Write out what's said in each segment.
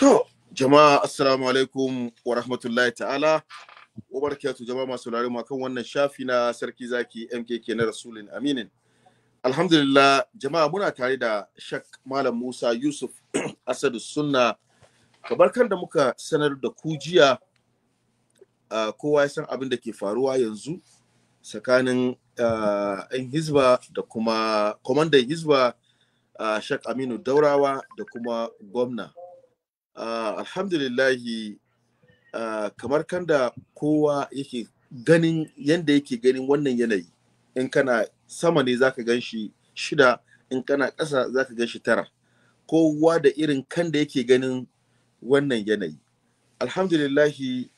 To, jama'a assalamu alaikum wa rahmatullahi ta'ala. Wa barakatuh jama'a masu larin kan wannan shafi na sarki zaki MKK na Rasulin Aminin. Alhamdulillah jama'a muna tare da Shak Malam Musa Yusuf Asadu Sunna. barkar da muka sanar da ku jiya kowa ya san abin da ke faruwa yanzu tsakanin 'yan hizba da kuma kwamandan hizba Shak Aminu Daurawa da kuma gwamna. uh, alhamdulillahi uh, kamar kanda kowa yake ganin yadda yake ganin wannan yanayi in kana sama ne zaka gan shi shida in kana ƙasa zaka gan shi tara kowa da irin kan da yake ganin wannan yanayi alhamdulillahi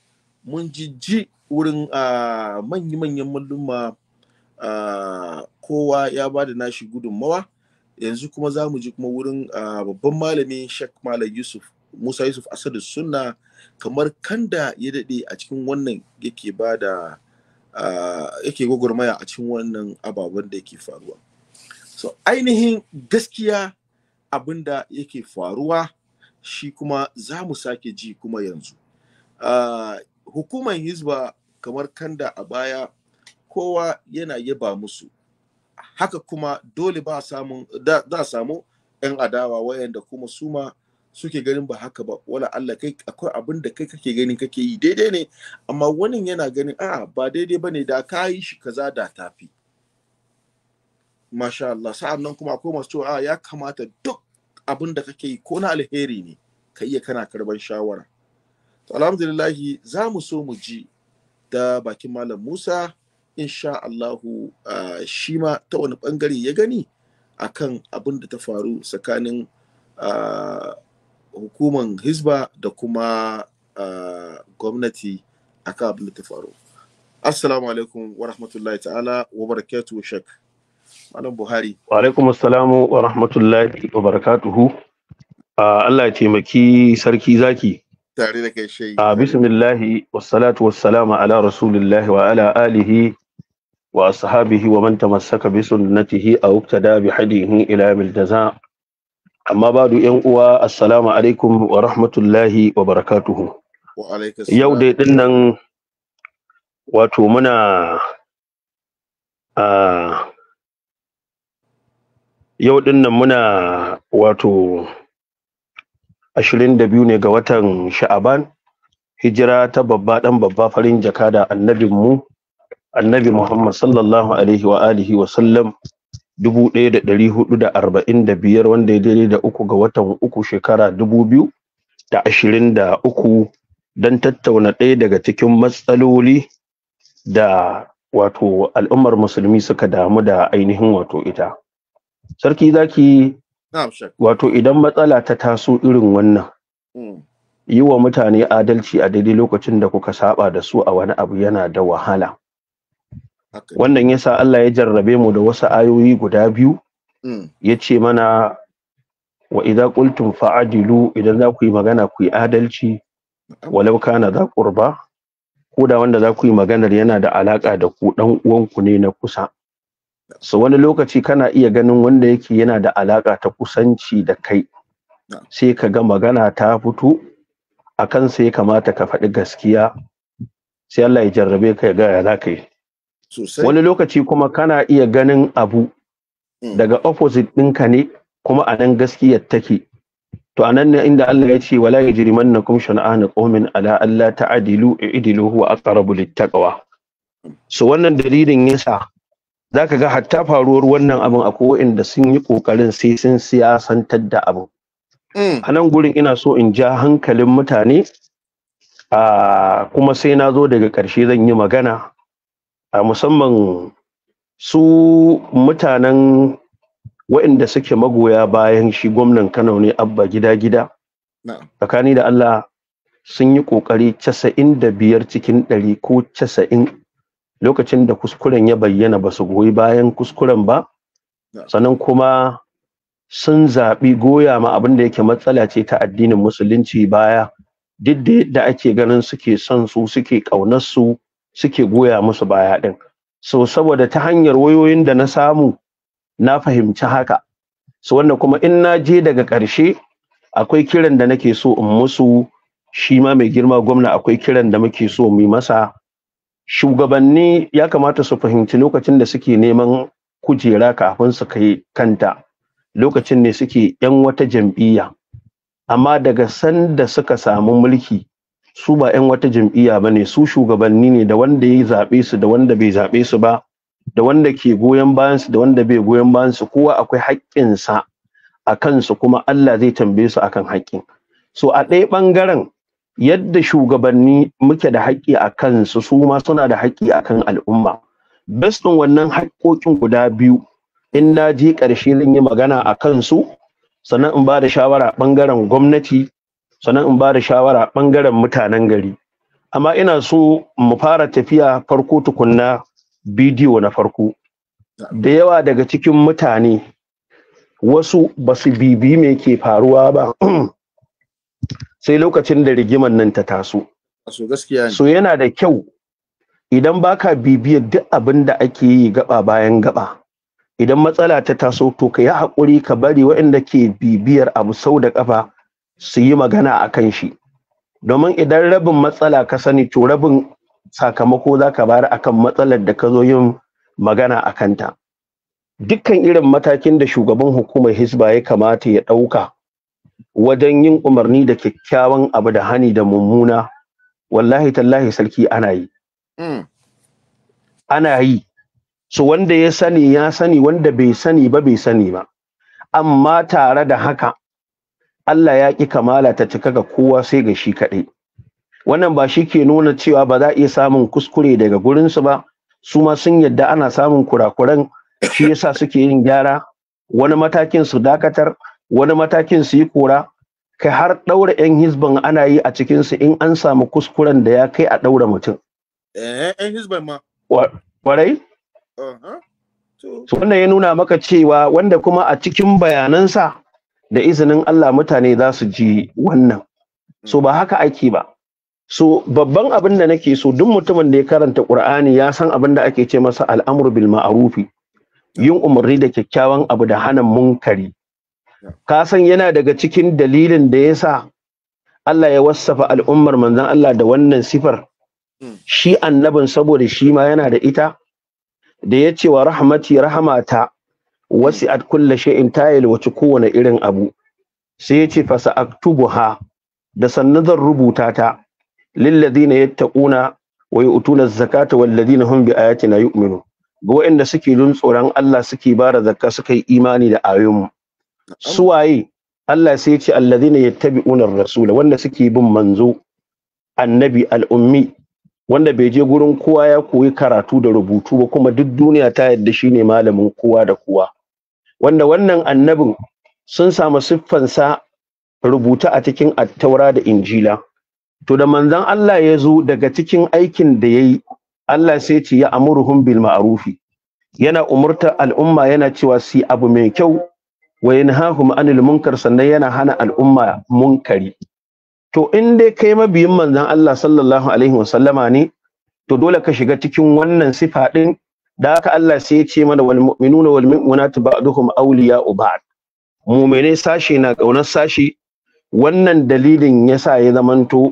mun jijji wurin uh, manyan malluma kowa ya ba da nashi gudunmawa yanzu kuma za mu ji kuma wurin babban malami shek malam yusuf Musa Yusuf Asadu Sunna kamar kanda ya daɗe a cikin wannan yake ba da yake gwagwarmaya a cikin wannan ababen da yake faruwa. So ainihin gaskiya abin da yake faruwa shi kuma za mu sake ji kuma yanzu. hukumar Hizba kamar kanda a baya kowa yana yaba musu haka kuma dole ba samu 'yan adawa wayanda kuma suma suke ganin ba haka ba wala Allah kai akwai abin da kai kake ganin kake yi daidai ne amma wani yana ganin a ba daidai bane da ka yi shi kaza da tafi masha Allah sa'an nan kuma akwai masu cewa ya kamata duk abin da kake yi ko na alheri ne ka iya kana karban shawara to alhamdulillah za mu so mu ji da bakin malam Musa insha Allahu uh, shi ma ta wani bangare ya gani akan abin da ta faru tsakanin uh, hukuman hizba da kuma gwamnati akan abin da ta faru assalamu alaikum wa rahmatullahi ta'ala wa barakatuhu shek malam buhari wa alaikum assalamu wa rahmatullahi wa barakatuhu Allah ya taimaki sarki zaki tare da kai shayi a bismillahi wassalatu wassalamu ala rasulillahi wa ala alihi wa ashabihi wa man tamassaka bi sunnatihi aw iktada bi hadihi ila mil jaza amma badu yan uwa assalamu alaikum wa rahmatullahi wa barakatuhu yau dai din nan wato muna a yau din nan muna wato 22 ne ga watan sha'aban hijira ta babba dan babba farin jaka da annabinmu annabi muhammad sallallahu alaihi wa alihi wa sallam dubu ɗaya da ɗari hudu da arba'in da biyar wanda ya daidai da uku ga watan uku shekara dubu biyu da ashirin da uku don tattauna ɗaya daga cikin matsaloli da wato al'ummar musulmi suka damu da ainihin wato ita sarki zaki wato idan matsala ta taso irin wannan hmm. yi wa mutane adalci a daidai lokacin da kuka saba da su a wani abu yana da wahala wannan yasa Allah ya jarrabe mu da wasu ayoyi guda biyu mm. ya ce mana wa idan qultum fa'adilu idan za ku yi magana ku yi adalci walauka na za ko da wanda za ku yi maganar yana da alaƙa da ku dan uwanku ne na kusa so wani lokaci kana iya ganin wanda yake yana da alaka ta kusanci da kai sai ka ga magana ta fito a kan sai kamata ka faɗi gaskiya sai Allah ya jarrabe ka ya ga ya za ka yi wani lokaci kuma kana iya ganin abu mm. daga opposite ɗinka ne kuma a nan gaskiyar take to anan ne inda Allah ya ce wala yajrimannakum shan'anu qaumin ala alla ta'dilu i'dilu huwa aqrabu littaqwa so wannan dalilin yasa zaka ga hatta faruwar wannan abin akwai waɗanda sun yi kokarin sai sun siyasantar da abu. Mm. a nan gurin ina so in ja hankalin mutane ah, kuma sai na zo daga ƙarshe zan yi magana a musamman su mutanen waɗanda suke magoya bayan shi gwamnan Kano ne abba gida gida tsakani da Allah sun yi ƙoƙari casa'in da biyar cikin ɗari ko casa'in lokacin da kuskuren ya bayyana ba su goyi bayan kuskuren ba sannan kuma sun zaɓi goya ma abin da yake matsala ce ta addinin musulunci baya duk da yadda ake ganin suke son su suke ƙaunar su suke goya musu baya ɗin so saboda ta hanyar wayoyin da na samu na fahimci haka so wanda kuma in na je daga ƙarshe akwai kiran da nake so in musu shi ma mai girma gwamna akwai kiran da muke so mu masa shugabanni ya kamata su fahimci lokacin da suke neman kujera kafin su kai kanta lokacin ne suke yan wata jam'iyya amma daga sanda suka samu mulki su ba 'yan wata jam'iyya ba ne su shugabanni ne da wanda ya zaɓe su da wanda bai zaɓe su ba da wanda ke goyon bayan su da wanda bai goyon bayan su kowa akwai haƙƙinsa a kansu kuma Allah zai tambaye su akan haƙƙin so a ɗaya ɓangaren yadda shugabanni muke da haƙƙi a kansu su ma suna da haƙƙi a kan al'umma best wannan haƙƙoƙin guda biyu in na je ƙarshe zan yi magana a kansu sannan in ba da shawara ɓangaren gwamnati sannan in ba da shawara ɓangaren mutanen gari amma ina so mu fara tafiya farko tukunna bidiyo na farko da yawa daga cikin mutane wasu ba su bibi me ke faruwa ba sai lokacin da rigiman nan ta taso so yana da kyau idan baka bibiyar duk abin da ake yi gaba bayan gaba idan matsala ta taso to ka yi haƙuri ka bari waɗanda ke bibiyar abu sau da ƙafa su yi magana a kan shi domin idan rabin matsala ka sani to rabin sakamako za ka bari a kan matsalar da ka zo yin magana a kanta dukkan irin matakin da shugaban hukumar hisba ya kamata ya ɗauka wajen yin umarni da kyakkyawan abu da hani da mummuna wallahi tallahi sarki ana yi hmm. ana yi su wanda ya sani ya sani wanda bai sani ba bai sani ba amma tare da haka Allah ya ƙi kamala ta cika ga kowa sai ga shi kaɗai wannan ba shi ke nuna cewa ba za a iya samun kuskure daga gurinsu ba su ma sun yadda ana samun kurakuran shi yasa suke yin gyara wani matakin su dakatar wani matakin su yi kora kai har ɗaura 'yan hizban ana yi a cikinsu in an samu kuskuren da ya kai a ɗaura mutum. ‘Yan eh, hizban ma. Wannan ya nuna maka cewa wanda kuma a cikin bayanansa da izinin Allah mutane za su ji wannan so ba haka ake ba so babban abin da nake so duk mutumin da ya karanta Qur'ani ya san abin da ake ce masa al'amru bil ma'rufi yin umarni da kyakkyawan abu da hana munkari ka san yana daga cikin dalilin da yasa Allah ya wassafa al'ummar manzon Allah da wannan sifar hmm. shi annabin saboda shi ma yana da ita da ya ce wa rahmati rahmata wasi'at kulla shay'in ta yalwaci kowane irin abu sai yace fa sa'aktubuha da sannan zan rubuta ta lilladina yattaquna wa yu'tuna zakata walladina hum bi ayatina yu'minu ga waɗanda suke jin tsoron Allah suke bara zakka suka yi imani da Su waye Allah sai yace alladina yattabi'una ar-rasul wanda suke bin manzo annabi al-ummi wanda bai je gurin kowa ya koyi karatu da rubutu ba kuma duk duniya ta yadda shine malamin kowa da kowa wanda wannan annabin sun samu siffansa rubuta a cikin attaura da injila to da manzon Allah ya zo daga cikin aikin da ya yi Allah sai ce ya amurhum bil ma'rufi yana umurta al'umma yana cewa si abu mai kyau wa yanhahum anil munkar sannan yana hana al'umma munkari to in dai kai mabiyin manzon Allah sallallahu alaihi wasallama ne to dole ka shiga cikin wannan sifa din da haka Allah sai ya ce mana wal mu'minuna wal mu'minatu ba'duhum awliya'u ba'd mu'mine sashi na kaunar sashi wannan dalilin yasa ya zamanto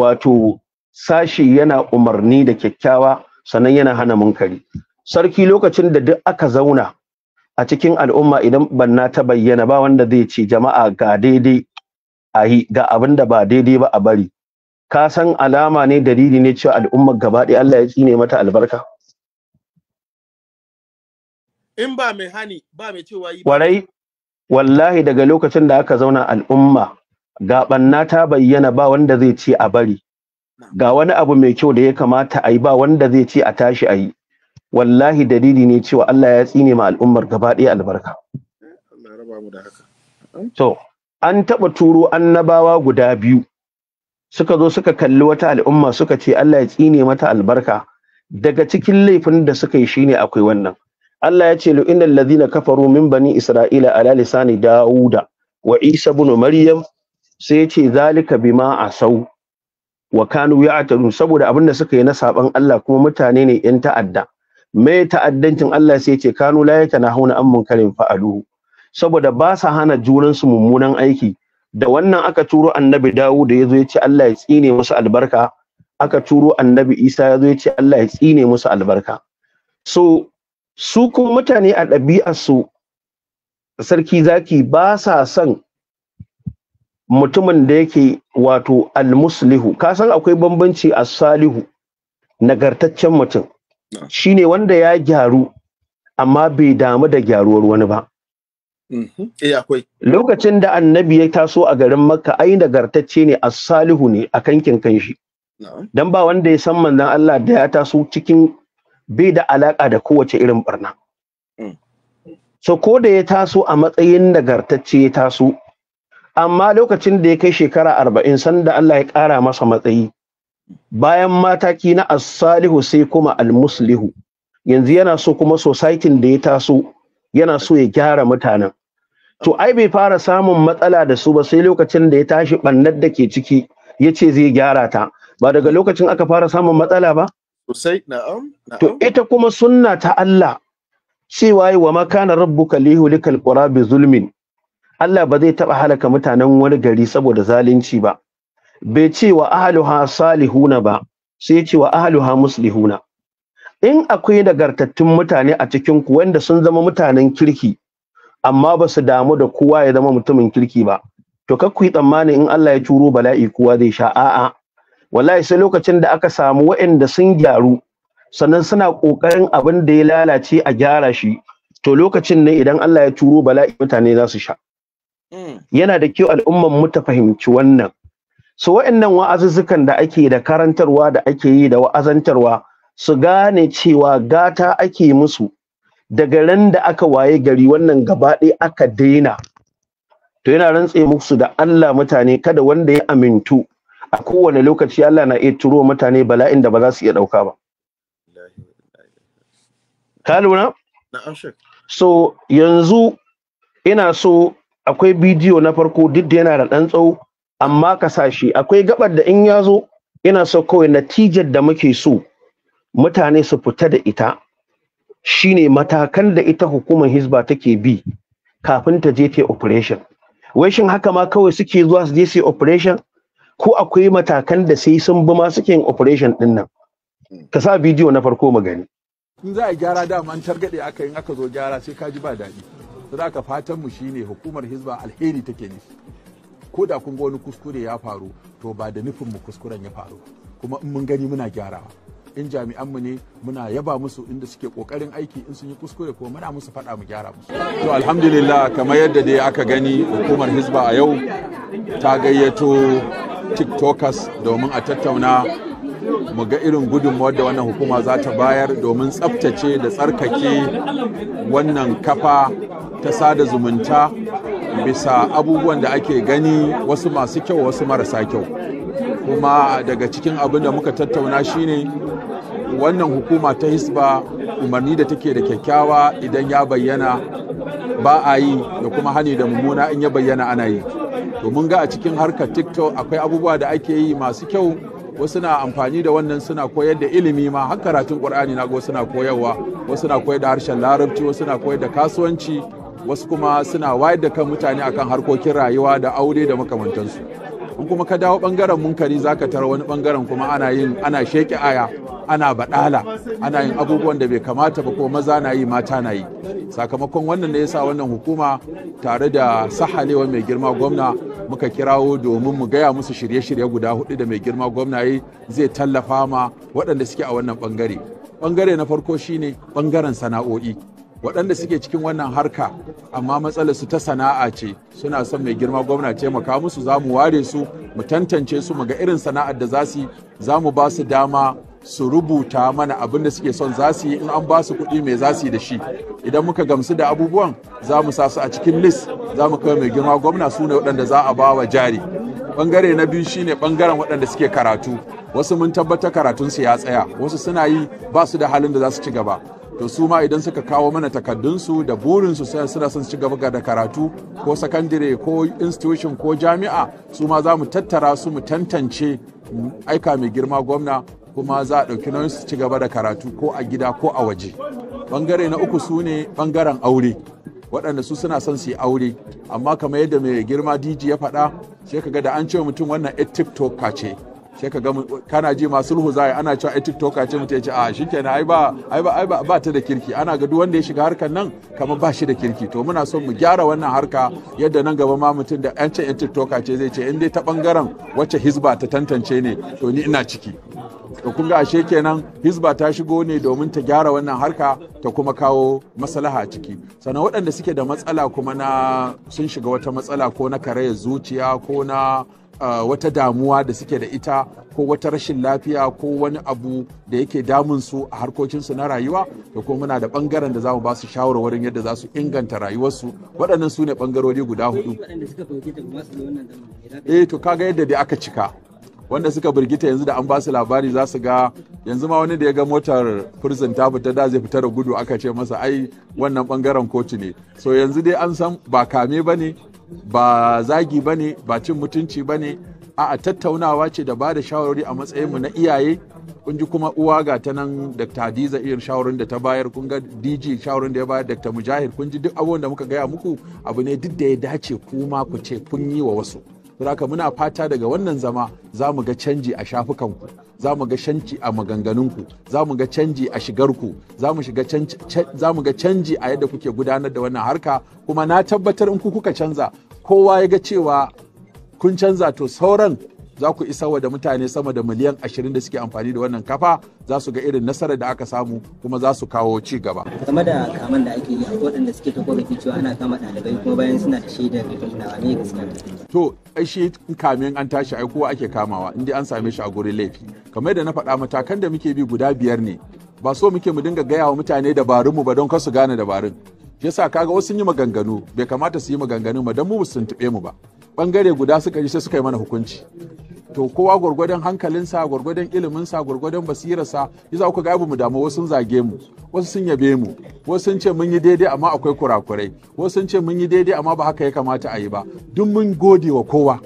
wato sashi yana umarni da kyakkyawa sannan yana hana munkari sarki lokacin da duk aka zauna a cikin al'umma idan banna ta bayyana ba wanda zai ce jama'a ga daidai a ga abin da ba daidai ba a bari ka san alama ne dalili ne cewa al'ummar gaba ɗaya Allah ya tsine mata albarka in ba mai hani ba mai cewa yi warai wallahi daga lokacin da aka zauna al'umma gabanna ta bayyana ba wanda zai ce a bari ga wani abu mai kyau da ya kamata a yi ba wanda zai ce a tashi a yi wallahi dalili ne cewa Allah ya tsine ma al'ummar gaba ɗaya albarka to an taɓa turo annabawa guda biyu suka zo suka kalli wata al'umma suka ce Allah ya tsine mata albarka daga cikin laifin da suka yi shine akwai wannan Allah ya ce lu'inal ladhina kafaru min bani isra'ila ala lisani dauda wa isa ibn maryam sai ya ce zalika bima asau wa kanu ya'tadun saboda abin da suka yi na saban Allah kuma mutane ne yan ta'adda me ta'addancin Allah sai ya ce kanu la yatanahuna an munkarin fa'aluhu saboda ba sa hana junan su mummunan aiki da wannan aka turo annabi Dawud ya zo ya ce Allah ya tsine musu albarka aka turo annabi Isa ya zo ya ce Allah ya tsine musu albarka so su kuma mutane a ɗabi'arsu sarki zaki ba sa son mutumin da yake wato almuslihu ka san akwai bambanci a salihu nagartaccen mutum ah. shine wanda ya gyaru amma bai damu da gyaruwar wani ba mm-hmm. eh, lokacin da annabi ya taso a garin makka ai nagartacce ne a salihu ne a kankin kanshi don ba wanda ya san manzon Allah da ya taso cikin bai da alaka da kowace irin barna mm. so ko da ya taso a matsayin nagartacce ya taso amma lokacin da ya kai shekara arba'in sanda Allah ya ƙara masa matsayi bayan mataki na as-salihu sai kuma al-muslihu yanzu yana so kuma society da ya taso yana so ya gyara mutanen to ai bai fara samun matsala da su ba sai lokacin da ya tashi bannar da ke ciki ya ce zai gyara ta ba daga lokacin aka fara samun matsala ba To ita kuma sunna ta Allah cewa yi wa makana rabbuka likal qura bi zulmin. Allah ba zai taba halaka mutanen wani gari saboda zalunci ba. Bai ce wa ahluha salihuna ba, sai ya ce wa ahluha muslihuna. In akwai nagartattun mutane a cikin ku wanda sun zama mutanen kirki amma ba su damu da kowa ya zama mutumin kirki ba. To kakku yi tsammanin in Allah ya turo bala'i kowa zai sha a'a wallahi sai lokacin da aka samu waɗanda sun gyaru sannan suna ƙoƙarin abin da ya lalace a gyara shi to lokacin ne idan Allah ya turo bala'i mutane za su sha hmm. yana da kyau al'umman mu ta fahimci wannan su waɗannan wa'azuzzukan da ake da karantarwa da ake yi da wa'azantarwa su gane cewa gata ake musu daga ran da aka waye gari wannan gaba ɗaya aka daina to yana rantse musu da Allah mutane kada wanda ya amintu a kowane lokaci Allah na iya turo mutane bala'in da ba za su iya ɗauka ba. Ka lura? So yanzu ina so akwai bidiyo na farko duk da yana da ɗan tsawo amma ka shi akwai gabar da in ya zo ina so kawai natijar da muke so mutane su fita da ita shine matakan da ita hukumar Hisba take bi kafin ta je ta operation wai shin haka ma kawai suke zuwa su je su operation ko akwai matakan da sai sun bi ma suke yin operation din nan ka sa bidiyo na farko mu gani in za a gyara dama an targade aka yin aka zo gyara sai ka ji ba daɗi za ka fatan mu shine hukumar hizba alheri take ne ko da kun ga wani kuskure ya faru to ba da nufin mu kuskuren ya faru kuma in mun gani muna gyarawa in mu ne muna yaba musu inda suke kokarin aiki in sun yi kuskure kuma muna musu faɗa mu gyara musu to alhamdulillah kamar yadda dai aka gani hukumar hizba a yau ta gayyato tiktokers domin a tattauna mu ga irin gudunmawar da wannan hukuma za ta bayar domin tsaftace da tsarkake wannan kafa ta sada zumunta bisa abubuwan da ake gani wasu masu kyau wasu marasa kyau kuma daga cikin abin da muka tattauna shine wannan hukuma ta hisba umarni da take da kyakkyawa idan ya bayyana ba a yi da kuma hani da mummuna in ya bayyana ana yi domin ga a cikin harkar tiktok akwai abubuwa da ake yi masu kyau wasu na amfani da wannan suna koyar da ilimi ma har karatun qur'ani na wasu na koyarwa wasu na koyar da harshen larabci wasu na koyar da kasuwanci wasu kuma suna wayar da kan mutane akan harkokin rayuwa da aure da makamantansu in kuma ka dawo bangaren munkari zaka tara wani bangaren kuma ana yin ana sheke aya ana baɗala ana yin abubuwan da bai kamata ba ko maza na yi mata na yi sakamakon wannan ne yasa wannan hukuma tare da sahalewa mai girma gwamna muka kirawo domin mu gaya musu shirye-shirye guda hudu da mai girma gwamna yi zai tallafa ma waɗanda suke a wannan bangare bangare na farko shine bangaren sana'o'i waɗanda suke cikin wannan harka amma matsalar su ta sana'a ce suna son mai girma gwamna ce taimaka musu za mu ware su mu tantance su mu ga irin sana'ar da za su za mu ba su dama su rubuta mana abin da suke son za su yi in an ba su kuɗi mai za su yi da shi idan muka gamsu da abubuwan za mu sa su a cikin list za mu kai mai girma gwamna su ne waɗanda za a ba wa jari bangare na biyu shine bangaren waɗanda suke karatu wasu mun tabbata su ya tsaya wasu suna yi ba su da halin da za su ci gaba to su ma idan suka kawo mana takaddunsu da burinsu sai suna son ci gaba da karatu ko sakandire ko institution ko jami'a su ma za mu tattara su mu tantance aika mai girma gwamna kuma za a ɗauki nauyin su ci gaba da karatu ko a gida ko a waje bangare na uku su ne bangaren aure waɗanda su suna son su yi aure amma kamar yadda mai girma dj ya faɗa sai ka ga da an ce mutum wannan tiktok ce sai ka ga kana ji ma sulhu zai ana cewa ai tiktoker ce mutu ya ce a ah, shikenan ai ba ai ba ba ta da kirki ana ga duk wanda ya shiga harkar nan kamar ba shi da kirki to muna son mu gyara wannan harka yadda nan gaba ma mutum da yan ce yan ce zai ce in dai ta bangaren wacce hizba ta tantance ne to ni ina ciki to kun ga ashe kenan hizba ta shigo ne domin ta gyara wannan harka ta kuma kawo maslaha a ciki sannan waɗanda suke da matsala kuma na sun shiga wata matsala ko na karayar zuciya ko na Eh, wata damuwa da suke da ita ko wata rashin lafiya ko wani abu da yake damun su a harkokinsu na rayuwa da kuma muna da bangaren da za mu ba su shawarwarin yadda za su inganta rayuwarsu waɗannan su ne bangarori guda hudu eh to kaga yadda dai aka cika wanda suka birgita yanzu da an ba su labari za su ga yanzu ma wani da ya ga motar prison ta fita da zai fita da gudu aka ce masa ai wannan bangaren kotu ne so yanzu dai an san ba kame ba ne ba zagi ba ne ba cin mutunci ba ne a tattaunawa ce da ba da shawarwari a matsayinmu na iyaye kun ji kuma uwa ga ta nan dr hadiza irin shawarin da ta bayar kun ga dg shawarin da ya bayar dr mujahid kun ji duk abubuwan da muka gaya muku abu ne duk da ya dace kuma ku ce kun yi wa wasu saboda muna fata daga wannan zama za mu ga canji a shafukanku za mu ga shanci a maganganunku za mu ga canji a shigarku za mu ga canji a yadda kuke gudanar da wannan harka kuma na tabbatar in ku kuka canza kowa ya ga cewa kun canza to sauran za ku isa wa da mutane sama da miliyan 20 da suke amfani da wannan kafa za su ga irin nasarar da aka samu kuma za su kawo ci gaba. game da kaman da ake yi a waɗanda suke ta cewa ana kama ɗalibai kuma bayan suna da shaidar da ne gaskiya. to shi kamin an tashi ai kowa ake kamawa inda an same shi a gurin laifi kamar da na faɗa matakan da muke bi guda biyar ne ba so muke mu dinga gaya wa mutane dabarunmu ba don kar su gane dabarun yasa kaga wasu yi maganganu bai kamata su yi maganganu ba don mu su tuntuɓe mu ba bangare guda suka yi sai suka yi mana hukunci to kowa gwargwadon hankalinsa gwargwadon iliminsa gwargwadon basirarsa za ku ga mu damu wasu zage mu wasu sun yabe mu wasu sun ce mun yi daidai amma akwai kurakurai wasu sun ce mun yi daidai amma ba haka ya kamata a yi ba duk mun gode wa kowa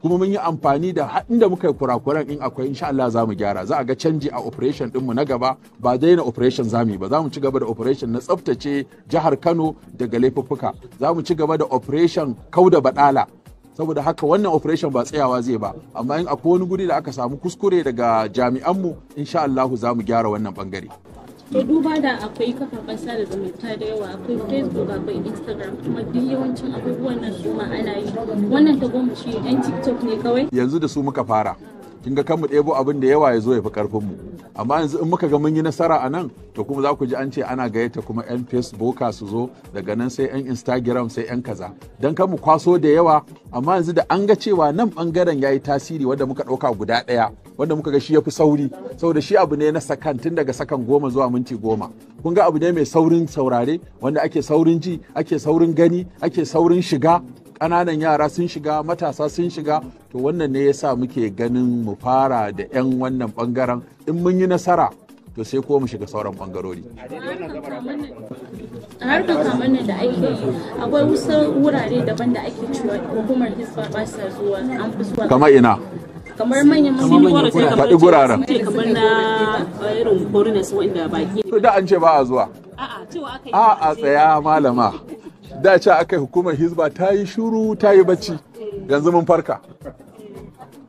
kuma mun yi amfani da haɗin da muka yi kurakuran in akwai insha Allah za mu gyara za a ga canji a operation ɗinmu na gaba ba daina operation za mu ba za mu ci gaba da operation na tsaftace jihar Kano daga laifuffuka za mu ci gaba da operation kauda baɗala saboda haka wannan operation ba tsayawa zai ba amma in akwai wani guri da aka samu kuskure daga jami'anmu insha Allahu za mu gyara wannan bangare to duba da akwai kafafen sada zumunta da yawa akwai facebook akwai instagram kuma duk yawancin abubuwan nan su ana yi wannan ta gwamnati yan tiktok ne kawai yanzu da su muka fara kin ga kanmu mu ɗebo abin da yawa ya zo ya fi karfin mu amma yanzu in muka ga mun yi nasara a nan to kuma za ku ji an ce ana gayyata kuma yan fesbuka su zo daga nan sai yan instagram sai yan kaza don kanmu kwaso da yawa amma yanzu da an ga cewa nan bangaren yi tasiri wanda muka ɗauka guda ɗaya wanda muka ga shi ya fi sauri saboda shi abu ne na sakan tun daga sakan goma zuwa minti goma kun ga abu ne mai saurin saurare wanda ake saurin ji ake saurin gani ake saurin shiga ƙananan yara sun shiga matasa sun shiga to wannan ne ya sa muke ganin mu fara da 'yan wannan bangaren in mun yi nasara to sai ko mu shiga sauran bangarori. a harkar kamannin da ake yi akwai wasu wurare daban da ake cewa hukumar hisba ba sa zuwa an fi zuwa kamar ina kamar manyan manyan faɗi guraren kamar na irin foreigners wanda baki to da an ce ba a zuwa a'a cewa aka yi tsaya malama da ce aka yi hukumar hizba ta yi shuru ta yi bacci yanzu mun farka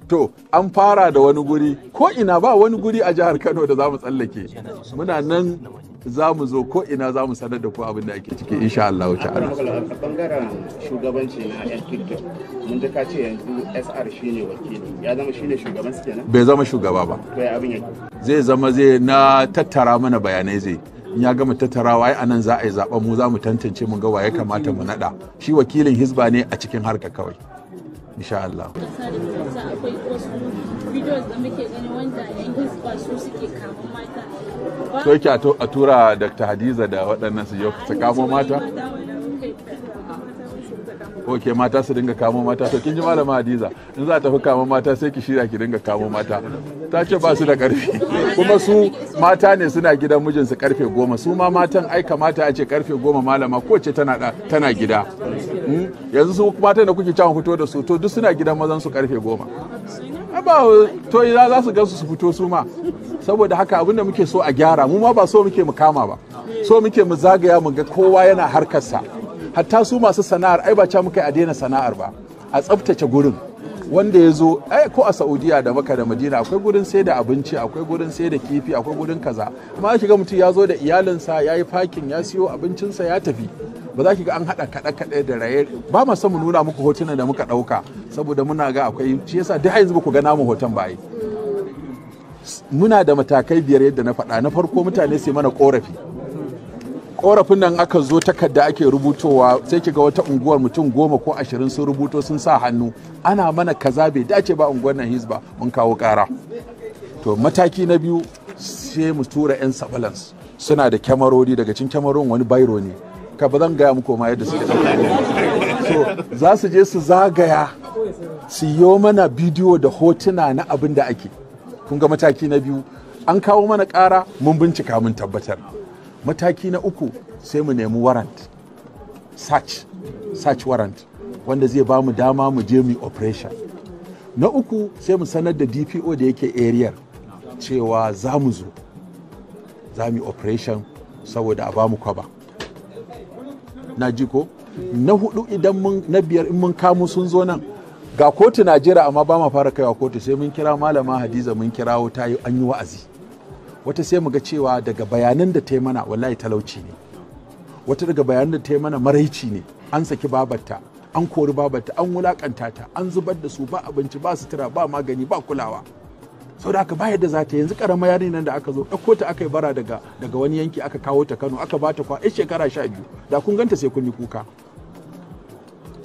to an fara da wani guri ko ina ba wani guri a jihar kano da za mu tsallake muna nan za mu zo ko ina za mu sanar da ku abin da ake ciki insha Allah ta'ala a bangaren shugabanci na yan tiktok mun ji ka ce yanzu sr shine wakili ya zama shine shugaban su kenan bai zama shugaba ba zai zama zai na tattara mana bayanai zai in ya gama tattarawa ai anan za a yi zaɓen mu za mu tantance mu ga waye kamata mu naɗa shi wakilin hizba ne a cikin harka kawai insha Allah to yake a tura Dr. Hadiza da waɗannan su yau su kamo mata ok mata su dinga kamo mata to kin ji malama hadiza in za ta fi kamo mata sai ki shirya ki dinga kamo mata ta ce ba su da karfi kuma su mata ne suna gidan mijinsu karfe goma su ma matan ai kamata a ce karfe goma malama ce tana tana gida hmm? yanzu su matan da kuke can fito da su to duk suna gidan mazan su karfe goma ba to ina za su gansu su fito su ma saboda haka abin da muke so a gyara mu ma ba so muke mu kama ba so muke mu zagaya mu ga kowa yana harkarsa hatta su masu sana'ar ai ba ca muka a daina sana'ar ba a tsabtace gurin wanda ya zo ai ko a saudiya da maka da madina akwai gurin sai da abinci akwai gurin sai da kifi akwai gurin kaza amma ki ga mutum ya zo da iyalinsa ya yi fakin ya siyo abincinsa ya tafi ba za ki ga an haɗa kaɗe-kaɗe da raye ba ma mu nuna muku hotunan da muka ɗauka saboda muna ga akwai shi yasa duk yanzu ku ga namu hoton ba muna da matakai biyar yadda na faɗa na farko mutane sai mana ƙorafi korafin nan aka zo takarda ake rubutowa sai kiga wata unguwar mutum goma ko ashirin sun rubuto sun sa hannu ana mana kaza bai dace ba unguwar nan hizba mun kawo kara to mataki na biyu sai mu tura 'yan surveillance suna da kyamarori daga cikin kyamarorin wani bairo ne ka ba zan gaya muku ma yadda suke so za su je su zagaya su yi mana bidiyo da hotuna na abin da ake kun ga mataki na biyu an kawo mana kara mun bincika mun tabbatar mataki na uku sai mu nemi warrant search search warrant wanda zai ba mu dama mu je mu operation na uku sai mu sanar da dpo da yake area cewa za mu zo za mu operation saboda a ba mu kwaba na ji na hudu idan mun na biyar in mun kamo sun zo nan ga kotu najeriya amma ba ma fara kaiwa kotu sai mun kira malama hadiza mun kira wuta an yi wa'azi wata sai mu ga cewa daga bayanan da ta yi mana wallahi talauci ne wata daga bayanan da ta yi mana maraici ne an saki babarta an kori babarta an wulakanta ta an zubar da su ba abinci ba sutura ba magani ba kulawa sau da aka bayar da za ta yanzu karama yarin nan da aka zo ɗauko ta aka yi bara daga daga wani yanki aka kawo ta kano aka ba ta kwa shekara sha biyu da kun ganta sai kun yi kuka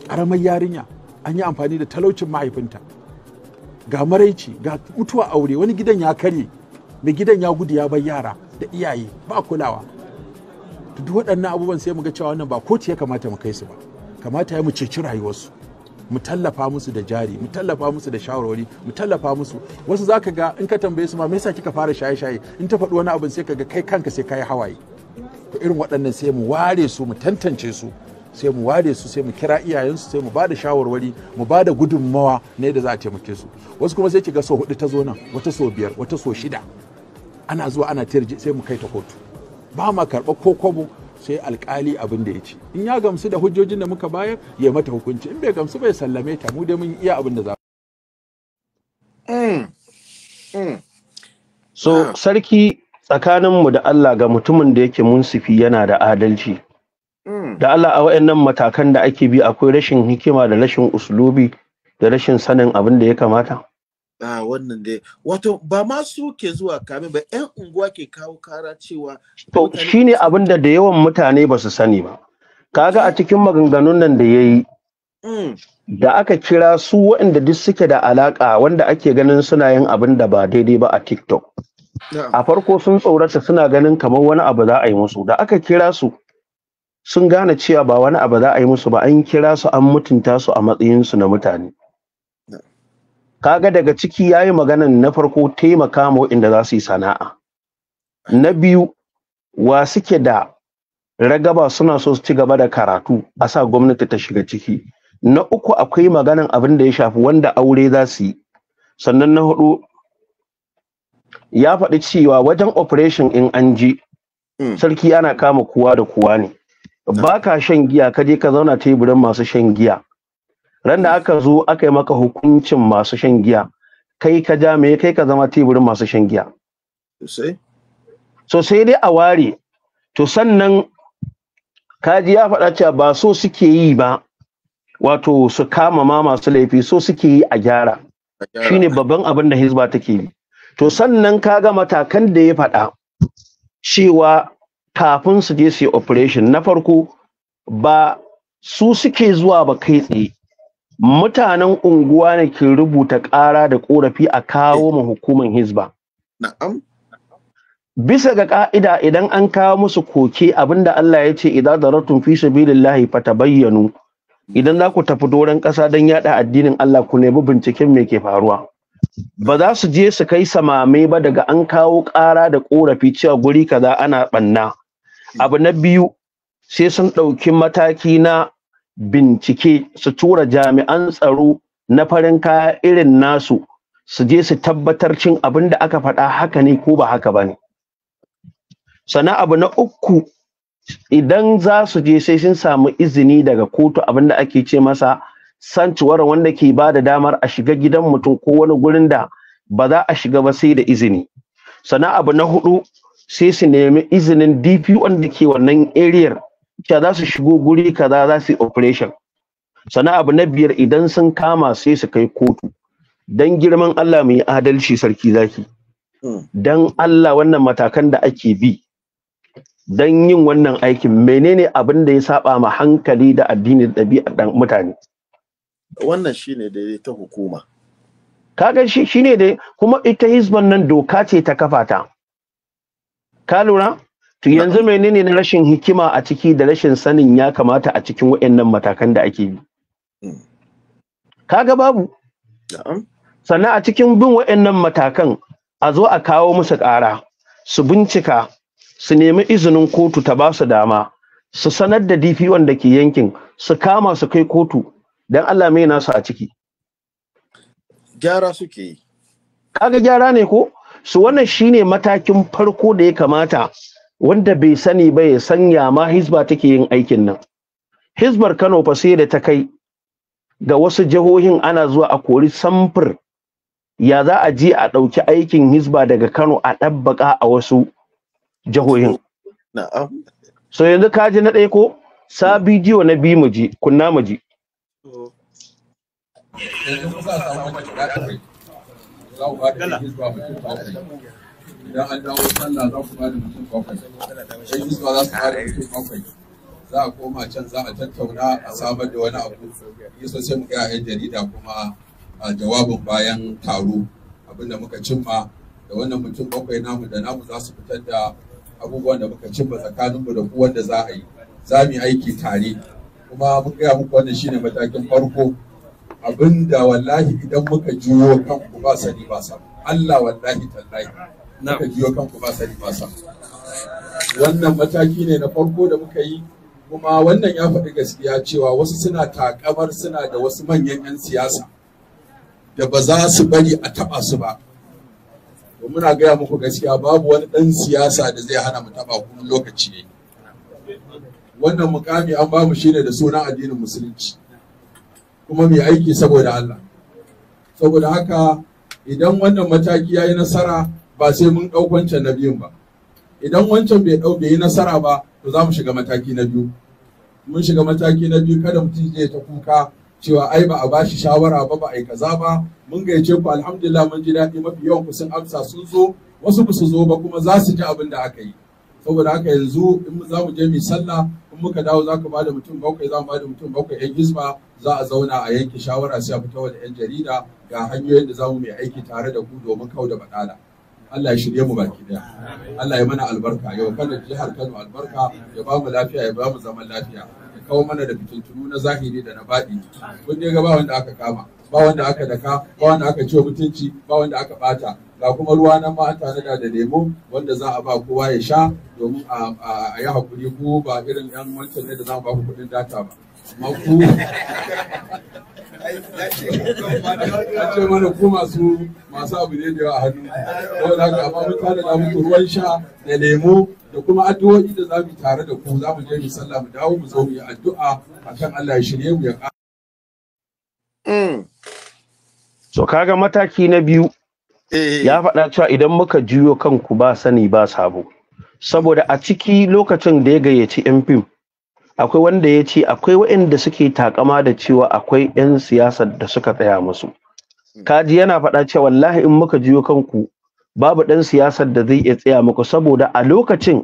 karamar yarinya an yi amfani da talaucin mahaifinta ga maraici ga mutuwa aure wani gidan ya karye mai gidan ya gudu ya bar yara da iyaye ba kulawa to duk waɗannan abubuwan sai mu ga cewa wannan ba kotu ya kamata mu kai su ba kamata ya mu ceci rayuwarsu mu tallafa musu da jari mu tallafa musu da shawarwari mu tallafa musu wasu zaka ga in ka tambaye su ma me yasa kika fara shaye-shaye in ta faɗi wani abin sai ka ga kai kanka sai yi hawaye to irin waɗannan sai mu ware su mu tantance su sai mu ware su sai mu kira iyayensu sai mu bada shawarwari mu bada gudunmawa ne da za a taimake su wasu kuma sai ki ga so hudu ta zo nan wata sau biyar wata sau shida ana zuwa ana tirje sai mu kai ta kotu ba ma karɓa ko kwabo sai alkali abin da ya ce in ya gamsu da hujjojin da muka bayar ya mata hukunci in bai gamsu bai sallame ta mu dai mun iya abin da za hmm. Hmm. so ah. sarki tsakaninmu da Allah ga mutumin da yake munsifi yana da adalci hmm. da Allah a wayannan matakan da ake bi akwai rashin hikima da rashin uslubi da rashin sanin abin da ya kamata a wannan dai wato ba ma su ke zuwa kamin ba yan unguwa ke kawo kara cewa to shine abin da da yawan mutane ba su sani ba kaga a cikin maganganun nan da yayi mm. da aka kira su waɗanda duk suke da alaka wanda ake ganin suna yin abin da ba daidai ba a TikTok a farko sun tsorata suna ganin kamar wani abu za a yi musu da aka kira su sun gane cewa ba wani abu za a yi musu ba an kira su an mutunta su a matsayinsu na mutane kaga daga ciki ya yi maganan na farko taimaka ma inda za su yi sana'a na biyu wa suke da ragaba suna so su ci gaba da karatu a sa gwamnati ta shiga ciki na uku akwai maganan abin da ya shafi wanda aure za su yi sannan na hudu ya faɗi cewa wajen operation in an ji hmm. sarki ana kama kowa da kowa ne ba ka shan giya ka je ka zauna teburin masu shan giya ran da aka zo aka yi maka hukuncin masu shan giya kai ka ja me kai ka zama teburin masu shan giya so sai dai a ware to sannan kaji ya faɗa cewa ba so suke yi ba wato su kama ma masu laifi so suke yi a gyara shine babban abin da hizba take yi to sannan ka ga matakan da ya faɗa cewa kafin su je su yi operation na farko ba su suke zuwa ba kai tsaye mutanen unguwa ne ke rubuta ƙara da ƙorafi a kawo ma hukumar hizba bisa ga ƙa'ida idan an kawo musu koke abinda Allah ya ce idan ratun fi sabilillahi bayyanu", idan za ku tafi doron ƙasa don yaɗa addinin Allah ku nemi binciken me ke faruwa ba za su je su kai samame ba daga an kawo ƙara da ƙorafi cewa guri kaza ana ɓanna abu na biyu sai sun ɗauki mataki na bincike su tura jami'an tsaro na farin kaya irin nasu su je su tabbatar cin abin da aka faɗa haka ne ko ba haka ba ne sana abu na uku idan za su je sai sun samu izini daga kotu abin da ake ce masa santuwar wanda ke ba da damar a shiga gidan mutum ko wani gurin da ba za a shiga ba sai da izini sana abu na hudu sai su nemi izinin DP wanda ke wannan area cewa za su shigo guri kaza za su yi operation sannan abu na biyar idan sun kama sai su kai kotu dan girman Allah mai adalci sarki zaki hmm. dan Allah wannan matakan da ake bi dan yin wannan aikin menene abin da ya saba ma hankali da addini da ɗabi'ar dan mutane wannan shine da ta hukuma kaga shi shine dai kuma ita hizban nan doka ce ta kafa ta ka lura to yanzu menene na rashin hikima a ciki da rashin sanin ya kamata a cikin waɗannan matakan da ake bi hmm. kaga babu sannan a cikin bin waɗannan matakan a zo a kawo musu ƙara su bincika su nemi izinin kotu ta ba su dama su sanar da DP wanda ke yankin su kama su kai kotu don Allah mai nasu a ciki gyara suke yi kaga gyara ne ko su wannan shine matakin farko da ya kamata wanda bai sani ba ya sanya ma hizba take yin aikin nan hizbar Kano fa sai da ta kai ga wasu jihohin ana zuwa a kori samfur ya za a ji a ɗauki aikin hizba daga Kano a ɗabbaƙa a wasu jihohin so yanzu ka ji na ɗaya ko sa mm. bidiyo na bi mu ji kunna mu ji idan an dawo sallah za ku bada mutum bakwai sai za su bada mutum bakwai za a koma can za a tattauna a samar da wani abu yasa sai mu ga yan jarida kuma a jawabin bayan taro abinda muka cimma da wannan mutum bakwai namu da namu za su fitar da abubuwan da muka cimma mu da ku wanda za a yi za mu aiki tare kuma mun gaya muku wannan shine matakin farko abinda wallahi idan muka juwo kanku ba sani ba sa Allah wallahi tallahi muka jiyo kanku ba sani ba sa wannan mataki ne na farko da muka yi kuma wannan ya faɗi gaskiya cewa wasu suna takamar suna da wasu manyan 'yan siyasa da ba za su bari a taɓa su ba muna gaya muku gaskiya babu wani ɗan siyasa da zai hana mu taɓa ku lokaci ne wannan mukami an ba mu shine da sunan addinin musulunci kuma mai aiki saboda Allah saboda haka idan wannan mataki ya yi nasara ba sai mun ɗau wancan na biyun ba idan wancan bai ɗau bai yi nasara ba to za mu shiga mataki na biyu mun shiga mataki na biyu kada mutum je ta kuka cewa ai ba a ba shi shawara ba ba a yi kaza ba mun gayyace ku alhamdulillah mun ji daɗi mafi yawan ku sun amsa sun zo wasu ba su zo ba kuma za su ji abin da aka yi saboda haka yanzu in za mu je mu sallah in muka dawo za ka da mutum bakwai za mu bada mutum bakwai yan hizba za a zauna a yanke shawara sai a fita wa da yan jarida ga hanyoyin da za mu mai aiki tare da ku domin kau da baɗala. Allah ya shirye mu baki daya Allah ya mana albarka Yau, kan jihar Kano albarka ya ba mu lafiya ya ba mu zaman lafiya ya kawo mana da fitintunu na zahiri da na baɗi kun ga ba wanda aka kama ba wanda aka daka ba wanda aka ciwo mutunci ba wanda aka bata ga kuma ruwa nan ma an tanada da lemo wanda za a ba kowa ya sha domin a yi hakuri ko ba irin yan wancan ne da za mu ba ku kuɗin data ba maku a ce mana ku masu masu abu ne da yawa a hannu saboda haka amma mun tare da muku ruwan sha da lemo da kuma addu'o'i da zamu tare da ku zamu je mu sallah mu dawo mu zo mu yi addu'a akan Allah ya shirye mu ya ƙara mm. so kaga mataki na biyu eh. ya faɗa cewa idan muka juyo kanku ba sani ba sabo saboda a ciki lokacin da ya gayyaci 'yan fim akwai wanda ya ce akwai waɗanda suke takama da cewa akwai 'yan siyasar da suka tsaya musu hmm. kaji yana faɗa cewa wallahi in muka jiyo kanku babu ɗan siyasar da zai iya tsaya muku saboda a lokacin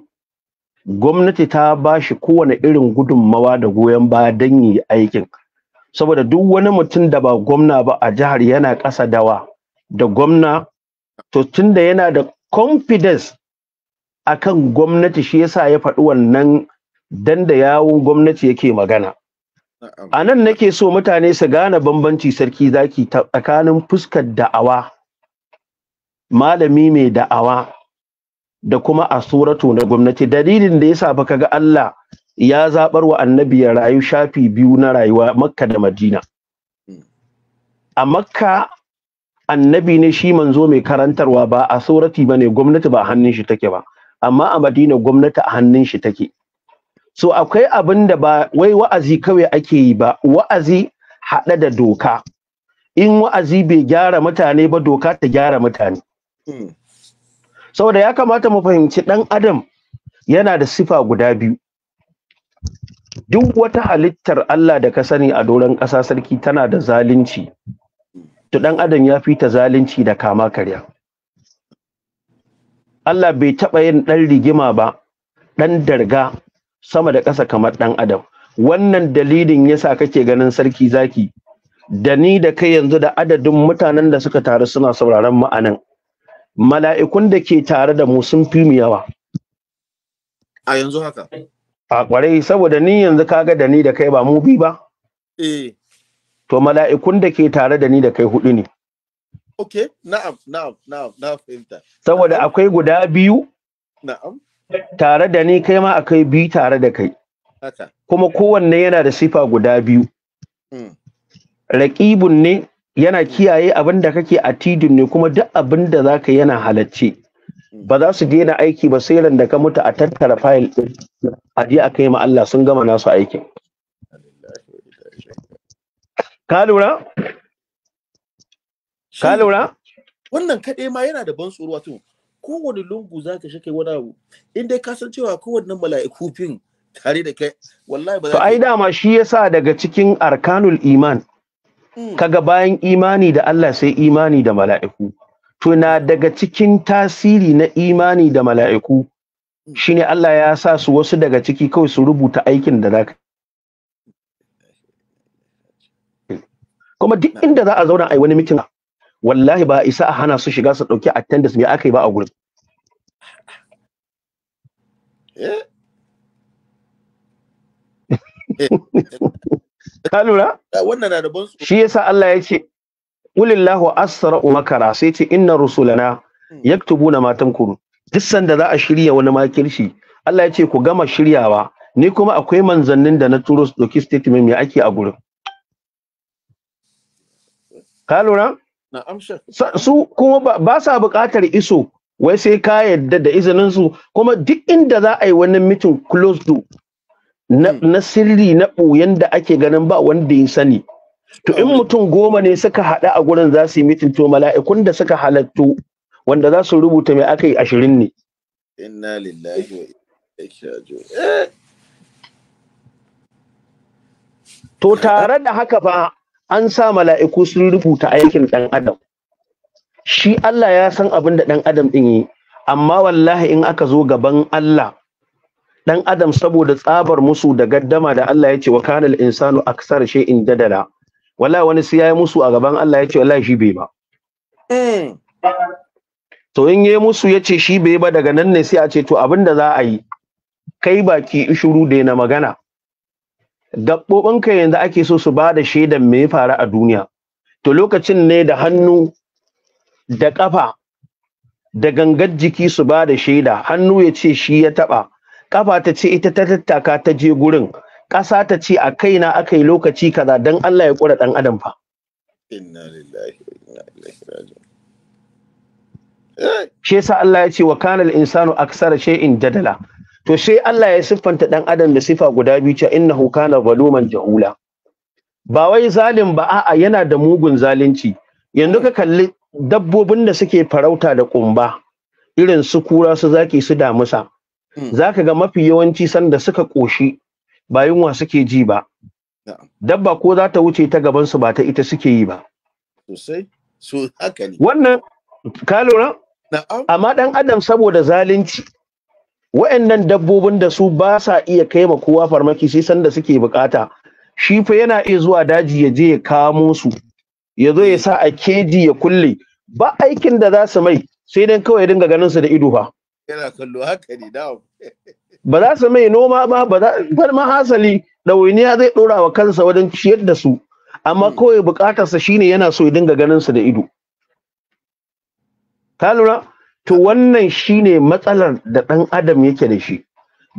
gwamnati ta ba shi kowane irin gudunmawa da goyon baya don yi aikin saboda duk wani mutum da ba gwamna ba a jihar yana ƙasa dawa da gwamna to tunda yana da confidence akan gwamnati shi yasa ya faɗi wannan dan da yawun gwamnati yake magana a nan nake so mutane su gane bambanci sarki zaki tsakanin fuskar da'awa malami mai da'awa da kuma a suratu na gwamnati dalilin da yasa baka ga Allah ya zabar wa annabi ya rayu shafi biyu na rayuwa makka da madina hmm. a makka annabi ne shi manzo mai karantarwa ba a surati ba ne gwamnati ba hannun shi take ba amma a madina gwamnati a hannun shi take so akwai abin da ba wai wa'azi kawai ake yi ba wa'azi haɗe da doka in wa'azi bai gyara mutane ba doka ta gyara mutane hmm. saboda ya kamata mu fahimci ɗan adam yana da sifa guda biyu duk wata halittar Allah da ka sani a doron ƙasa sarki tana da zalunci to ɗan adam ya fi ta zalunci da kama karya Allah bai taɓa yin ɗan rigima ba ɗan darga sama da ƙasa kamar ɗan adam wannan dalilin yasa kake ganin sarki zaki da ni da kai yanzu da adadin mutanen da suka taru suna sauraron mu mala'ikun da ke tare da mu sun fi mu yawa a yanzu haka a kwarai saboda ni yanzu kaga da ni da kai ba mu bi ba eh to mala'ikun da ke tare da ni da kai hudu ne okay na'am na'am na'am na fahimta saboda akwai guda biyu na'am tare da ni kai ma akai biyu tare da kai kuma kowanne yana da sifa guda biyu mm. raƙibun ne yana kiyaye abinda kake a tidin ne kuma duk abin da za yana halacce mm. ba za su daina aiki ba sai ran da ka mutu a tattara fayil ɗin a je a kai ma Allah sun gama nasu aikin ka lura ka lura wannan kaɗai ma yana da ban tsoro wato kowane lungu za ka shake wani abu in dai ka san cewa kowane mala'iku fin tare da kai wallahi ba za ai dama shi yasa daga cikin arkanul iman hmm. kaga bayan imani da Allah sai imani da mala'iku to na daga cikin tasiri na imani da mala'iku hmm. shine Allah ya sa su wasu daga ciki kawai su rubuta aikin da zaka kuma duk inda za a zauna ai wani mitin wallahi ba isa a hana su shiga su ɗauki attendance me aka yi ba a gurin eh. ka lura wannan na da shi yasa Allah ya ce ulillahu asra'u makara sai ce inna rusulana hmm. yaktubuna ma tamkuru duk sanda za a shirya wani makirshi, Allah ya ce ku gama shiryawa ni kuma akwai manzannin da na turo su ɗauki statement me ake a gurin ka lura su kuma ba sa buƙatar iso wai sai ka yadda da izinin su kuma duk inda za a yi wani mitin close to hmm. na sirri na ɓoyen da ake ganin ba wanda ya sani to in mutum goma ne suka haɗu a gurin za su yi mitin to mala'ikun da suka halattu wanda za su rubuta mai aka yi ashirin ne inna lillahi wa to tare da haka fa an sa mala'iku sun rubuta aikin ɗan adam shi Allah ya san abin da ɗan adam ɗin yi amma wallahi in aka zo gaban Allah ɗan adam saboda tsabar musu da gaddama da Allah ya ce wa kana al-insanu aksar shay'in dadala wala wani sai yayi musu a gaban Allah ya ce wallahi shi bai ba eh. to in yayi musu ya ce shi bai ba daga nan ne sai a ce to abin da za a yi kai baki ishuru da na magana kai yanzu ake so su bada da shaidan me ya faru a duniya to lokacin ne da hannu da ƙafa da gangar jiki su ba da shaida hannu ya ce shi ya taba ƙafa ta ce ita ta tattaka ta je gurin ƙasa ta ce a kaina aka yi lokaci kaza don Allah ya kura ɗan adam fa inna lillahi inna ilaihi raji'un shi yasa Allah ya ce wa kana al-insanu aksara shay'in jadala to sai Allah ya siffanta dan adam da sifa guda biyu cewa innahu kana zaluman jahula ba wai zalim ba a'a yana da mugun zalunci yanzu ka kalli dabbobin da suke farauta da kumba irin su kura su zaki su damusa hmm. zaka ga mafi yawanci sanda suka koshi ba yunwa suke ji ba dabba ko za ta wuce ta gaban su ba ta ita suke yi ba sosai su haka ne wannan ka amma dan adam saboda zalunci wa'annan dabbobin da su ba sa iya kai ma kowa farmaki sai sanda suke bukata shi fa yana iya zuwa daji ya je ya kamo su ya zo ya sa a keji ya kulle ba aikin da za su mai sai dan kawai dinga ganin su da ido fa yana kallo haka ne da ba za su mai noma ba ba za bar ma hasali ɗawainiya zai ɗora wa kansa wajen ciyar da su amma hmm. kawai bukatarsa shine yana so ya dinga ganin su da ido ka lura to wannan shine matsalar da ɗan adam yake da shi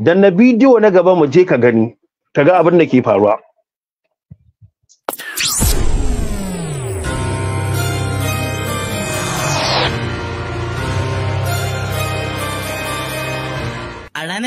dan na bidiyo na gaba mu je ka gani ka ga abin da ke faruwa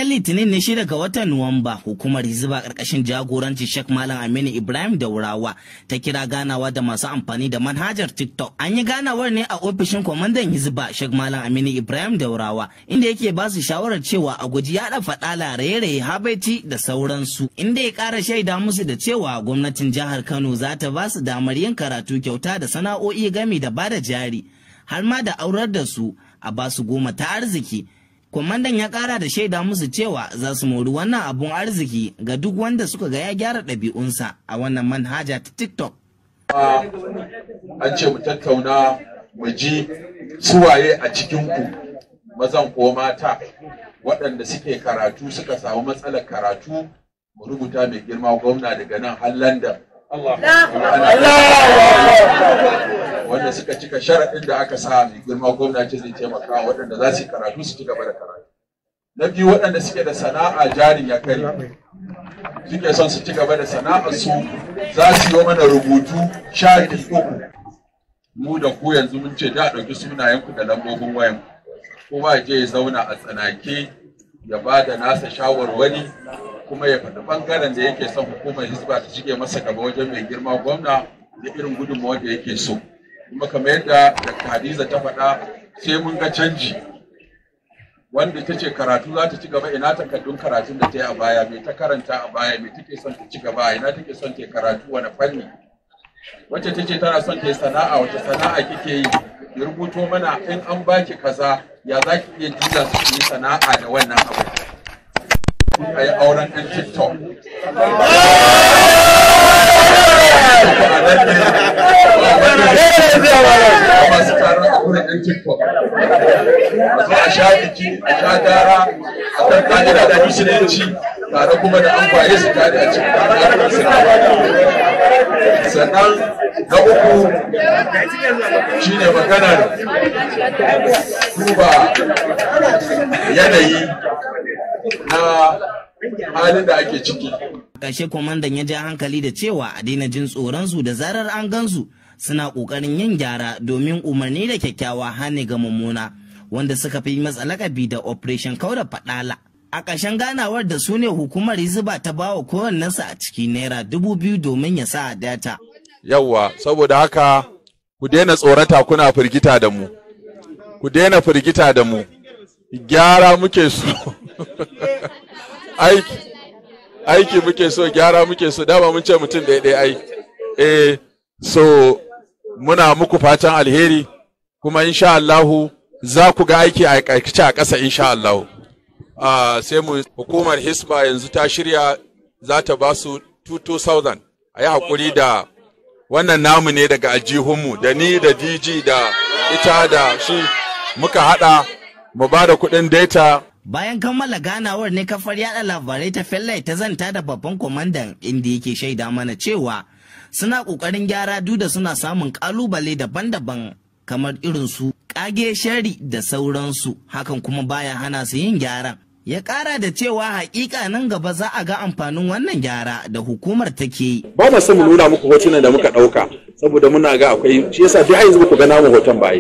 litinin ne shida ga watan nuwamba hukumar hizba karkashin jagoranci shek malam aminu ibrahim daurawa ta kira ganawa da masu amfani da manhajar tiktok an yi ganawar ne a ofishin kwamandan hizba shek malam aminu ibrahim daurawa inda yake ba su shawarar cewa a guji yaɗa faɗala raye-raye habaici da sauransu inda ya kara shaida musu da cewa gwamnatin jihar kano za ta ba su damar yin karatu kyauta da sana'o'i gami da bada jari har ma da aurar da su a basu goma ta arziki kwamandan ya ƙara da shaida musu cewa za su mori wannan abun arziki ga duk wanda suka ga ya gyara ɗabi'unsa a wannan manhaja ta tiktok an ce mu tattauna mu ji suwaye a cikinku mazan ko mata waɗanda suke karatu suka samu matsalar karatu mu rubuta mai girma gwamna daga nan har Allah. Allah wanda suka cika sharaɗin da aka sa mai girma gwamnati zai taimaka waɗanda za su yi karatu su ci gaba da karatu na biyu waɗanda suke da sana'a jarin ya kai, suke son su ci gaba da sana'a su za su yi mana rubutu shafi uku mu da ku yanzu mun ce da ɗauki sunayen ku da lambobin wayan kuma je ya zauna a tsanake ya ba da nasa shawarwari kuma ya faɗi ɓangaren da yake son hukumar hisba ta cike masa gaba wajen mai girma gwamna da irin gudunmawar da yake so. kuma kamar yadda Dr. Hadiza ta faɗa sai mun ga canji wanda ta ce karatu za ta ci gaba ina takardun karatun da ta yi a baya mai ta karanta a baya mai take son ta ci gaba ina take son ta karatu wani fanni wacce ta ce tana son ta sana'a wacce sana'a kike yi ki rubuto mana in an baki kaza ya za ki iya jiza su yi sana'a da wannan abu a yi auren ɗan tiktok masu taron a wurin ɗan tiktok a zo a sha biki a sha gara a kan ka'ida da hadisi na tare kuma da amfani su tare a cikin al'adar suna sannan na uku shine maganar duba yanayi na halin da ake ciki. Ƙarshe kwamandan ya ja hankali da cewa a daina jin tsoron su da zarar an gansu suna ƙoƙarin yin gyara domin umarni da kyakkyawa hane ga mummuna wanda suka fi masa lakabi da operation kauda fadala a ƙarshen ganawar da su ne hukumar hizba ta ba wa kowannensa a ciki naira dubu biyu domin ya sa data yawwa saboda haka ku daina tsorata kuna firgita da mu ku daina firgita da mu gyara muke so aiki aiki muke so gyara muke so dama mun ce mutum ɗaya ɗaya aiki eh so muna muku fatan alheri kuma insha Allahu za ku ga aiki a aikace a ƙasa insha Allahu ah, sai mu hukumar hisba yanzu ta shirya za ta ba su 2000 a yi haƙuri da wannan namu ne daga aljihunmu da ni da DG da ita da shi muka haɗa mu ba da kuɗin data bayan kammala ganawar ne kafar yada labarai ta fellai ta zanta da babban kwamandan inda yake shaida mana cewa suna ƙoƙarin gyara duk da suna samun ƙalubale daban-daban kamar irin su ƙage shari da sauransu hakan kuma baya hana su yin gyaran ya ƙara da cewa haƙiƙa nan gaba za a ga amfanin wannan gyara da hukumar take yi. Ba mu san mu nuna muku hotunan da muka ɗauka saboda muna ga akwai shi yasa duk yanzu muku ga namu hoton ba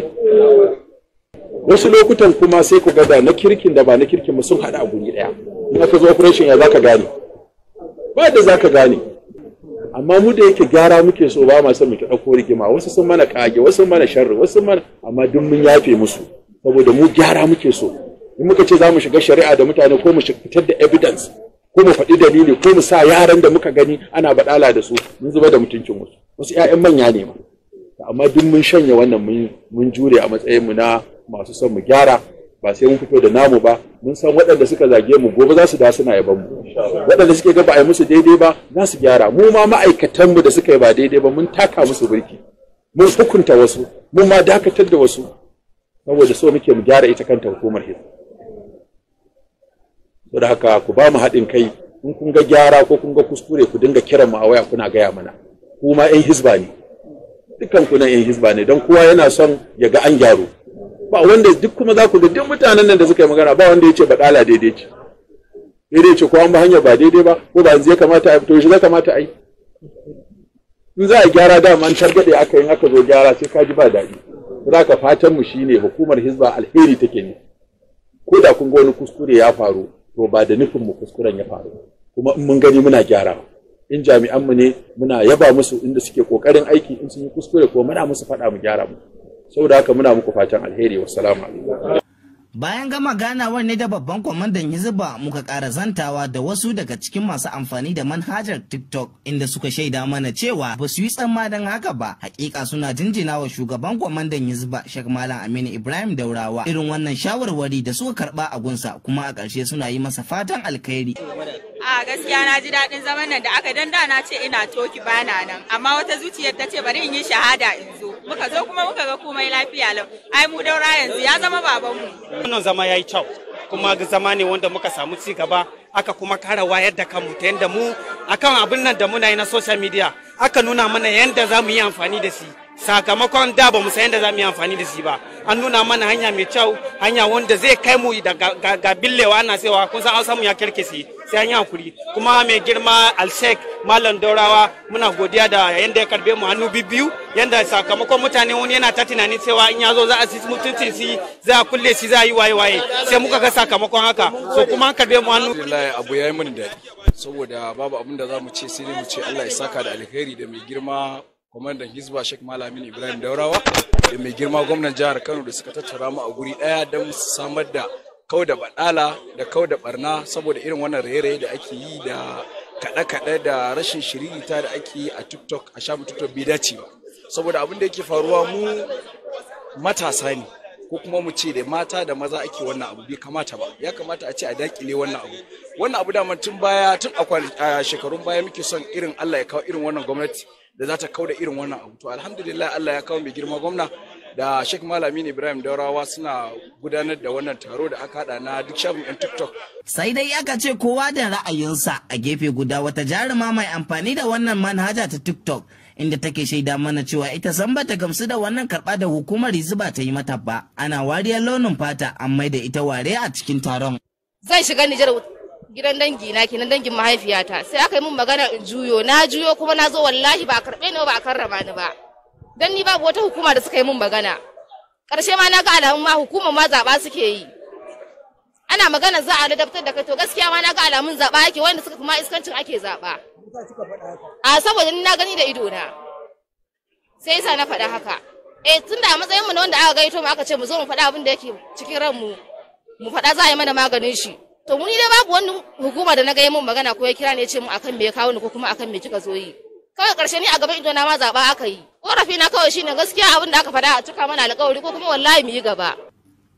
Wasu lokutan kuma sai ku ga da na kirkin da ba na kirkin mu sun haɗa a guri ɗaya. Na ka zo operation ya za ka gane. Ba da za ka gane. amma mu da yake gyara muke so ba ma son mu ta ɗauko rigima wasu sun mana ƙage, wasu mana sharri wasu mana amma duk mun yafe musu saboda mu gyara muke so in muka ce za mu shiga shari'a da mutane ko mu fitar da evidence ko mu faɗi dalili ko mu sa yaran da muka gani ana baɗala da su mun zuba da mutuncin wasu wasu 'ya'yan manya ne ma amma duk mun shanya wannan mun jure a matsayin mu na masu son mu gyara ba sai mun fito da namu ba mun san waɗanda suka zage mu gobe za su da suna yaban mu waɗanda suke ga ba a yi musu daidai ba za su gyara mu ma ma'aikatan mu da suka yi ba daidai ba mun taka musu birki mun hukunta wasu mun ma dakatar da wasu saboda so muke mu gyara ita kanta hukumar hizb saboda haka ku ba mu haɗin kai in kun ga gyara ko kun ga kuskure ku dinga kiran mu a waya kuna gaya mana kuma 'yan hizba ne dukan kuna 'yan hizba ne don kowa yana son ya ga an gyaru ba wanda duk kuma za ku duk mutanen nan da suka yi magana ba wanda ya ce baɗala daidai ce daidai ce ko an ba hanya ba daidai ba ko ba zai kamata a to shi zai kamata a yi in za a gyara dama an targaɗe aka yin aka zo gyara sai ka ji ba daɗi za ka fatan mu shine hukumar hizba alheri take ne ko da kun ga wani kuskure ya faru to ba da nufin mu kuskuren ya faru kuma in mun gani muna gyara in jami'an mu ne muna yaba musu inda suke kokarin aiki in sun yi kuskure ko muna musu faɗa mu gyara mu saboda haka muna muku fatan alheri wasu alaikum Bayan gama ganawar ne da babban kwamandan Hizba muka ƙara zantawa da wasu daga cikin masu amfani da manhajar TikTok inda suka shaida mana cewa ba su yi tsammanin haka ba. Hakika suna jinjina wa shugaban kwamandan Hizba Sheikh Malam Aminu Ibrahim Daurawa irin wannan shawarwari da suka karba a gunsa kuma a ƙarshe suna yi masa fatan alkhairi. A gaskiya na ji daɗin zaman nan da aka danda na ce ina toki bana nan amma wata zuciyar ta ce bari in yi shahada in zo. Muka zo kuma muka ga komai lafiya lau. Ai mu daura yanzu ya zama babanmu. wannan zama ya yi kyau kuma zama ne wanda muka samu ci gaba aka kuma kara wayar da kanmu ta yadda mu akan abin nan da muna yi na social media aka nuna mana yadda za mu yi amfani da shi sakamakon da ba mu san yadda za mu yi amfani da shi ba an nuna mana hanya mai kyau hanya wanda zai kai mu ga billewa ana cewa kun san an samu ya kirkisi sai an yi hakuri kuma mai girma alsek malam daurawa muna godiya da yadda ya karbe mu hannu biyu yadda sakamakon mutane wani yana ta tunanin cewa in ya zo za a si mutunci si za a kulle si za a yi waye waye sai muka ga sakamakon haka so kuma an karbe mu hannu abu yi mini da saboda babu abin da za mu ce sai mu ce Allah ya saka da alheri da mai girma kwamandan hizba sheikh malamin ibrahim daurawa da mai girma gwamnan jihar kano da suka tattara mu a guri daya don samar da kau da badala da kau da barna saboda irin wannan raye-raye da ake yi da kaɗe-kaɗe da rashin shiririta da ake yi a tiktok a shafin tiktok bai dace ba saboda abin da yake faruwa mu matasa ne ko kuma mu ce da mata da maza ake wannan abu bai kamata ba ya kamata a ce a dakile wannan abu wannan abu daman tun baya tun a shekarun baya muke son irin Allah ya kawo irin wannan gwamnati da za ta kawo da irin wannan abu to alhamdulillah Allah ya kawo mai girma gwamna da Sheikh Malamin Ibrahim Daurawa suna gudanar da wannan taro da aka hada na duk shafin yan TikTok. Sai dai aka ce kowa da ra'ayinsa a gefe guda wata jaruma mai amfani da wannan manhaja ta TikTok inda take shaida mana cewa ita san bata gamsu da wannan karba da hukumar zuba ta yi mata ba ana wariyar launin fata an da ita ware a cikin taron zan shiga Nijar gidan dangi na kenan dangin mahaifiyata sai aka yi min magana in juyo na juyo kuma na zo wallahi ba a karbe ni ba a karrama ni ba don ni babu wata hukuma da suka yi mun magana ƙarshe ma na ga alamun ma hukumar ma zaɓa suke yi ana magana za a ladabtar da kai to gaskiya ma na ga alamun zaɓa ake wanda suka kuma iskancin ake zaɓa a saboda ni na gani da ido na sai yasa na faɗa haka eh tunda a matsayin mu na wanda aka gaito mu aka ce mu zo mu faɗa abin da yake cikin ran mu mu faɗa za a yi mana maganin shi to mu ni dai babu wani hukuma da na ga mun magana ko ya kira ne ya ce mu akan me ya kawo ni ko kuma akan me kika zo yi kawai ƙarshe ni a gaban ido na ma zaɓa aka yi korafi na kawai shine gaskiya abin da aka faɗa a cika mana alkawari ko kuma wallahi mu yi gaba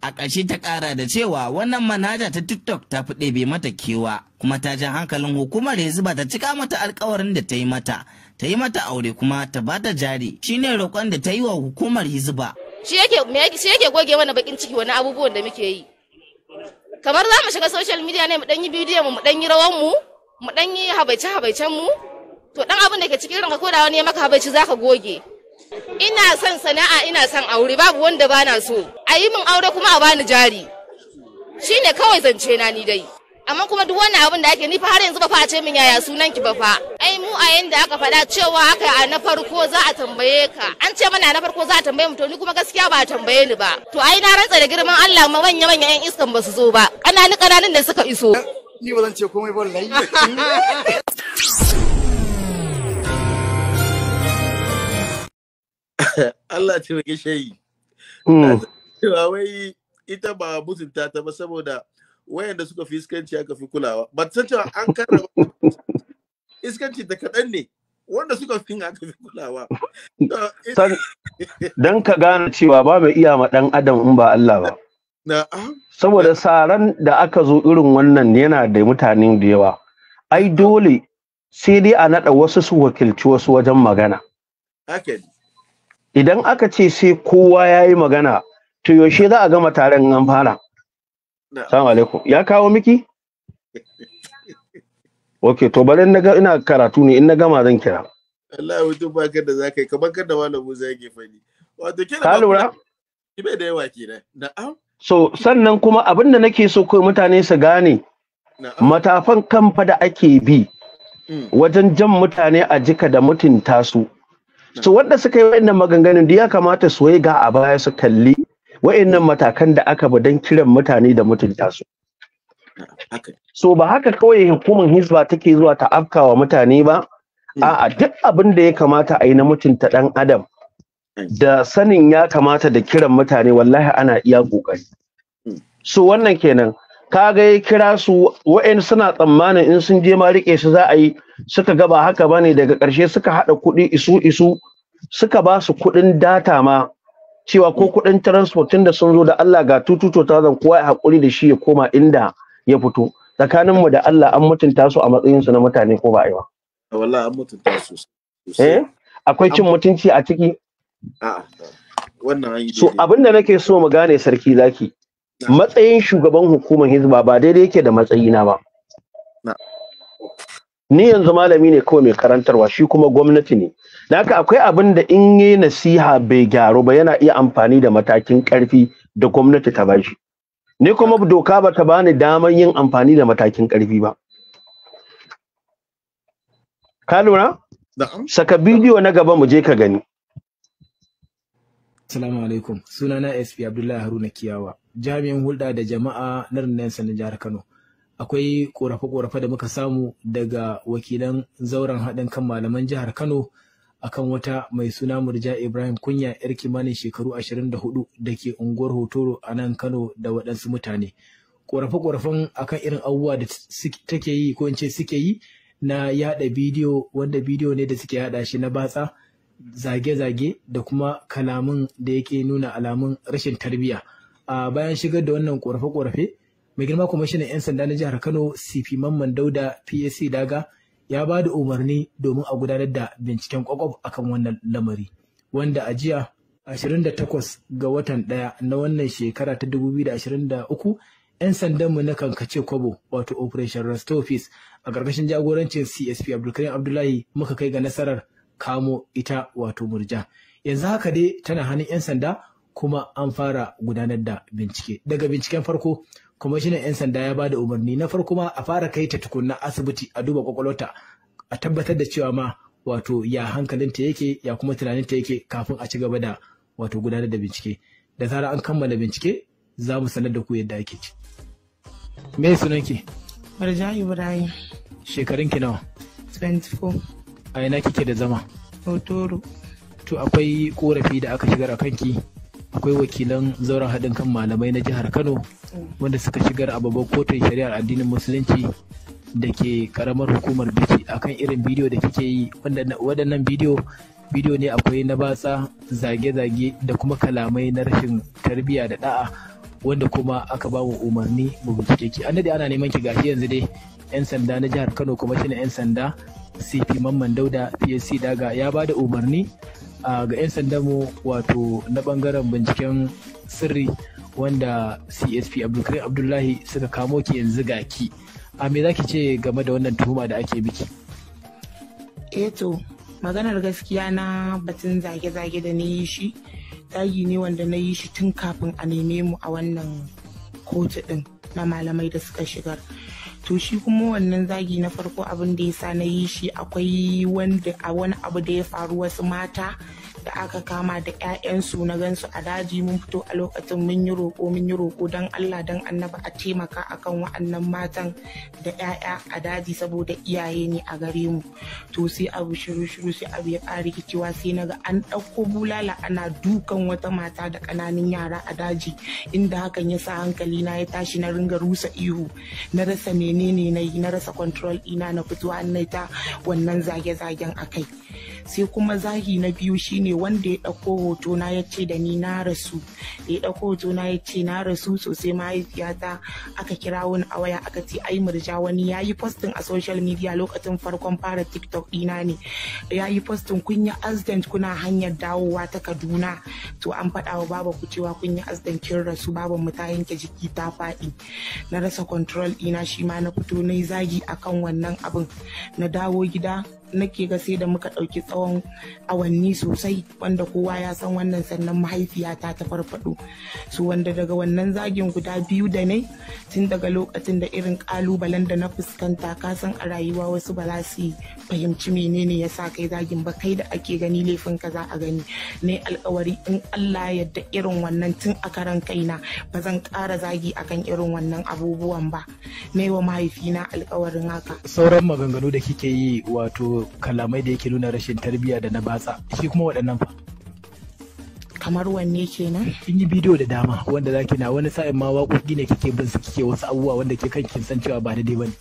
a ƙarshe ta ƙara da cewa wannan manhaja ta tiktok ta fi ɗebe mata kewa kuma ta ja hankalin hukumar ya zuba ta cika mata alkawarin da ta yi mata ta yi mata aure kuma ta ba ta jari shine roƙon da ta yi wa hukumar hizba shi yake shi yake goge mana bakin ciki wani abubuwan da muke yi kamar za mu shiga social media ne mu ɗan yi bidiyon mu mu ɗan yi rawan mu mu ɗan yi habaice habaicen mu to ɗan abin da ke cikin ranka ko da wani ya maka habaici zaka goge Ina son sana'a ina son aure babu wanda bana so. A yi min aure kuma a bani jari. Shi ne kawai zance na ni dai. Amma kuma duk wani abin da ake ni fa har yanzu ba fa ce min yaya sunan ki ba fa. Ai mu a yanda aka faɗa cewa haka a na farko za a tambaye ka. An ce mana na farko za a tambaye mu to ni kuma gaskiya ba a tambaye ni ba. To ai na rantsa da girman Allah ma manya manya yan iskan ba su zo ba. Ƙananu ƙananun da suka iso. Ni ba zan ce komai ba wallahi. Allah ce rage shayi. Cewa wai ita ba mutunta ta ba saboda wayanda suka fi iskanci aka fi kulawa. Ba ta cewa an karrama iskanci da kaɗan ne wanda suka fi aka fi kulawa. don ka gane cewa ba mai iya ma ɗan adam in ba Allah ba. Saboda saran da aka zo irin wannan yana da mutane da yawa. Ai dole sai dai a naɗa wasu su wakilci wasu wajen magana. Haka ne. idan aka ce sai kowa ya yi magana to yaushe za a gama taron an fara salamu alaikum ya kawo miki ok to bari ga ina karatu ne in na gama zan kira Allah wato ba ka da zakai kamar kada malamu Musa yake fani wato kina ka lura kibe da yawa kenan na'am so sannan kuma abin da nake so kai mutane su gane matafan kamfa da ake bi mm. wajen jan mutane a jika da mutunta su so wanda suka yi wa'annan maganganun duk ya kamata su yi ga a baya su kalli wa'annan matakan da aka bi don kiran mutane da mutunta su so ba haka kawai hukumar hizba take zuwa ta afkawa mutane ba hmm. a'a duk abin da ya kamata a yi na mutunta ɗan adam hmm. da sanin ya kamata da kiran mutane wallahi ana iya ƙoƙari. Hmm. so wannan kenan kaga ya kira su wa'in suna tsammanin in sun je ma rike su za a yi suka gaba haka bane daga ƙarshe suka haɗa kuɗi isu isu suka ba su kuɗin data ma cewa ko kuɗin transportin da sun zo da Allah ga zan kowa ya haƙuri da shi ya koma inda ya fito tsakaninmu da Allah an mutunta su a matsayin su na mutane ko ba a yi ba. Wallahi an mutunta su. Eh? Akwai cin mutunci a ciki? A'a. Wannan an yi. So abinda nake so mu gane sarki zaki. matsayin shugaban hukumar hizba ba daidai yake da matsayi na ba ni yanzu malami ne kawai mai karantarwa shi kuma gwamnati ne da haka akwai abin da in yi nasiha bai gyaru ba yana iya amfani da matakin karfi da gwamnati ta bashi ni kuma doka ba ta bani damar yin amfani da matakin karfi ba ka lura saka bidiyo na gaba mu je ka gani assalamu alaikum sunana sp abdullahi haruna kiyawa jami'in hulɗa da jama'a na rundunar sanin jihar Kano. Akwai ƙorafe-ƙorafe da muka samu daga wakilan zauren haɗin kan malaman jihar Kano akan wata mai suna Murja Ibrahim Kunya yar kimanin shekaru ashirin da ke unguwar Hotoro a nan Kano da waɗansu mutane. Ƙorafe-ƙorafen akan irin abubuwa da take yi ko in ce suke yi na yaɗa bidiyo wanda bidiyo ne da suke yaɗa shi na batsa zage-zage da kuma kalamin da yake nuna alamun rashin tarbiyya. a bayan shigar da wannan korafe-korafe mai girma kwamishinan 'yan sanda na jihar kano cp mamman dauda psc daga ya ba da umarni domin a gudanar da binciken kwakwaf akan wannan lamari wanda a jiya 28 ga watan ɗaya na wannan shekara ta 2023 'yan sandanmu na kankace kwabo wato operation restore a ƙarƙashin jagorancin csp abdulkarim abdullahi muka kai ga nasarar kamo ita wato murja yanzu haka dai tana hannun 'yan sanda kuma an fara gudanar da bincike daga binciken farko kwamishinan 'yan sanda ya ba da umarni na farko ma a fara kai ta tukunna asibiti a duba kwakwalwata a tabbatar da cewa ma wato ya hankalinta yake ya kuma tunaninta yake kafin a ci gaba da wato gudanar da bincike da zara an kammala bincike za mu sanar da ku yadda ake ci me sunanki Marja Ibrahim ki nawa 24 a ina kike da zama Otoro to akwai korafi da aka shigar a kanki akwai wakilan zauren haɗin kan malamai na jihar kano wanda suka shigar a babban kotun shari'ar addinin musulunci da ke karamar hukumar bici akan irin bidiyo da kike yi waɗannan bidiyo bidiyo ne akwai na batsa zage-zage da kuma kalamai na rashin tarbiyya da da'a wanda kuma aka ba mu umarni mu bincike ki an ana neman ki gashi yanzu dai yan sanda na jihar kano kuma shi yan sanda cp mamman dauda psc daga ya ba da umarni ga 'yan sandanmu mu wato na bangaren binciken sirri wanda CSP Abdulkarim Abdullahi suka kamo ki yanzu ga ki. A me za ki ce game da wannan tuhuma da ake biki? Eto, eh maganar gaskiya na batun zage-zage da na yi shi, zagi ne wanda na yi shi tun kafin a neme mu a wannan kotu ɗin na malamai da suka shigar. to shi kuma wannan zagi na farko abin da ya sa na yi shi akwai wani abu da ya faru wasu mata da aka kama da 'ya'yansu na gansu a daji mun fito a lokacin mun yi roƙo mun yi roƙo don Allah don annaba a taimaka akan wa'annan matan da 'ya'ya a daji saboda iyaye ne a gare mu to sai abu shiru shiru sai abu ya ƙara rikicewa sai na ga an ɗauko bulala ana dukan wata mata da ƙananan yara a daji inda hakan ya sa hankali na ya tashi na ringa rusa ihu na rasa menene na yi na rasa control ina na fito an ta wannan zage-zagen akai. sai kuma zagi na biyu shine wanda ya ɗauko hoto na ya ce da ni na rasu ya ɗauko hoto na ya ce na rasu sosai mahaifiyata aka kira wani a waya aka ce ai murja wani ya yi postin a social media lokacin farkon fara tiktok ɗina ne ya yi postin kun yi accident kuna hanyar dawowa ta kaduna to an faɗa wa baba ku cewa kun yi accident kin rasu baban mu ta yanke jiki ta faɗi na rasa control ɗina shi ma na fito na yi zagi akan wannan abin na dawo gida nake ga sai da muka ɗauki tsawon awanni sosai wanda kowa ya san wannan sannan mahaifiyata ta farfaɗo su wanda daga wannan zagin guda biyu da ne tun daga lokacin da irin ƙalubalen da na fuskanta ka san a rayuwa wasu ba za su fahimci menene ya sa kai zagin ba kai da ake gani laifin ka za a gani ne alkawari in Allah yadda irin wannan tun a karan kaina ba zan ƙara zagi akan irin wannan abubuwan ba ne wa mahaifina alkawarin haka sauran maganganu da kike yi wato kalamai da yake nuna rashin tarbiyya da na batsa shi kuma waɗannan fa kamar wanne kenan kin yi bidiyo da dama wanda zaki na wani sa'in ma waƙoƙi ne kike bin su kike wasu abubuwa wanda ke kan kin san cewa ba daidai bane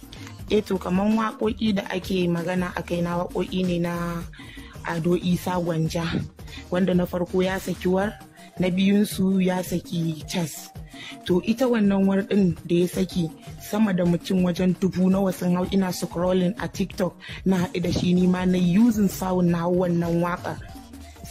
eh to kamar waƙoƙi da ake magana a kai na waƙoƙi ne na Ado Isa Gwanja wanda na farko ya saki war na biyunsu ya saki chess to ita wannan warɗin da ya saki sama da mutum wajen dubu nawa sun hau ina scrolling a tiktok na haɗu da shi ma na yuzin sawun na wannan waka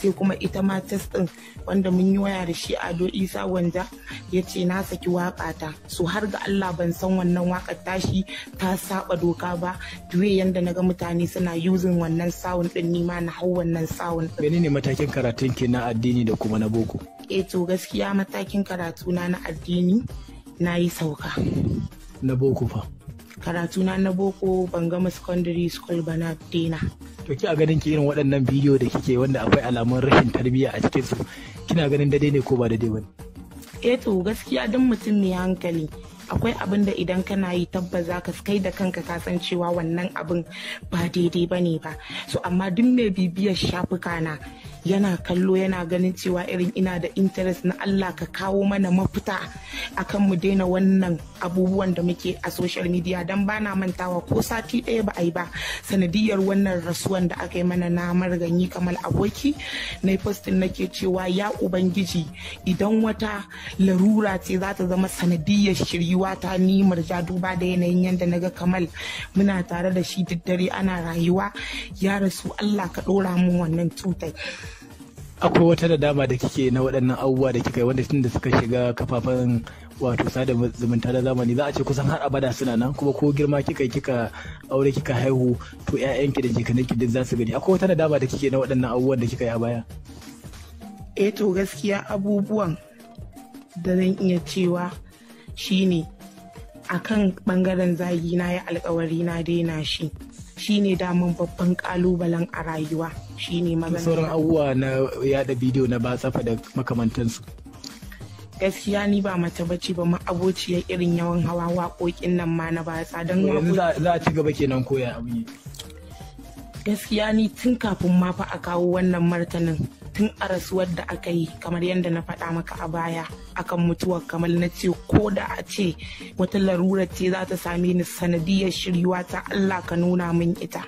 sai kuma ita ma Chess din wanda mun yi waya da shi ado isa wanda ya ce na saki waka ta so har ga allah ban san wannan waƙar tashi ta saba doka ba duwe yanda na ga mutane suna yuzin wannan sawun din nima na hau wannan sawun menene matakin karatun ki na addini da kuma na boko eh to gaskiya matakin karatuna na addini na yi sauka na boko fa karatuna na boko ban gama secondary school ba na dena to ki a ganin ki irin waɗannan bidiyo da kike wanda akwai alamun rashin tarbiyya a cikin su kina ganin daidai ne ko ba daidai ba eh to gaskiya duk mutum mai hankali akwai abin da idan kana yi tabbas za ka kai da kanka ka san cewa wannan abin ba daidai ba ne ba so amma duk mai bibiyar shafuka na yana kallo yana ganin cewa irin ina da interest na Allah ka kawo mana mafita akan mu daina wannan abubuwan da muke a social media dan bana mantawa ko sati ɗaya ba a yi ba sanadiyar wannan rasuwan da aka yi mana na marganyi kamar aboki na postin nake cewa ya ubangiji idan wata larura ce za ta zama sanadiyar shiryuwa ta ni marja duba da yanayin yadda na ga kamal muna tare da shi duk dare ana rayuwa ya rasu Allah ka ɗora mu wannan cutar akwai wata da dama da kike na waɗannan abubuwa da kika yi wanda tun da suka shiga kafafen wato sada zumunta da zamani za a ce kusan har abada suna nan kuma ko girma kika kika aure kika haihu to ƴaƴanki da ki duk za su gani akwai wata da dama da kike na waɗannan abubuwan da kika yi a baya eh to gaskiya abubuwan da zan iya cewa shine akan bangaren zagi na ya alƙawari na daina shi shine daman babban kalubalen a rayuwa shine magana sauran abubuwa na yada bidiyo na ba tsafa da makamantansu gaskiya ni ba mace bace ba ma'abociyar irin yawan hawa waƙoƙin nan ma na batsa don za a ci gaba kenan koya abu gaskiya ni tun kafin ma fa a kawo wannan martanin tun a rasuwar da aka yi kamar yadda na faɗa maka a baya akan mutuwar kamar na ce ko da a ce wata larura ce za ta sami ni sanadiyar shiryuwa ta Allah ka nuna min ita.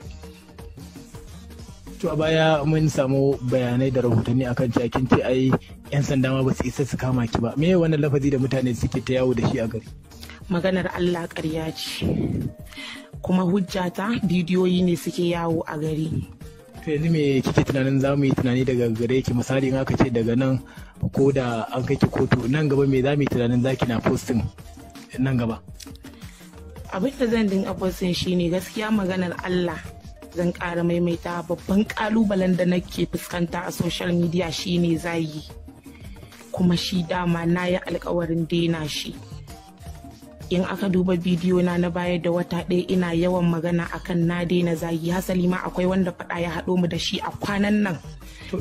To a baya mun samu bayanai da rahotanni akan cakin ce ai 'yan sanda ma ba su isa su kama ki ba. Me wannan lafazi da mutane suke ta yawo da shi a gari? Maganar Allah ƙarya ce. Kuma hujjata bidiyoyi ne suke yawo a gari. to yanzu me kike tunanin za mu yi tunani daga gare ki misali in aka ce daga nan ko da an kai ki kotu nan gaba me za mu yi tunanin za ki na postin nan gaba abin da zan dinga postin shine gaskiya maganar Allah zan ƙara maimaita babban ƙalubalen da nake fuskanta a social media shine zayi kuma shi dama na yi alkawarin daina shi in aka duba bidiyo na na baya da wata ɗaya ina yawan magana akan na daina zagi hasali ma akwai wanda faɗa ya haɗo mu da shi a kwanan nan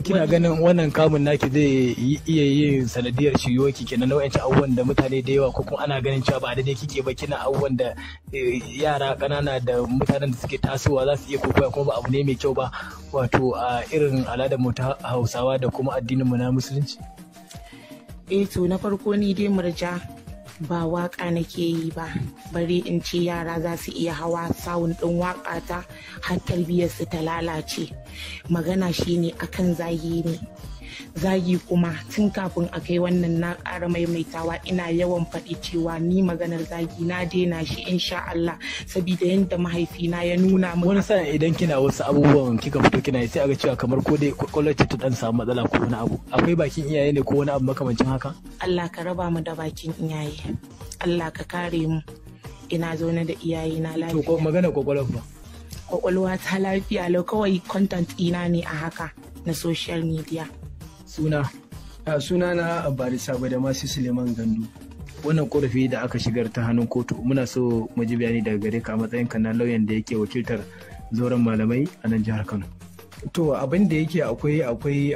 kina ganin wannan kamun naki zai iya yin sanadiyar ciwo ki kenan ci abubuwan da mutane da yawa ko kuma ana ganin cewa ba daidai kike ba kina abubuwan da eh, yara kanana da mutanen da suke tasowa za su iya kokoya kuma ba abu ne mai kyau ba wato a irin al'adar mu ta Hausawa da kuma addinin mu na musulunci eh to na farko ni dai murja ba waka nake yi ba bari in ce yara za su iya hawa sawun ɗin waka ta har su ta lalace magana shine akan ne. zagi kuma tun kafin a kai wannan na ƙara maimaitawa ina yawan faɗi cewa ni maganar zagi na daina shi insha Allah sabida yadda mahaifina ya nuna min wani sa'a idan kina wasu abubuwan kika fito kina sai aga cewa kamar ko dai kwakwalwar ta dan samu matsala ko wani abu akwai bakin iyaye ne ko wani abu makamancin haka Allah ka raba mu da bakin iyaye Allah ka kare mu ina zaune da iyaye na lafiya to magana kwakwalwar ba kwakwalwa ta lafiya lau kawai content ina ne a haka na social media suna suna na barisa da masu suleiman gandu wannan korafi da aka shigar ta hannun kotu muna so mu ji bayani daga gare ka matsayin ka na lauyan da yake wakiltar zauren malamai a nan jihar kano to abin da yake akwai akwai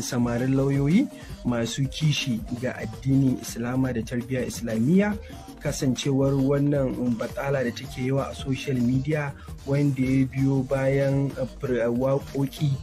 samarin lauyoyi masu kishi ga addini islama da tarbiyya islamiyya kasancewar wannan batsala da take yawa a social media wanda ya biyo bayan waƙoƙi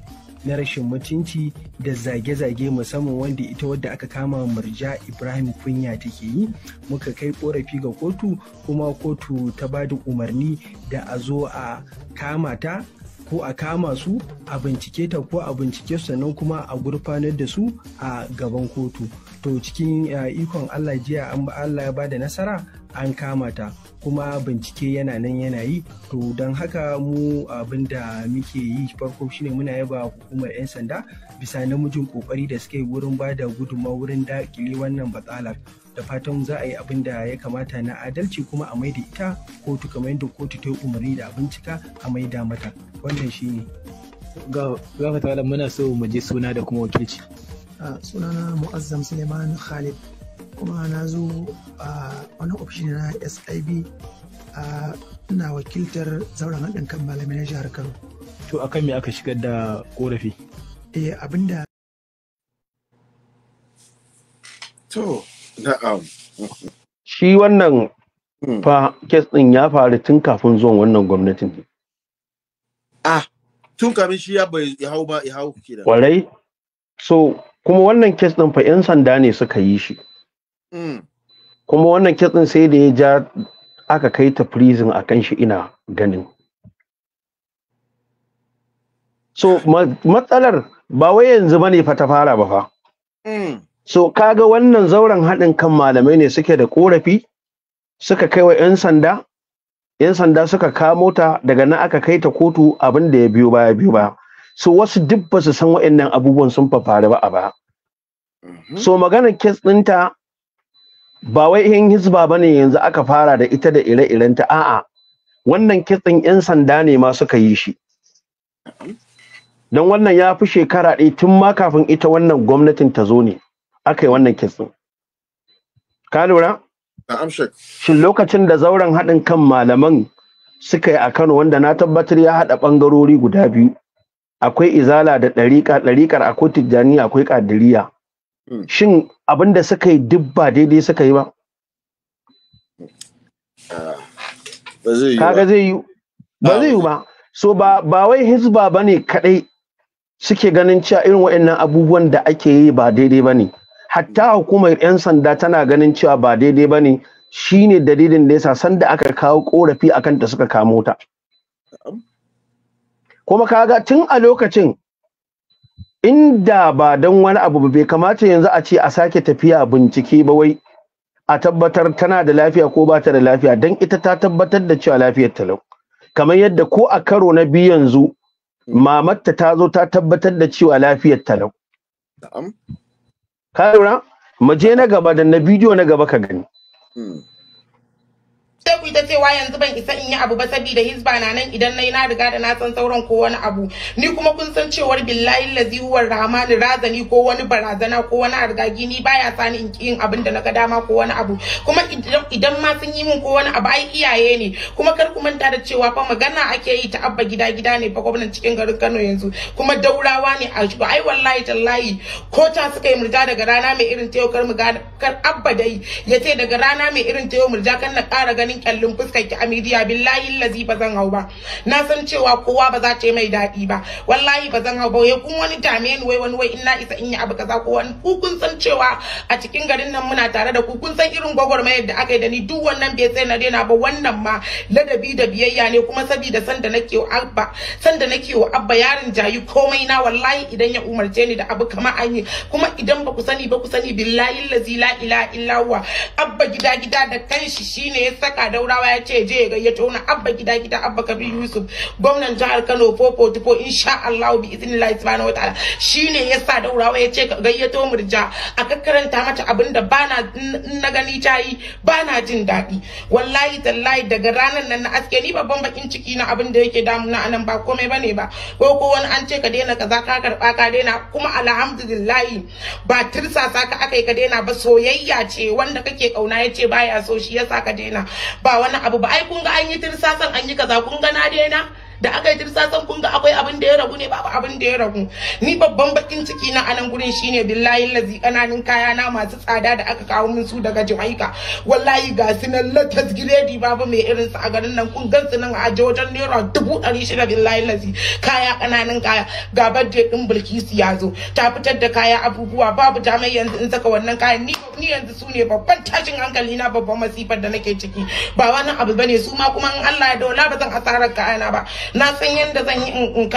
na rashin mutunci da zage-zage musamman wanda ita wadda aka kama murja ibrahim kunya take yi muka kai korafi ga kotu kuma kotu ta ba da umarni da a zo a kama ta ko a kama su a bincike ta ko a bincike su sannan kuma a gurfanar da su a gaban kotu to cikin eh, ikon allah jiya an allah ya ba da nasara an kama ta kuma bincike yana nan yana yi to don haka mu abin da muke yi farko shine muna yaba hukumar 'yan sanda bisa namijin kokari da suke wurin ba da gudunmawa wurin dakile wannan batsalar da fatan za a yi abin da ya kamata na adalci kuma a maida ita kotu kamar yadda kotu ta yi umarni da bincika a maida mata wannan shine gafa muna so mu je suna da kuma wakilci ah, sunana mu'azzam suleiman khalid kuma na zo a wani ofishin na SIB a ina wakiltar zauren haɗin kan malamai na jihar Kano. To akan me aka shigar da korafi? Eh abinda To na'am. Shi wannan hmm. fa kes ɗin ya faru tun kafin zuwan wannan gwamnatin Ah, tun kafin shi ya bai ya hau ba ya hau kenan. Kwarai. So kuma wannan kes ɗin fa 'yan sanda ne suka yi shi. Mm. kuma wannan kitsin sai da ya ja aka kai ta prison a kan shi ina ganin so matsalar ba wai yanzu bane fa ta fara ba fa mm. so kaga wannan zauren haɗin kan malamai ne suke da ƙorafi suka kai wa 'yan sanda 'yan sanda suka kamo ta daga nan aka kai ta kotu abin da ya biyo baya biyo baya so wasu duk ba su san wa'annan abubuwan sun fafari ba a ba mm-hmm. so maganar kes ɗinta ba wai yan hizba ne yanzu aka fara da ita da ire-irenta a'a wannan kitsin yan sanda ne ma suka yi shi don wannan ya fi shekara ɗaya tun ma kafin ita wannan gwamnatin ta zo ne aka yi wannan kitsin ka lura shin lokacin da zauren haɗin kan malaman suka yi a kano wanda na tabbatar ya haɗa ɓangarori guda biyu akwai izala da ɗariƙa ɗariƙar akwai tijjani akwai ƙadiriya Hmm. shin abin da suka yi duk ba daidai suka yi ba kaga ah, zai yi ba zai yi ah. ba so ba ba wai hizba bane kadai suke ganin cewa irin waɗannan abubuwan da ake yi ba daidai bane hatta hukumar yan sanda tana ganin cewa ba daidai bane shine dalilin da yasa sanda aka kawo korafi akan ta suka kamo ta kuma kaga tun a lokacin inda ba don wani abu bai kamata yanzu a ce a sake tafiya bincike ba wai a tabbatar tana da lafiya ko ba ta da lafiya don ita ta tabbatar da cewa lafiyar ta lau. kamar yadda ko a karo na biyu yanzu hmm. mamatta ta zo ta tabbatar da cewa lafiyar talau ka lura mu je na gaba da na bidiyo na gaba ka gani hmm. sai ku ta cewa yanzu ban isa in yi abu ba saboda Hisba na nan idan nayi na riga da na san sauran ko wani abu ni kuma kun san cewar billahi lazi huwa rahman razani ko wani barazana ko wani argagi ni baya sani in yin abin da naga dama ko wani abu kuma idan ma sun yi min ko wani abu ai iyaye ne kuma kar ku manta da cewa fa magana ake yi ta abba gida gida ne fa gwamnan cikin garin Kano yanzu kuma daurawa ne a shi ai wallahi tallahi ko ta suka yi murja daga rana mai irin ta yau kar mu kar abba dai Ya ce daga rana mai irin ta yau murja kan na ƙara ganin kallin kyallin fuskar ki a media billahi lazi ba zan hau ba na san cewa kowa ba za ta yi mai daɗi ba wallahi ba zan hau ba kun wani dame ni wai wani wai ina isa in yi abu kaza ko wani ku kun san cewa a cikin garin nan muna tare da ku kun san irin gwagwarmayar da aka yi da ni duk wannan bai sai na daina ba wannan ma ladabi da biyayya ne kuma sabida san da nake wa abba san da nake wa abba yarin jayi komai na wallahi idan ya umarce ni da abu kama an yi kuma idan ba ku sani ba ku sani billahi lazi la ilaha illa abba gida gida da kanshi shine ya saka Daurawa ya ce je ya gayyato na Abba gida gida Abba kabi Yusuf gwamnan jihar Kano 444 insha Allah bi izini idnillahi subhanahu ne shine sa Daurawa ya ce ka gayyato murja a kakkaranta mata abin da bana na gani ta yi bana jin daɗi wallahi tallahi daga ranar nan na aske ni babban bakin ciki na abin da yake damuna anan ba komai bane ba ko ko wani an ce ka daina za ka karba ka daina kuma alhamdulillahi ba tirsasa ka yi ka daina ba soyayya ce wanda kake kauna ya ce baya so shi ya sa ka daina ba wani abu ba ai kun ga an yi tirsasan an yi kaza kun ga na daina da aka yi tirsasan kun ga akwai abin da ya ragu ne babu abin da ya ragu ni babban bakin ciki na anan gurin shine billahi lazi kananin kaya na masu tsada da aka kawo min su daga Jamaica wallahi ga su nan latas giredi babu mai irin su a garin nan kun gan su nan a aje wajen naira dubu ɗari shida billahi lazi kaya kananan kaya ga birthday din Bilkisu ya zo ta fitar da kaya abubuwa babu ta mai yanzu in saka wannan kaya. ni ni yanzu su babban tashin hankali na babban masifar da nake ciki ba wani abu bane su ma kuma in Allah ya dola ba zan asarar kayana ba na san yadda zan yi in ya in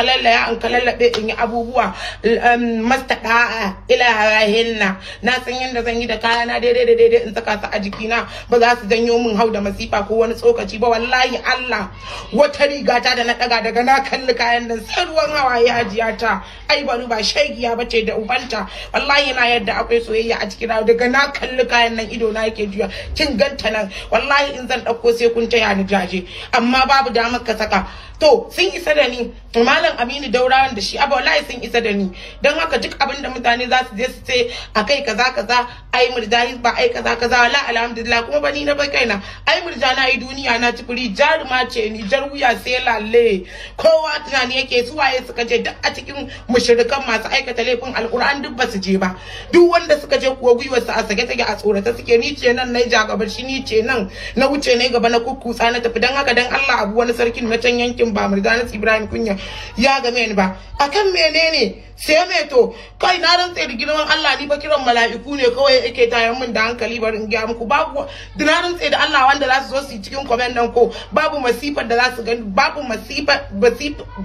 kalallabe in yi abubuwa um, mastaka ila rahinna na san yadda zan yi da kayana daidai da daidai in saka su a jikina ba za su janyo min hau da masifa ko wani tsokaci ba wallahi Allah wata riga ta da na daga daga na kalli kayan nan sai ruwan hawaye hajiya ta ai bari ba shaigiya ce da ubanta wallahi na yadda akwai soyayya a cikina daga na kalli kayan nan ido na yake juya kin ganta nan wallahi in zan dauko sai kun taya ni jaje amma babu damar ka saka to sun isa da ni malam aminu daurawan da shi abu wallahi sun isa da ni don haka duk abin da mutane za su je su ce a kai kaza kaza ai murjani ba ai kaza kaza wala alhamdulillah kuma bani na bai kaina ai murjana na yi duniya na ci furi jaruma ce ni jar wuya sai lalle kowa tunani yake su waye suka je duk a cikin mushirikan masu aikata laifin alquran duk ba su je ba duk wanda suka je kuwa gwiwar su a sage take a tsorata suke ni ce nan nai jagabar shi ni ce nan na wuce ne gaba na kukkutsa na tafi Don haka dan Allah abu wani sarkin na can yankin ba murganis ibrahim kunya ya game ni ba akan menene sai me to kai na rantse da girman Allah ni ba kiran mala'iku ne kawai yake tayar min da hankali bari in gaya muku babu da na rantsa da Allah wanda za su zo su cikin comment nan ko babu masifar da za su gani babu masifar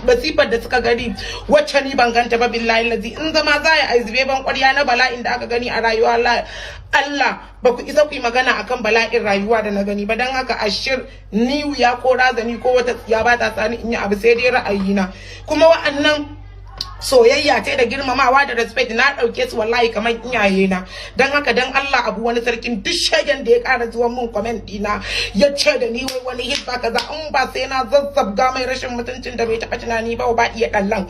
masifar da suka gani wacce ni ban ganta ba billahi lazi in zama za a izbe ban kwarya na bala'in da aka gani a rayuwa Allah Allah ba ku isa ku yi magana akan bala'in rayuwa da na gani ba dan haka ashir ni ya ko razani ko wata ya ba ta tsani in sanya abu sai dai ra'ayina kuma wa'annan soyayya ce da girmamawa da respect na ɗauke su wallahi kamar iyaye na don haka don Allah abu wani sarkin duk shagen da ya ƙara zuwa mun comment dina ya ce da ni wai wani hibba kaza in ba sai na zazzabga mai rashin mutuncin da bai taɓa tunani ba ba iya ɗallan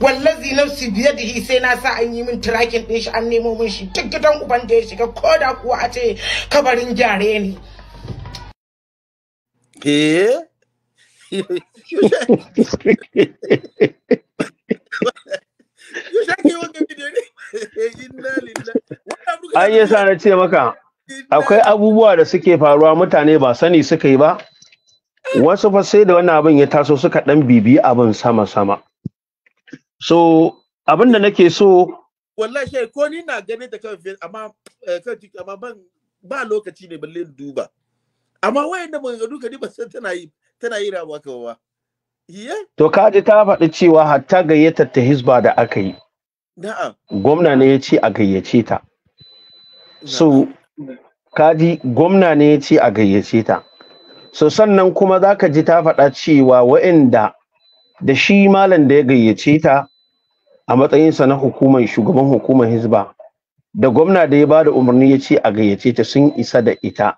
wallazi nafsi biyadihi sai na sa an yi min tracking din shi an nemo min shi duk gidan uban da ya shiga ko da kuwa a ce kabarin gyare ne eh you Ai yasa na ce maka akwai abubuwa da suke faruwa mutane ba sani suka yi ba wasu fa sai da wannan abin ya taso suka dan bibi abin sama sama so abin da nake so wallahi shai ko ni na ganin da kai amma eh, kan amma ban ba lokaci ne balle duba amma wayan da mun ga duka ni ba san tana yi tana yi rawa kawai ba To kaji ta faɗi cewa hatta gayyatar ta Hizba da aka yi. Gwamna ne ya ce a gayyace ta. So kaji gwamna ne ya ce a gayyace ta. So sannan kuma za ka ji ta faɗa cewa wa'inda da shi malam da ya gayyace ta a matsayinsa na hukumar shugaban hukumar Hizba, da gwamna da ya ba da umarni ya ce a gayyace ta sun isa da ita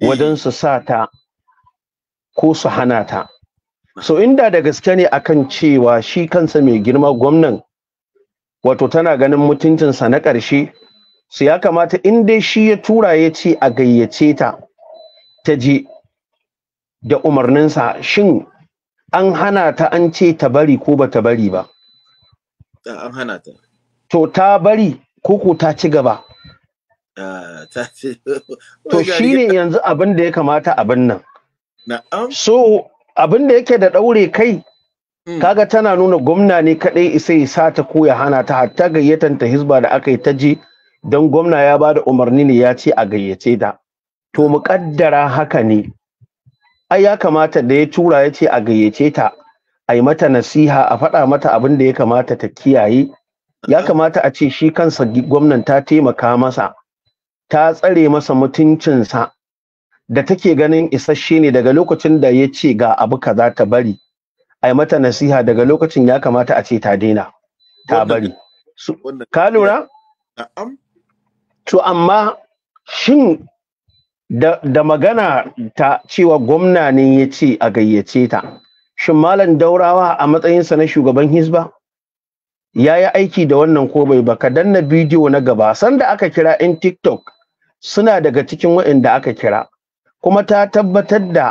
eh. wajen su sa ta ko su hana ta. so inda da gaske ne akan cewa shi kansa mai girma gwamnan wato tana ganin mutuncinsa na ƙarshe su ya kamata in dai shi ya tura ya ce a gayyace ta ta je da umarninsa shin an hana ta an ce ta bari ko ba ta bari ba an hana ta to ta bari ko ko ta ci gaba to shine yanzu abin da ya kamata abin nan so abin da yake da ɗaure kai hmm. kaga tana nuna gwamna ne kaɗai isa ya sata ko ya hana ta hatta gayyatan ta hizba da aka yi ta je don gwamna ya ba da umarni ne ya ce a gayyace ta to mu haka ne ai ya kamata da ya tura ya ce a gayyace ta a yi mata nasiha a faɗa mata abin da ya kamata ta kiyaye ya hmm. kamata a ce shi kansa gwamnan ta taimaka masa ta tsare masa mutuncinsa da take ganin isasshe ne daga lokacin da ya ce ga abu kaza ta bari ai mata nasiha daga lokacin ya kamata a ce ta daina ta bari ka lura to amma shin da, magana ta cewa gwamna ne ya ce a gayyace ta shin malam daurawa a matsayinsa na shugaban hisba ya yi aiki da wannan ko bai ba ka danna bidiyo na gaba sanda aka kira in tiktok suna daga cikin waɗanda aka kira kuma ta tabbatar da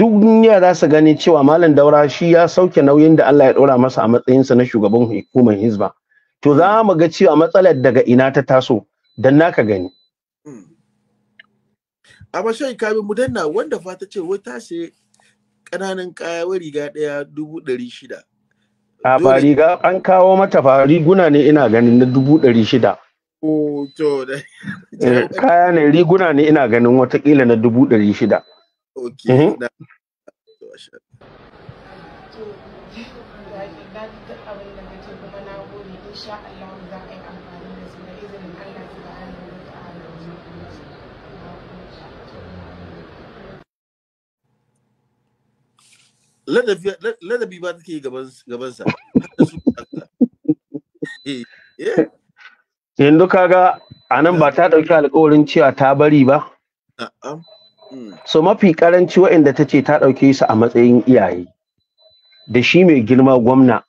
duk duniya za su gani cewa malam daura shi ya sauke nauyin da Allah ya ɗora masa a matsayinsa na shugaban hukumar hizba to za mu ga cewa matsalar daga ina ta taso dan naka gani a bashan kabi mu danna wanda fata ce wai ta ce kananan kaya wa riga ɗaya dubu ɗari shida a ba riga an kawo mata fa riguna ne ina ganin na dubu ɗari shida Eh, kaya ne riguna ne ina ganin watakila na dubu ɗari shida mhm. ladabi ba take gabansa yanzu kaga a nan ba ta ɗauki alkawarin cewa ta bari ba hmm. so mafi ƙaranci waɗanda ta ce ta ɗauke su a matsayin iyaye da shi mai girma gwamna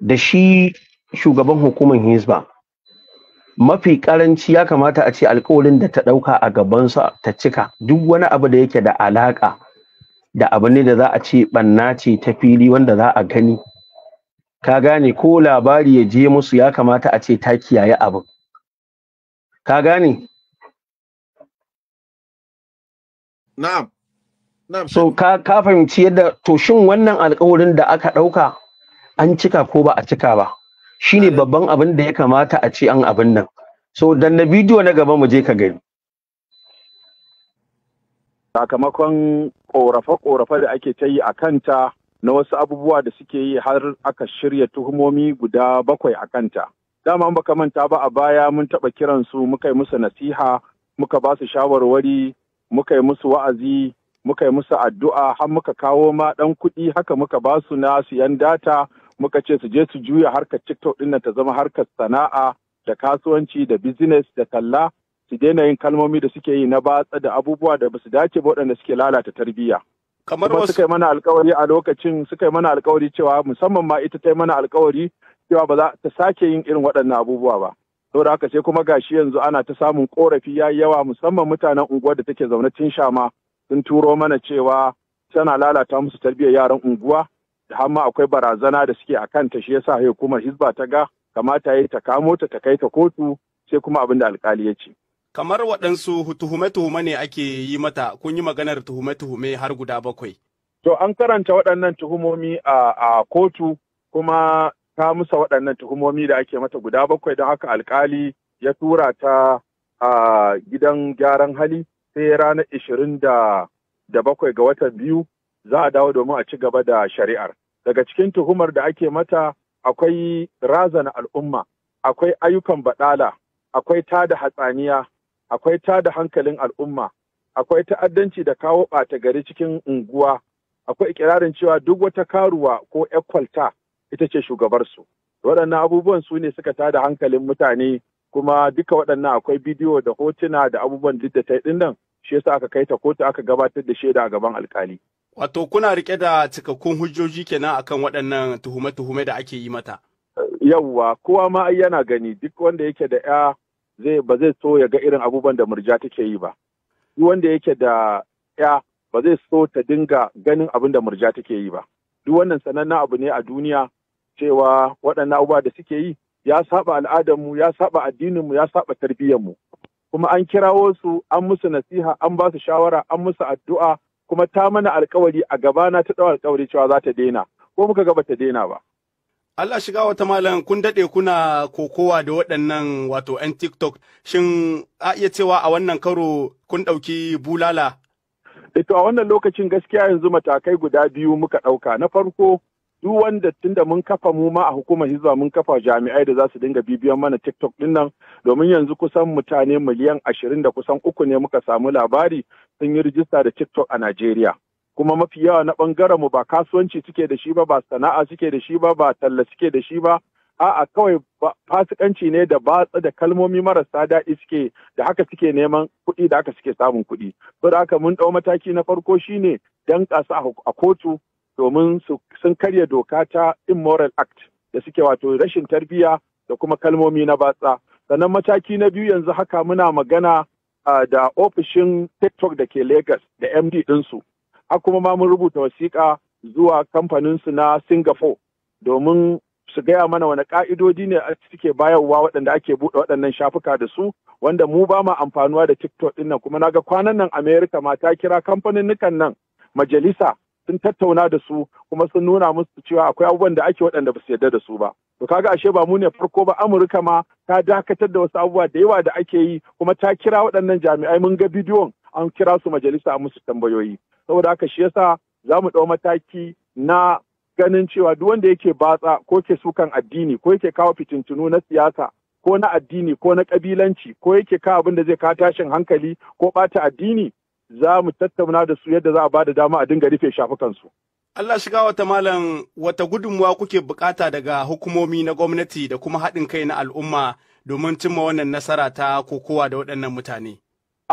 da shi shugaban hukumar hisba mafi ƙaranci ya kamata a ce alkawarin da ta ɗauka a gabansa ta cika duk wani abu da yake da alaƙa da abu da za a ce ɓanna ce ta fili wanda za a gani ka gane ko labari ya je musu ya kamata a ce ta kiyaye abin ka gane na'am na'am so ka ka fahimci yadda to shin wannan alƙawarin da aka ɗauka an cika ko ba a cika ba shine eh. babban abin da ya kamata a ce an abin nan so dan na bidiyo na gaba mu je ka gani sakamakon ƙorafe-ƙorafe da ake ta yi a kanta na wasu abubuwa da suke yi har aka shirya tuhumomi guda bakwai a kanta. Dama baka manta ba a baya mun taɓa kiran su muka yi musu nasiha, muka ba su shawarwari, muka yi musu wa'azi, muka yi musu addu'a har muka kawo ma ɗan kuɗi haka muka ba su na su yan data, muka ce su je su juya harkar TikTok ɗin ta zama harkar sana'a da kasuwanci da business da talla su daina yin kalmomi da suke yi na batsa da abubuwa da ba su dace ba waɗanda suke lalata tarbiyya. kamar wasu suka yi mana alkawari a lokacin suka yi mana alkawari cewa musamman ma ita ta yi mana alkawari cewa ba za ta sake yin irin waɗannan abubuwa ba saboda haka sai kuma gashi yanzu ana ta samun korafi ya yawa musamman mutanen unguwar da take zaune tun shama sun turo mana cewa tana lalata musu tarbiyyar yaran unguwa da hamma akwai barazana da suke a kanta shi yasa hukumar hizba ta ga kamata ya ta kamo ta ta kai ta kotu sai kuma abin da alkali ya ce kamar waɗansu tuhume-tuhume ne ake yi mata kun yi maganar tuhume-tuhume har guda bakwai. To an karanta waɗannan tuhumomi a kotu kuma ta musa waɗannan tuhumomi da ake mata guda bakwai don haka alkali ya tura ta a gidan gyaran hali sai ranar ishirin da bakwai ga watan biyu za a dawo domin a ci gaba da shari'ar. Daga cikin tuhumar da ake mata akwai razana al'umma, akwai ayyukan baɗala, akwai tada hatsaniya, akwai ta da hankalin al'umma akwai ta'addanci da kawo ɓata gari cikin unguwa akwai ikirarin cewa duk wata karuwa ko ekwalta ita ce shugabarsu waɗannan abubuwan su ne suka tada hankalin mutane kuma duka waɗannan akwai bidiyo da hotuna da abubuwan duk da ta yi nan shi yasa aka kai ta kotu aka gabatar da shaida a gaban alkali. Wato kuna rike da cikakkun hujjoji kenan akan waɗannan tuhume-tuhume da ake yi mata. Yawwa kowa ma yana gani duk wanda yake da ya zai ba zai so ya ga irin abubuwan da murja take yi ba duk wanda yake da ya ba zai so ta dinga ganin abin da murja take yi ba duk wannan sanannen abu ne a duniya cewa waɗannan abubuwa da suke yi ya saba al'adarmu ya saba addininmu ya saba tarbiyyarmu kuma an kirawo su an musu nasiha an ba su shawara an musu addu'a kuma ta mana alkawari a gabana ta ɗau alkawari cewa za ta daina ko muka gaba ta daina ba Allah shiga wata malam kun daɗe kuna kokowa da waɗannan wato 'yan TikTok shin a iya cewa a wannan karo kun ɗauki bulala? Eto eh, a wannan lokacin gaskiya yanzu matakai guda biyu muka ɗauka. Na farko duk wanda tunda mun kafa mu ma a hukumar hizba mun kafa jami'ai da za su dinga bibiyan mana TikTok ɗin nan domin yanzu kusan mutane miliyan ashirin da kusan uku ne muka samu labari sun yi rijista da TikTok a Najeriya. kuma mafi yawa na bangaren mu ba kasuwanci suke da shi ba ba sana'a suke da shi ba ba talla suke da shi ba a'a kawai fasikanci ne da batsa da kalmomi marasa daɗi suke da haka suke neman kuɗi da haka suke samun kuɗi saboda haka mun ɗau mataki na farko shine dan ƙasa a kotu domin sun karya doka ta immoral act da suke wato rashin tarbiyya da kuma kalmomi na batsa sannan mataki na biyu yanzu haka muna magana ah, da ofishin tiktok da ke lagos da md ɗinsu a kuma ma mun rubuta wasiƙa zuwa kamfaninsu na Singapore domin su gaya mana wani ƙa'idodi ne suke bayarwa waɗanda ake buɗe waɗannan shafuka da su wanda mu ba ma amfanuwa da TikTok ɗin nan kuma naga kwanan nan America ma ta kira kamfanin nan majalisa sun tattauna da su kuma sun nuna musu cewa akwai abubuwan da ake waɗanda ba su yarda da su ba. To kaga ashe ba mu ne farko ba Amurka ma ta dakatar da wasu abubuwa da yawa da ake yi kuma ta kira waɗannan jami'ai mun ga bidiyon an kira su majalisa a musu tambayoyi. saboda haka shi yasa za mu ɗau mataki na ganin cewa duk wanda yake batsa ko ke sukan addini ko yake kawo fitintunu na siyasa ko na addini ko na kabilanci ko yake kawo abin da zai kawo tashin hankali ko ɓata addini za mu tattauna da su yadda za a ba da dama a dinga rufe shafukansu. Allah shiga wata malam wata gudunmuwa kuke bukata daga hukumomi na gwamnati da kuma haɗin kai na al'umma domin cimma wannan nasara ta kokowa da waɗannan mutane.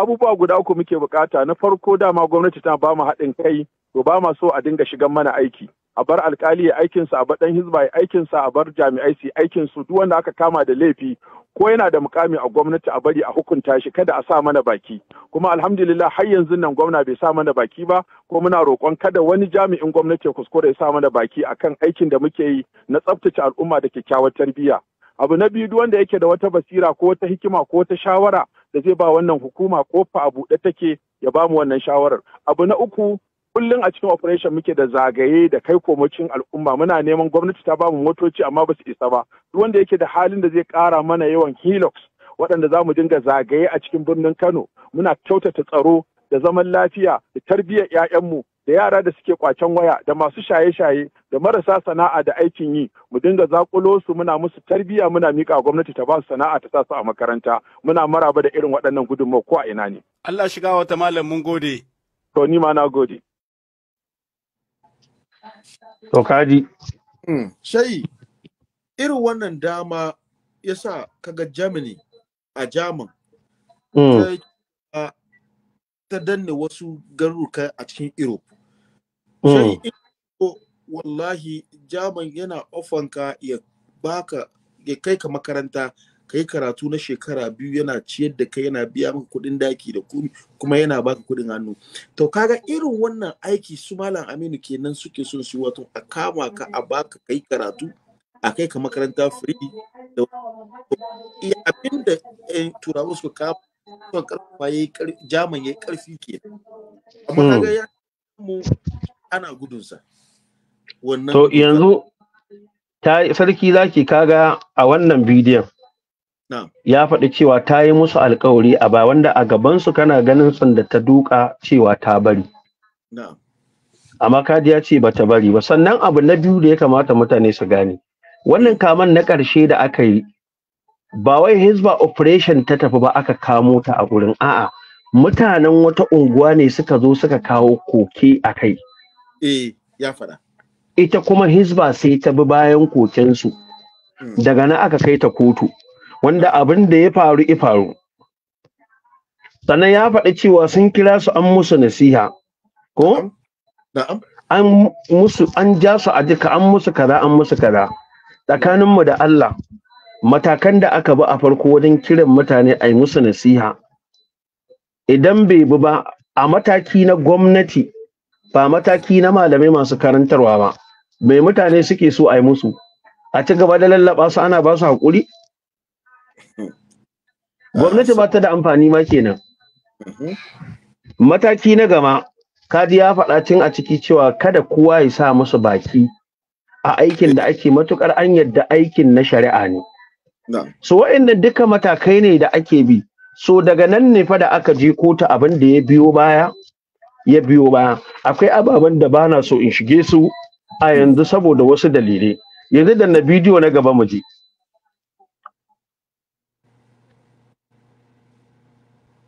abubuwa guda uku muke bukata na farko dama gwamnati tana ba mu haɗin kai to ba so a dinga shigan mana aiki a bar alkali ya aikinsa a bar dan hizba ya aikinsa a bar jami'ai su aikinsu duk wanda aka kama da laifi ko yana da mukami a gwamnati a bari a hukunta shi kada a sa mana baki kuma alhamdulillah har yanzu nan gwamna bai sa mana baki ba ko muna roƙon kada wani jami'in gwamnati ya kuskure ya sa mana baki akan aikin da muke yi na tsaftace al'umma da kyakkyawar tarbiyya abu na biyu duk wanda yake da wata basira ko wata hikima ko wata shawara da zai ba wannan hukuma kofa a buɗe take ya ba mu wannan shawarar abu na uku kullum a cikin operation muke da zagaye da kai komocin al'umma muna neman gwamnati ta ba mu motoci amma ba su isa ba duk wanda yake da halin da zai kara mana yawan helix waɗanda za mu dinga zagaye a cikin birnin kano muna kyautata tsaro da zaman lafiya da tarbiyyar 'ya'yanmu da yara da suke kwacen waya da masu shaye-shaye da marasa sana'a da aikin yi mu dinga zakulo su muna musu tarbiyya muna mika gwamnati ta ba su sana'a ta sa su a makaranta muna maraba da irin waɗannan gudunmawar ko a ina ne Allah shiga wata malam mun gode to ni ma na gode to kaji hmm. sai irin wannan dama yasa kaga Germany a Jamun. Hmm. ta danne wasu garuruka a cikin Europe Mm. ko wallahi jaman yana ofanka ya baka ya kai ka makaranta ka karatu na shekara biyu yana ciyar da kai yana biya maka kuɗin daki da kumi kuma yana baka kuɗin hannu to kaga irin wannan aiki su malam aminu kenan suke son su wato a kama ka a baka kai karatu a kai ka makaranta free da abin da turawa suka kama kuma karfa jaman ya yi karfi kenan amma kaga mm. ya mu ana gudunsa wannan to yanzu ta sarki zaki kaga a wannan bidiyon ya faɗi cewa ta yi musu alkawari a ba wanda a gabansu kana ganin sanda ta duka cewa ta bari amma kadi ya ce bata bari ba sannan abu na biyu da ya kamata mutane su gane wannan kaman na ƙarshe da aka yi ba wai hizba operation ta tafi ba aka kamo ta a gurin a'a mutanen wata unguwa ne suka zo suka kawo koke a kai Eh, ya faɗa ita kuma Hisba sai ta bi bayan kokensu hmm. daga na aka kai ta kotu wanda abin da ya faru ya faru sannan ya faɗi cewa sun kira su an musu nasiha ko an musu an ja su a duka an musu kaza an musu kaza tsakaninmu da Allah matakan da aka bi a farko wajen kiran mutane a musu nasiha idan bai bi ba a mataki na gwamnati ba mataki na malamai masu karantarwa ba mai mutane suke so a yi musu a ci gaba da lallaba su ana ba su haƙuri gwamnati ba ta da amfani ma kenan mataki na gama kadi ya faɗa cin a ciki cewa kada kowa ya sa musu baki a aikin da ake matukar an yadda aikin na shari'a ne so wa'annan duka matakai ne da ake bi so daga nan ne fa da aka je kotu abin da ya biyo baya ya biyo ba akwai ababen da ba na so in shige su a yanzu saboda wasu dalilai yanzu da na bidiyo na gaba mu je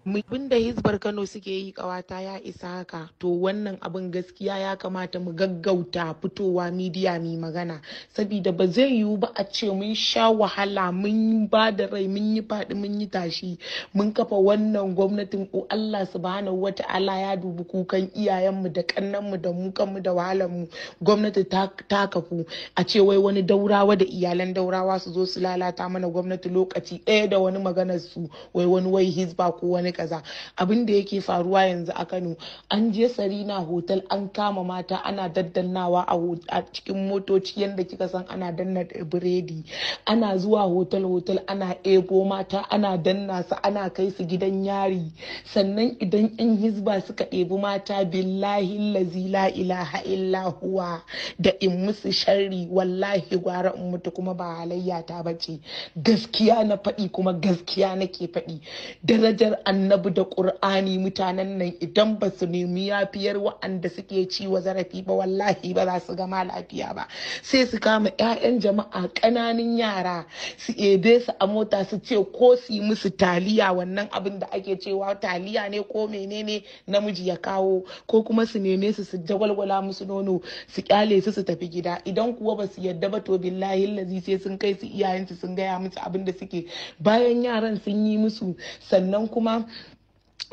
abin da hizbar kano suke yi kawata ya isa haka to wannan abin gaskiya ya kamata mu gaggauta fitowa midiya mai magana saboda ba zai yiwu ba a ce mun sha wahala mun ba da rai mun yi faɗi mun yi tashi mun kafa wannan gwamnatin ko allah subhanahu wata'ala ya dubi kukan iyayenmu da kannanmu da mu da wahalarmu gwamnati ta kafu a ce wai wani daurawa da iyalan daurawa su zo su lalata mana gwamnati lokaci ɗaya da wani maganar su wai wani wai hizba ko wani kaza abin da yake faruwa yanzu a Kano an je Sarina hotel an kama mata ana daddannawa a cikin motoci yadda kika san ana danna biredi ana zuwa hotel hotel ana ebo mata ana danna su ana kai su gidan yari sannan idan yan hizba suka ɗebi mata billahi lazi la ilaha illa huwa da in musu sharri wallahi gwara in mutu kuma ba halayya ta bace gaskiya na faɗi kuma gaskiya nake faɗi darajar an annabi da ƙur'ani mutanen nan idan ba su nemi yafiyar wa'anda suke wa zarafi ba wallahi ba za su gama lafiya ba sai su kama 'ya'yan jama'a ƙananun yara su ebe su a mota su ce ko su yi musu taliya wannan abin da ake cewa taliya ne ko menene namiji ya kawo ko kuma su neme su su jagwalgwala musu nono su kyale su su tafi gida idan kuwa ba su yadda ba to billahi lazi sai sun kai su iyayensu sun gaya musu abin da suke bayan yaran sun yi musu sannan kuma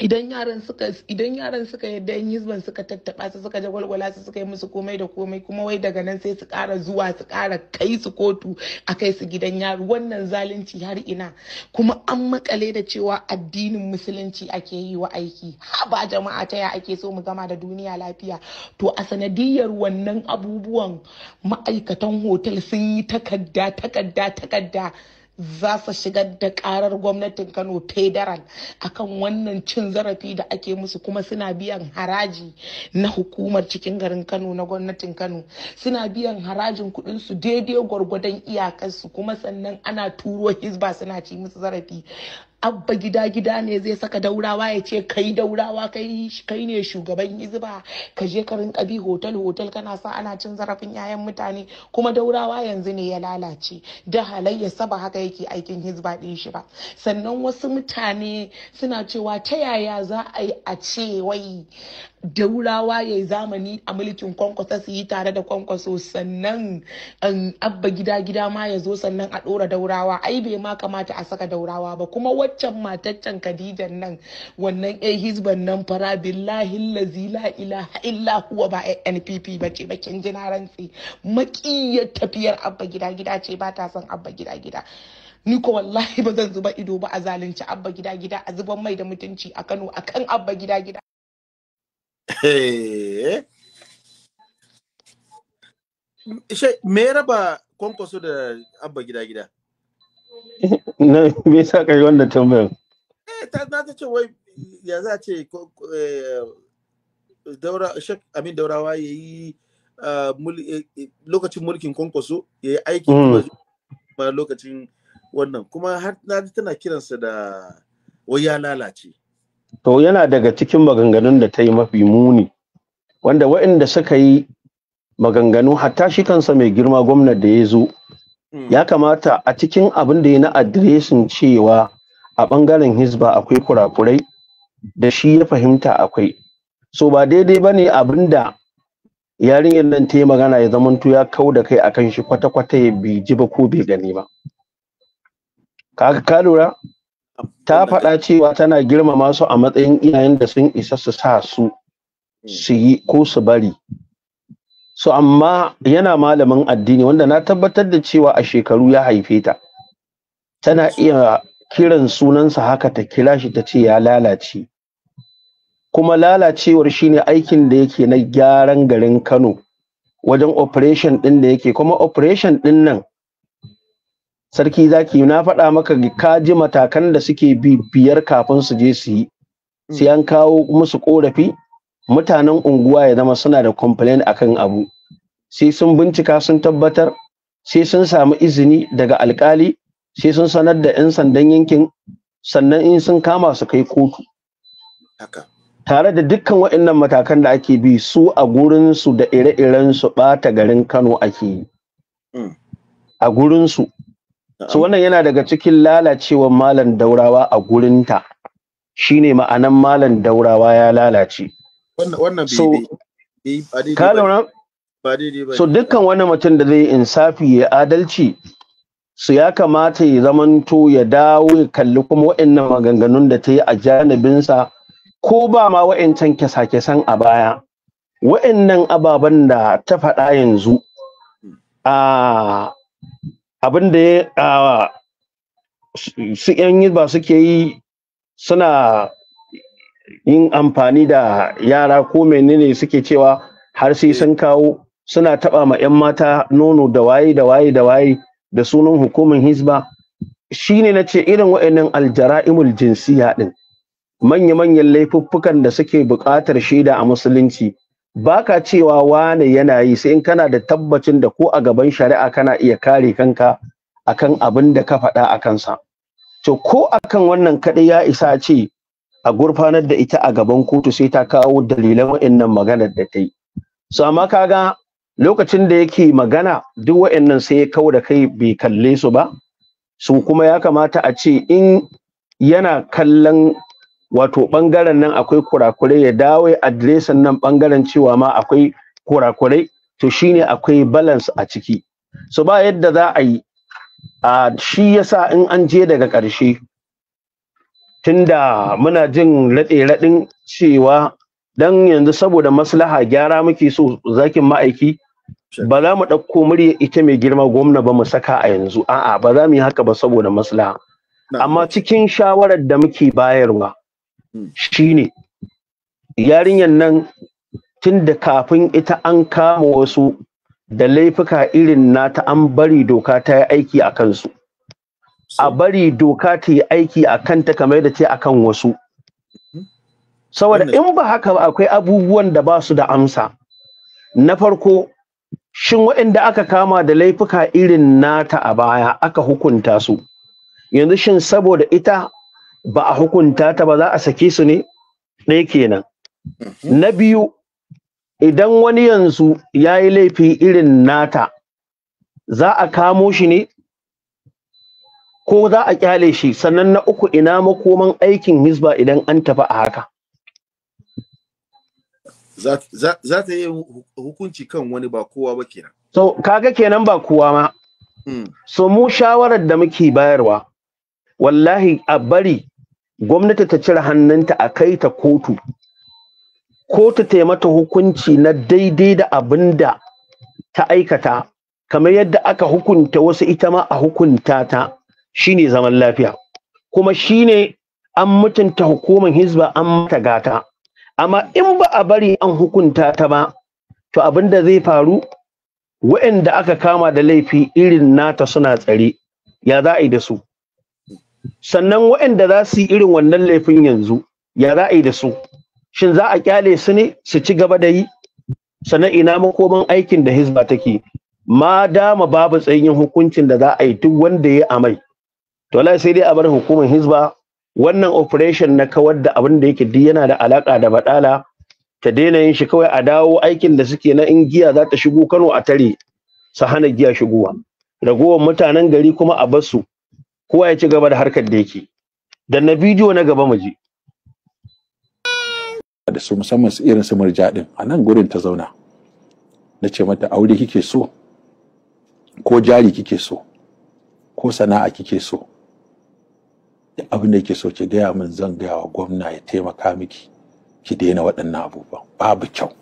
idan yaran suka idan yaran suka suka tattaba su suka jagwalgwala su suka yi musu komai da komai kuma wai daga nan sai su kara zuwa su ƙara kai su kotu a kai su gidan yaro wannan zalunci har ina kuma an makale da cewa addinin musulunci ake yi wa aiki ba jama'a ta ya ake so mu gama da duniya lafiya to a sanadiyar wannan abubuwan ma'aikatan hotel sun yi takadda takadda takadda. za su shigar da karar gwamnatin kano federal akan wannan cin zarafi da ake musu kuma suna biyan haraji na hukumar cikin garin kano na gwamnatin kano suna biyan harajin kudin su daidai gwargwadon iyakarsu kuma sannan ana turo hisba suna ci musu zarafi abba gida gida ne zai saka daurawa ya ce kai daurawa kai ne shugaban hizba ka je ka rinka bi hotel hotel kana sa ana cin zarafin yayan mutane kuma daurawa yanzu ne ya lalace da halayya saba haka yake aikin hizba ɗin shi ba sannan wasu mutane suna cewa ta yaya za a yi a ce wai daurawa ya yi zamani a mulkin Kwankwaso su yi tare da kwankwaso sannan um, abba gida gida ma ya zo sannan a ɗora daurawa ai bai ma kamata a saka daurawa ba kuma waccan mataccen kadijan nan wannan ya hizban nan fara billahi lazi la ilaha illa huwa ba npp ba ce bakin jinarantsi makiyar tafiyar abba gida gida ce ba ta son abba gida gida ni ko wallahi ba zan zuba ido ba a zalunci abba gida gida a zuban mai da mutunci a kano akan abba gida gida Eh. me raba kwankwaso da abba gida gida na me yasa kai wannan tambayar eh ta na ta ce wai ya za ce eh, daura shek amin daurawa yi ah, eh, lokacin mulkin kwankwaso yayi aiki ba hmm. lokacin wannan kuma har na tana kiransa da wai ya lalace to yana daga cikin maganganun da ta yi mafi muni wanda waɗanda suka yi maganganu hatta shi kansa mai girma gwamnati da ya zo hmm. ya kamata a cikin abin da ya na adireshin cewa a bangaren hisba akwai kurakurai da shi ya fahimta akwai so ba daidai ba ne abin da yarinyar nan ta yi magana ya zamanto ya kau da kai akan shi kwata-kwata ya bi ji ba ko bai gani ba ka lura ta faɗa cewa tana girmama su a matsayin iyayen da sun isa su sa su hmm. su yi ko su bari su. amma yana malamin addini wanda na tabbatar da cewa a shekaru ya haife ta tana iya kiran sunansa haka ta kira shi ta ce ya lalace kuma lalacewar shine aikin da yake na gyaran garin Kano wajen operation ɗin da yake kuma operation ɗin nan sarki zaki na faɗa maka ka ji matakan da suke bi biyar kafin su je su yi sai an kawo musu korafi mutanen unguwa ya zama suna da complain akan abu sai sun bincika sun tabbatar sai sun samu izini daga alkali sai sun sanar da 'yan sandan yankin sannan in sun kama su kai kotu tare da dukkan waɗannan matakan da ake bi su a gurinsu da ire-irensu ɓata garin kano ake yi mm. a gurinsu so wannan yana daga cikin lalacewar malam daurawa a gurinta shine ma'anan malam daurawa ya lalace wannan so dukkan wani mutum da zai insafi ya adalci su ya kamata ya zamanto ya dawo ya kalli kuma waɗannan maganganun da ta yi a janibinsa ko ba ma waɗancan kyasa-kyasan a baya waɗannan ababen da ta faɗa yanzu a abin da ya su yan yi ba suke yi suna yin amfani da yara ko menene suke cewa har sai sun kawo suna taba ma yan mata nono da waye da waye da waye da sunan hukumar hizba shine na ce irin wa'annan aljara'imul jinsiya din manya-manyan laifuffukan da suke buƙatar shaida a musulunci baka cewa wane yana yi sai in kana da tabbacin da ko a gaban shari'a kana iya kare kanka akan abin da ka faɗa a kansa to ko akan wannan kaɗai ya isa ce a gurfanar da ita a gaban kotu sai ta kawo dalilan waɗannan maganar da ta yi so amma ga lokacin da yake magana duk waɗannan sai ya kawo da kai bai kalle su ba su kuma ya kamata a ce in yana kallon wato ɓangaren nan akwai kurakurai ya dawo ya nan ɓangaren cewa ma akwai kurakurai to shine akwai balance a ciki so ba yadda za a yi a shi yasa in an je daga ƙarshe tunda muna jin raɗe-raɗin cewa dan yanzu saboda maslaha gyara muke so zakin ma'aiki ba za mu ɗauko murya ita mai girma gwamna ba mu saka a yanzu a'a ba za mu yi haka ba saboda maslaha amma cikin shawarar da muke bayarwa Hmm. shine yarinyar nan tun da kafin ita an kama wasu da laifuka irin nata an bari doka ta yi aiki a kansu a bari doka ta yi aiki a kanta kamar da ta a kan wasu hmm. saboda in ba haka ba akwai abubuwan da ba su da amsa na farko shin waɗanda aka kama da laifuka irin nata a baya aka hukunta su yanzu shin saboda ita ba a hukunta ta ba za a sake su ne ɗaya kenan mhm. na biyu idan wani yanzu ya yi laifi irin nata za a kamo shi ne ko za a kyale shi sannan na uku ina makoman aikin hisba idan an tafi a haka za ta yi hukunci kan wani ba kowa ba kenan so kaga kenan ba kowa ma hmm. so mu shawarar da muke bayarwa wallahi a bari gwamnati ta cire hannunta a kai ta kotu kotu ta mata hukunci na daidai da abin da ta aikata kamar yadda aka hukunta wasu ita ma a hukunta ta shine zaman lafiya kuma shine an mutunta hukumar hizba an mata gata amma in ba a bari an hukunta ta ba to abin da zai faru waɗanda aka kama da laifi irin nata suna tsare ya za a yi da su sannan waɗanda za su yi irin wannan laifin yanzu ya za a da su shin za a kyale su ne su ci gaba da yi sannan ina makoman aikin da hizba take ma dama babu tsayin hukuncin da za a yi duk wanda ya amai to Allah sai dai a bar hukumar hizba wannan operation na kawar da abin da yake duk yana da alaka da badala ta daina yin shi kawai a dawo aikin da suke na in giya za ta shigo Kano a tare su hana giya shigowa ragowar mutanen gari kuma a basu kowa ya ci gaba da harkar da yake dan na bidiyo na gaba mu je da su musamman su irin su murja din a nan gurin ta zauna na ce mata aure kike so ko jari kike so ko sana'a kike so da abin da kike so ki gaya min zan gaya wa gwamna ya taimaka miki ki daina waɗannan abubuwan babu kyau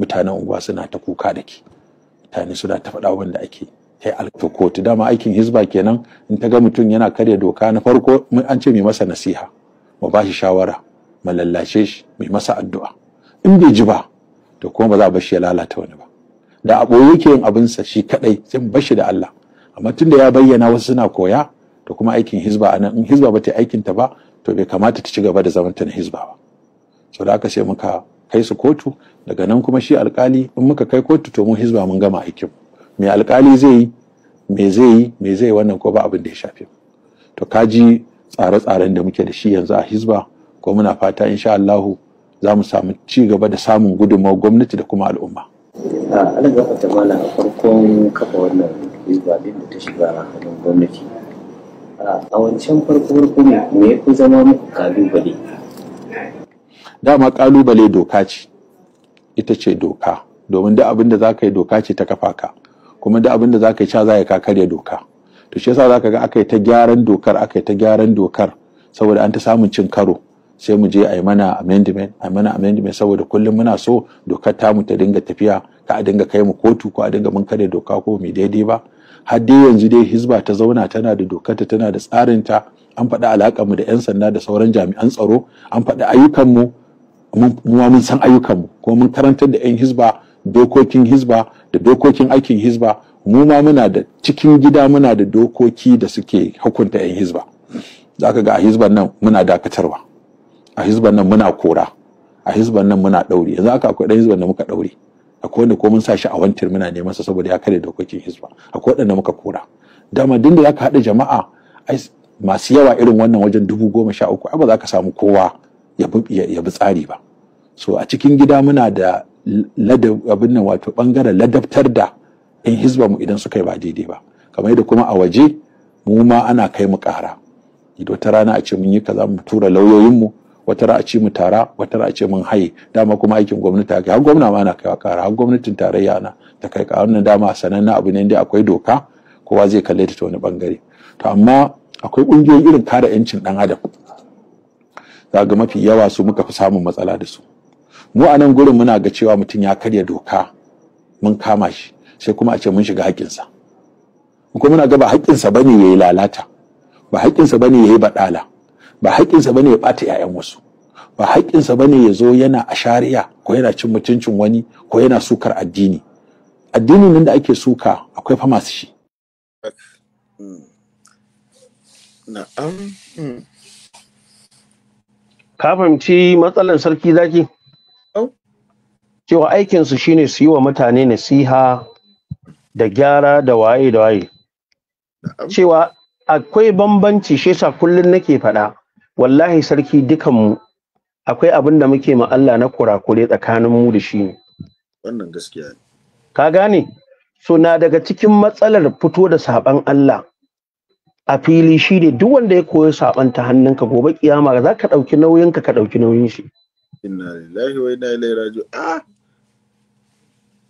mutanen unguwa suna ta kuka da ki mutane suna ta faɗa wanda ake ta yi kotu dama aikin hizba kenan in ta ga mutum yana karya doka na farko an ce mai masa nasiha mu ba shi shawara mu lallashe shi mai masa addu'a in bai ji ba to kuma ba za a bar ya lalata wani ba da a ɓoye yake yin abinsa shi kaɗai sai bashi shi da Allah amma tunda ya bayyana wasu suna koya to kuma aikin hizba a nan in hizba ba ta aikin ta ba to bai kamata ta ci gaba da zaman ta na hizba ba so da aka sai muka kai su kotu daga nan kuma shi alkali in muka kai kotu to mu hizba mun gama aikin me alkali zai yi me zai yi me zai wannan ko ba abin da ya shafe to kaji tsare-tsaren da muke da shi yanzu a hizba ko muna fata insha Allah za mu samu ci gaba da samun gudunmawar gwamnati da kuma al'umma a ana gafata mana a farkon kafa wannan hizba din da ta shiga hannun gwamnati a wancan farko farko me ya fi zama muku kalubale dama kalubale doka ce ita ce doka domin duk abin da za ka yi doka ce ta kafa ka kuma da abin da za ka yi sha za ka karya doka to shi yasa za ka ga aka yi ta gyaran dokar aka yi ta gyaran dokar saboda an ta samun cin karo sai mu je a yi mana amendment a yi mana amendment saboda kullum muna so dokar ta mu ta dinga tafiya ka a dinga kai mu kotu ko a dinga mun karya doka ko mai daidai ba har dai yanzu dai hizba ta zauna tana da dokarta tana da tsarinta an faɗi alaƙar mu da 'yan sanda da sauran jami'an tsaro an faɗi ayyukan mu mun san ayyukanmu kuma mun karantar da 'yan hizba dokokin hizba da dokokin aikin hizba mu ma muna da cikin gida muna da dokoki da suke hukunta 'yan hizba za ka ga a hizban nan muna dakatarwa a hizban nan muna kora a hizban nan muna ɗaure yanzu haka akwai ɗan hizban da muka ɗaure akwai wanda ko mun sa shi a wantir muna neman sa saboda ya kare dokokin hizba akwai waɗanda muka kora dama duk da zaka haɗa jama'a masu yawa irin wannan wajen dubu goma sha uku ai ba za ka samu kowa ya bi tsari ba so a cikin gida muna da abin nan wato bangaren ladabtar da in hizba mu idan suka yi ba daidai ba kamar yadda kuma a waje mu ma ana kai mu ƙara wata rana a ce mun yi kaza mu tura lauyoyinmu wata rana a ce mu tara wata rana a ce mun haye dama kuma aikin gwamnati haka har gwamnati ma ana kaiwa ƙara har gwamnatin tarayya na. ta kai kara wannan dama sanannen abu ne da akwai doka kowa zai kalle ta wani bangare to amma akwai ƙungiyoyi irin kare 'yancin ɗan adam za mafi yawa su muka fi samun matsala da su mu a nan gurin muna ga cewa mutum ya karya doka mun kama shi sai kuma a ce mun shiga haƙƙinsa ko muna ga ba haƙƙinsa bane yayi lalata ba haƙƙinsa bane yayi baɗala ba haƙƙinsa bane ya ɓata 'ya'yan wasu ba haƙƙinsa bane ya zo yana a shari'a ko yana cin mutuncin wani ko yana sukar addini Addini nan da ake suka akwai fa masu shi na'am ka fahimci matsalar sarki zaki cewa aikinsu shine su yi wa mutane nasiha da gyara da waye da waye cewa akwai bambanci shi yasa kullum nake faɗa wallahi sarki dukanmu akwai abin da muke ma Allah na kurakure tsakanin mu da shi wannan gaskiya ka gane so na daga cikin matsalar fito da saban Allah a fili shi ne duk wanda ya koyi saban ta hannunka gobe kiyama za ka ɗauki nauyinka ka ɗauki nauyin shi inna lillahi wa inna ilaihi raji'un ah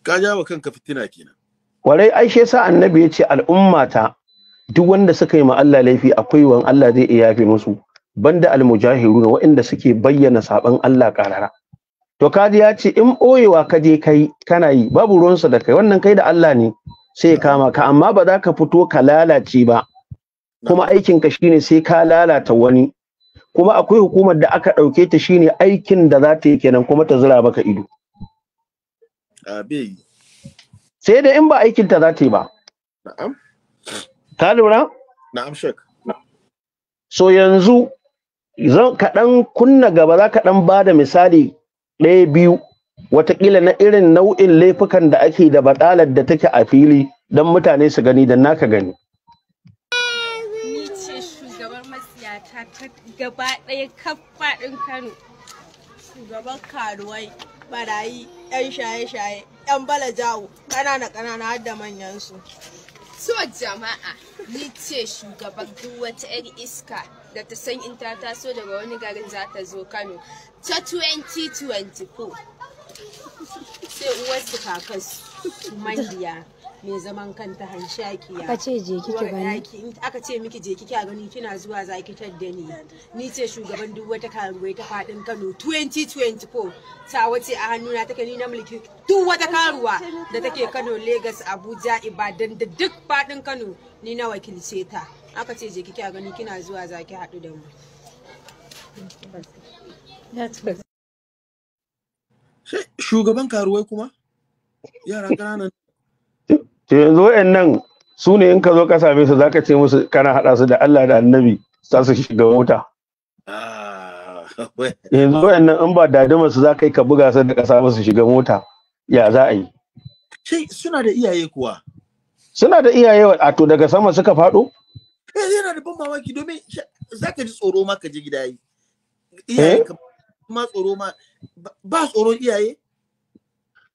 ka ja wa kanka fitina kenan warai ai shi yasa annabi ya ce al'ummata duk wanda suka yi ma Allah laifi akwai wan Allah zai iya yafe musu banda almujahiruna waɗanda suke bayyana saban Allah karara to kaji ya ce in boyewa kaje je kai kana yi babu ruwansa da kai wannan kai da Allah ne sai kama ka amma ba za ka fito ka lalace ba kuma aikin ka shine sai ka lalata wani kuma akwai hukumar da aka ɗauke ta shine aikin da za ta yi kenan kuma ta zira baka ido sai da in ba aikinta za ta yi ba na'am ta lura na'am shek so yanzu zan kaɗan kunna gaba za ka ɗan ba da misali ɗaya biyu watakila na irin nau'in laifukan da ake da badalar da take a fili don mutane su gani da naka gani. Ni ce gaba ɗaya kafaɗin Kano, shugaban karuwai. barayi yan shaye-shaye yan bala jawo ƙanana-ƙanana har da manyansu so jama'a ni ce shugaban duk wata 'yar iska da ta san in ta taso daga wani garin za ta zo kano ta 2024 sai uwarsu kakansu mandiya mai zaman kanta hanshakiya aka ce je kike gani aka ce miki je kike gani kina zuwa za ki tadda ni ni ce shugaban duk wata karuwai ta fadin Kano 2024 ta wace a hannuna take ni na mulki duk wata karuwa da take Kano Lagos Abuja Ibadan da duk fadin Kano ni na wakilce ta aka ce je kike gani kina zuwa za ki hadu da mu shugaban karuwai kuma yara ƙananan to yanzu wayannan su ne in ka zo ka same su zaka ce musu kana haɗa su da Allah da Annabi za su shiga mota ah, yanzu wayannan in ba dadima su za ka yi ka buga su da ƙasa ba shiga mota ya za a yi suna da iyaye kuwa suna da iyaye a to daga sama suka faɗo eh yana da ban mamaki domin zaka ji tsoro ma ka je gida yi eh? iyaye ma tsoro ma ba tsoron iyaye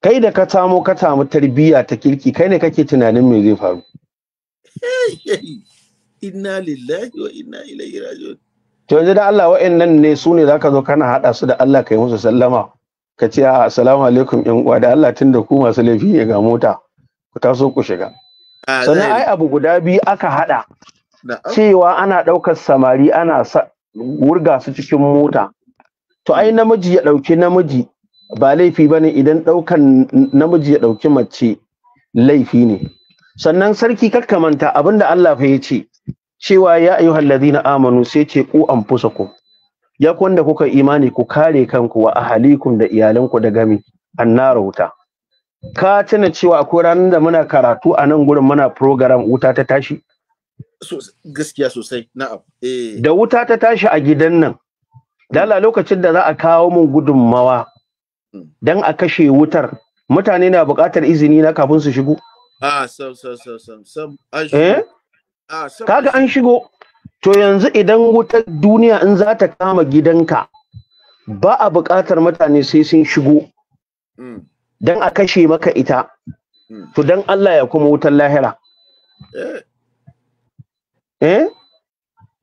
kai da ka samo ka samu tarbiyya ta kirki kai ne kake tunanin me zai faru inna lillahi wa inna ilaihi raji'un to yanzu da Allah wa'annan ne su ne zaka zo kana hada su da Allah kai musu sallama ka ce assalamu alaikum yan uwa da Allah tunda ku masu laifi ne ga mota ku taso ku shiga sannan ai abu guda biyu aka hada cewa ana daukar samari ana wurga su cikin mota to ai hmm. namiji ya dauki namiji ba laifi ba ne idan ɗaukan namiji ya ɗauki mace laifi ne sannan sarki kakkamanta da Allah fa ya ce cewa ya ayu na amanu sai ce ku anfusakum ya ku wanda kuka imani ku kare kanku wa ahalikum da iyalanku da gami an annara wuta ka tuna cewa akwai ranar da muna karatu a nan gurin muna program wuta ta tashi gaskiya sosai na'am eh. da wuta ta tashi a gidan nan dala lokacin da za a kawo mun gudunmawa don a kashe wutar mutane na buƙatar izini na kafin su shigo a sam sam sam sam an shigo eh? kaga an shigo to yanzu idan wutar duniya in za ta kama gidanka ba a buƙatar mutane sai sun shigo mm. don a kashe maka ita mm. to don Allah ya kuma wutar lahira eh. Eh?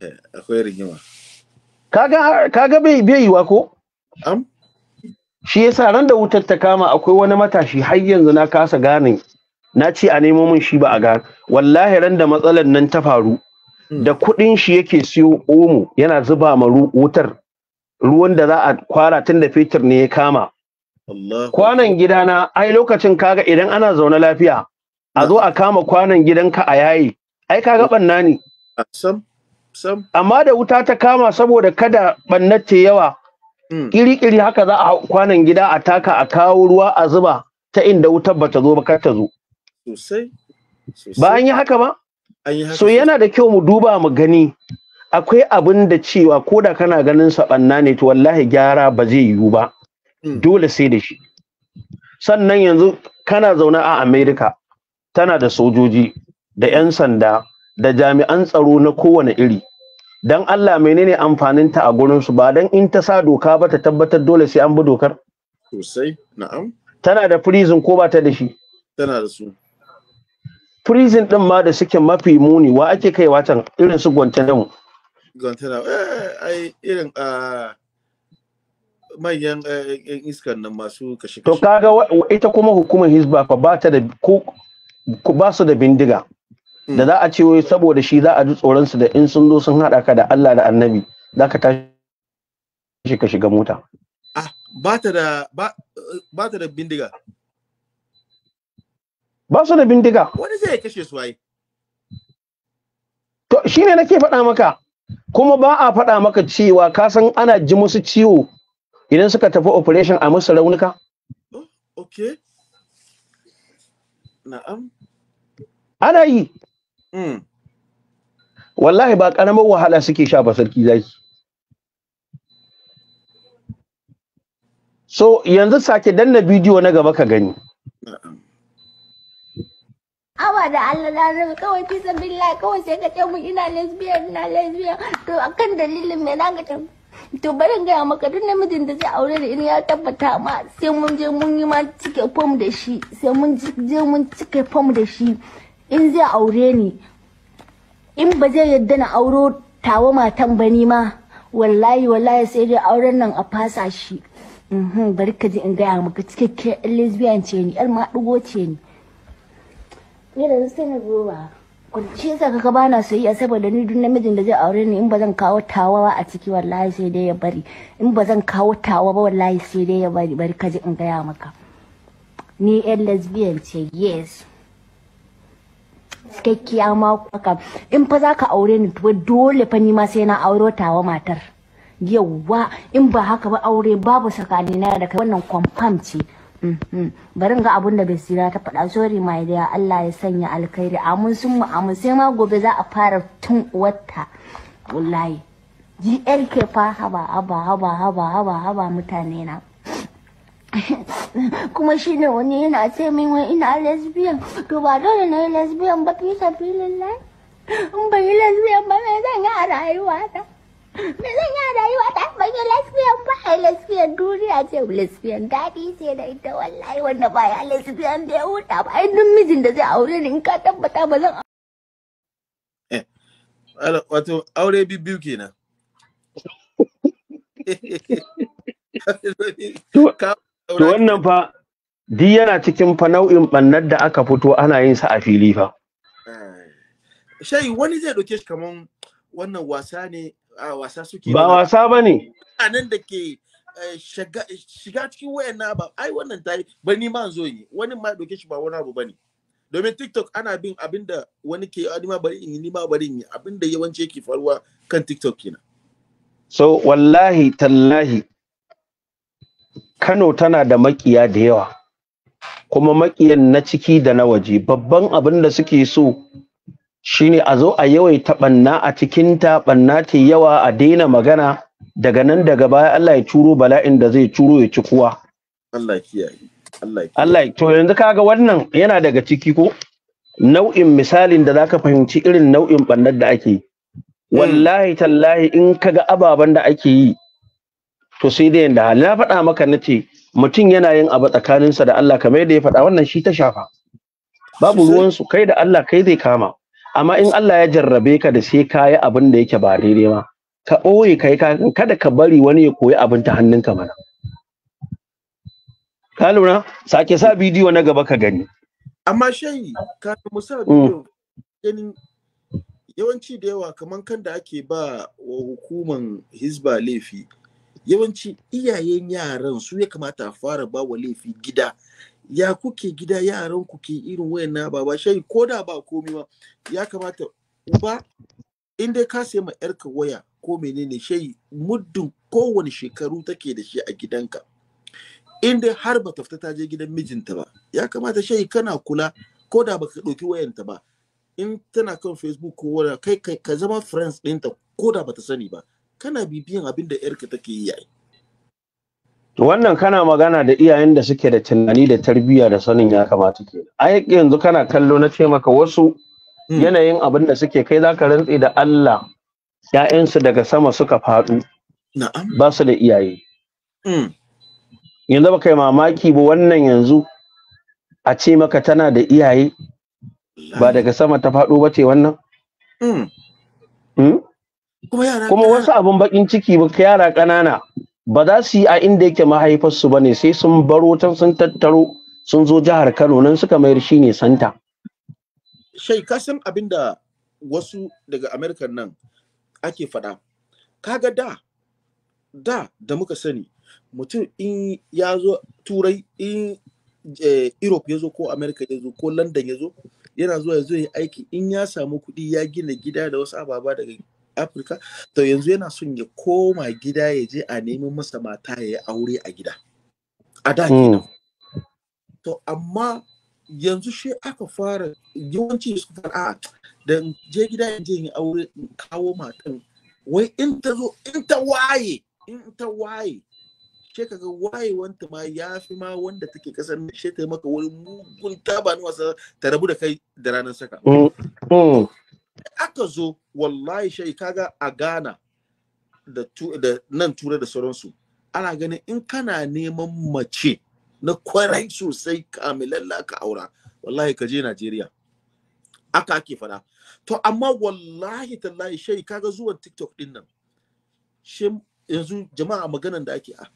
eh akwai rigima kaga kaga bai bai yiwa ko am shi yasa ran da wutar ta kama akwai wani matashi har yanzu na kasa gane na ce a nemo min shi ba a ga wallahi ran da matsalar nan ta faru hmm. da kuɗin shi yake siyo omo yana zuba ma wutar ruwan da za a kwara tun da fetur ne ya kama kwanan gidana ai lokacin kaga idan ana zaune lafiya a zo a kama kwanan gidanka a yayi ai kaga banna ne amma da wuta ta kama saboda kada bannar yawa Mm. kiri-kiri haka za a hau kwanan gida a taka a kawo ruwa a zuba ta inda wutar bata zo ba kar ta zo ba an yi haka ba so yana da kyau mu duba mu gani akwai abin da cewa ko da kana ganin saɓanna ne to wallahi gyara ba zai yiwu ba mm. dole sai da shi sannan yanzu kana zaune a Amerika, tana da sojoji da 'yan sanda da jami'an tsaro na kowane iri dan Allah menene amfanin ta a gurin su ba dan in ta sa doka ba ta tabbatar dole sai an bi dokar sosai na'am tana da prison ko ba ta da shi tana da su prison din ma da suke mafi muni wa ake kai watan irin su Guantanamo Guantanamo eh ai irin a ah, manyan eh, yan iskan nan masu kashe kashe to kaga ita kuma hukumar Hizba fa ba ta da ko ba su da bindiga Mm. da za a ce wai saboda shi za a ji tsoron su da in sun zo sun hada ka da Allah da Annabi za ka tashi ka shiga mota ah ba ta da ba ta da bindiga ba su da bindiga wani zai kashe su ai to shine nake faɗa maka kuma ba a faɗa maka cewa ka san ana ji musu ciwo idan suka tafi operation a musu raunuka oh, okay na'am ana yi Mm. wallahi ba karamar wahala suke sha ba sarki zaki so yanzu sake danna bidiyo na gaba ka gani awa da Allah na rabu kawai fi sabin kawai sai ka ce mun ina lesbian ina lesbian to akan dalilin me na ga to bari in gaya maka duk namijin da zai aure da in ya tabbata ma sai mun je mun yi ma cike fom da shi sai mun je mun cike fom da shi in zai aure ni in ba zai yadda na auro tawa matan ba ni ma wallahi wallahi sai dai auren nan a fasa shi mhm, bari ka ji in gaya maka cikakken lesbian ce ni yar dugo ce ni ni da sai na goba kwanci sa ka ba na soyayya saboda ni duk namijin da zai aure ni in ba zan kawo tawa a ciki wallahi sai dai ya bari in ba zan kawo tawa ba wallahi sai dai ya bari bari ka ji in gaya maka ni yar lesbian ce yes cikakkiya ma in fa za ka aure ni to dole fa ni ma sai na auro tawa matar yawwa in ba haka ba aure babu sakani na da kai wannan confirm ce mm-hmm. barin ga abun da bai basira ta faɗa sorry my dear Allah ya sanya alkhairi amun sun mu amun sai ma gobe za a fara tun wata wallahi GLK fa haba haba haba haba haba haba mutane na kuma shi ne wani yana ce min wai ina lesbian to ba dole na yi lesbian ba fi sabilin lai in ba yi lesbian ba me zan yi a rayuwa ta me zan yi a rayuwa ta ba yi lesbian ba ai lesbian duniya ce lesbian daɗi ce da ita wallahi wanda ba ya lesbian da ya huta ba ai duk mijin da zai aure ni in ka tabbata ba zan eh, wato aure biyu kenan to wannan fa di yana cikin fa nau'in bannar da aka fito ana yin sa a fili fa eh, shai wani zai dauke shi kaman wannan wasa ne a wasa suke ba wasa bane anan da ke eh, shiga cikin wayan na ba ai wannan yi ba ni ma zo yi wani ma doke shi ba wani abu bane domin tiktok ana bin abinda wani ke ah, ni ma bari in ni ma bari in abinda yawanci yake faruwa kan tiktok kenan so wallahi tallahi Kano tana da makiya da yawa kuma makiyan na ciki da na waje babban abin da suke so shine a zo a yawaita banna a cikin ta banna ta yawa a daina magana daga nan daga baya Allah ya curo bala'in da zai curo ya ci kuwa Allah kiyaye Allah to yanzu kaga wannan yana daga ciki ko nau'in misalin da zaka fahimci irin nau'in bannar da ake hmm. wallahi tallahi in kaga ababan da ake yi to sai da yanda na faɗa maka na ce mutum yana yin abu tsakaninsa da Allah kamar yadda ya faɗa wannan shi ta shafa babu ruwansu kai da Allah kai zai kama amma in Allah ya jarrabe ka da sai ka yi abin da yake ba daidai ma ka ɓoye kai kada ka bari wani ya koyi abin ta hannunka mana ka lura sake sa bidiyo na gaba ka gani amma shayi ka musa mm. bidiyo ganin yawanci da yawa kamar kan da ake ba wa hukuman hizba laifi yawanci iyayen yaran su ya kamata a fara ba wa laifi gida ya kuke gida yaran ku ke irin wayannan ba ba shai ko da ba komi ba ya kamata uba in dai ka sayi ma yarka waya ko menene shai muddin kowane shekaru take da shi a gidanka in dai har ba ta ta je gidan mijinta ba ya kamata shai kana kula ko da baka ɗauki wayanta ba in tana kan facebook ko wani kai ka zama friends ɗinta ko da bata sani ba kana bibiyan abin da yarka take yi yayi wannan kana magana da iyayen da suke da tunani da tarbiyya da sanin ya kamata ke ai yanzu kana kallo na ce maka wasu hmm. yanayin abin da suke kai zaka rantse da Allah ‘ya'yansu daga sama suka faɗu ba su da iyaye hmm. yanzu ba kai mamaki ba wannan yanzu a ce maka tana da iyaye ba daga sama ta faɗo ba ce wannan hmm. kuma wasu abin bakin ciki ba yara ƙanana ba za su yi a inda yake mahaifarsu ba ne sai sun baro can sun tattaro sun zo jihar Kano nan suka mayar shi ne santa. Shai ka abin da wasu daga Amerika nan ake faɗa. Kaga da da da muka sani mutum in ya zo turai in eh, Europe ya zo ko Amerika ya zo ko London ya zo yana zuwa ya zo ya aiki in ya samu kuɗi ya gina gida da wasu ababa daga Afirka to yanzu yana son ya koma gida ya je a neman masa mata ya yi aure a gida a da hmm. kenan to amma yanzu shi aka fara yawanci su fara da je gida ya je aure kawo matan wai in ta zo in ta waye in ta waye she kaga wayewanta ma ya fi ma wanda take kasar she ta maka wani mugun ba ni wasa ta rabu da kai da ranar saka hmm. Hmm. aka zo wallahi shai kaga a gana da nan tura da sauransu ana ganin in kana neman mace na kwarai sosai kamilalla ka aura wallahi ka je Najeriya aka ake fada to amma wallahi tallahi shai kaga zuwan TikTok din nan yanzu jama'a maganan da ake a ah,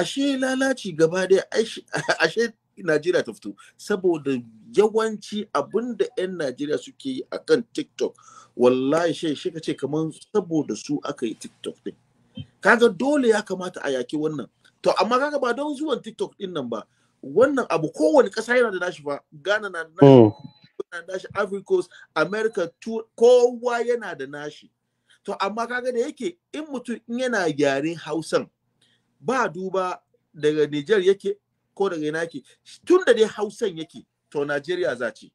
ashe lalaci gaba ɗaya. ashe Najeriya ta fito saboda yawanci abin da 'yan Najeriya suke yi a kan TikTok wallahi shi shi ka ce kamar saboda su aka yi TikTok din kaga dole ya kamata a yaki wannan to amma kaga ba don zuwan TikTok din nan ba wannan abu kowane ƙasa yana da nashi fa Ghana na da nashi hmm. Ivory Coast America kowa yana da nashi to amma kaga da yake in mutum yana gyaran Hausan ba duba daga Niger yake ko daga ina yake tun da dai hausan yake to najeriya za ce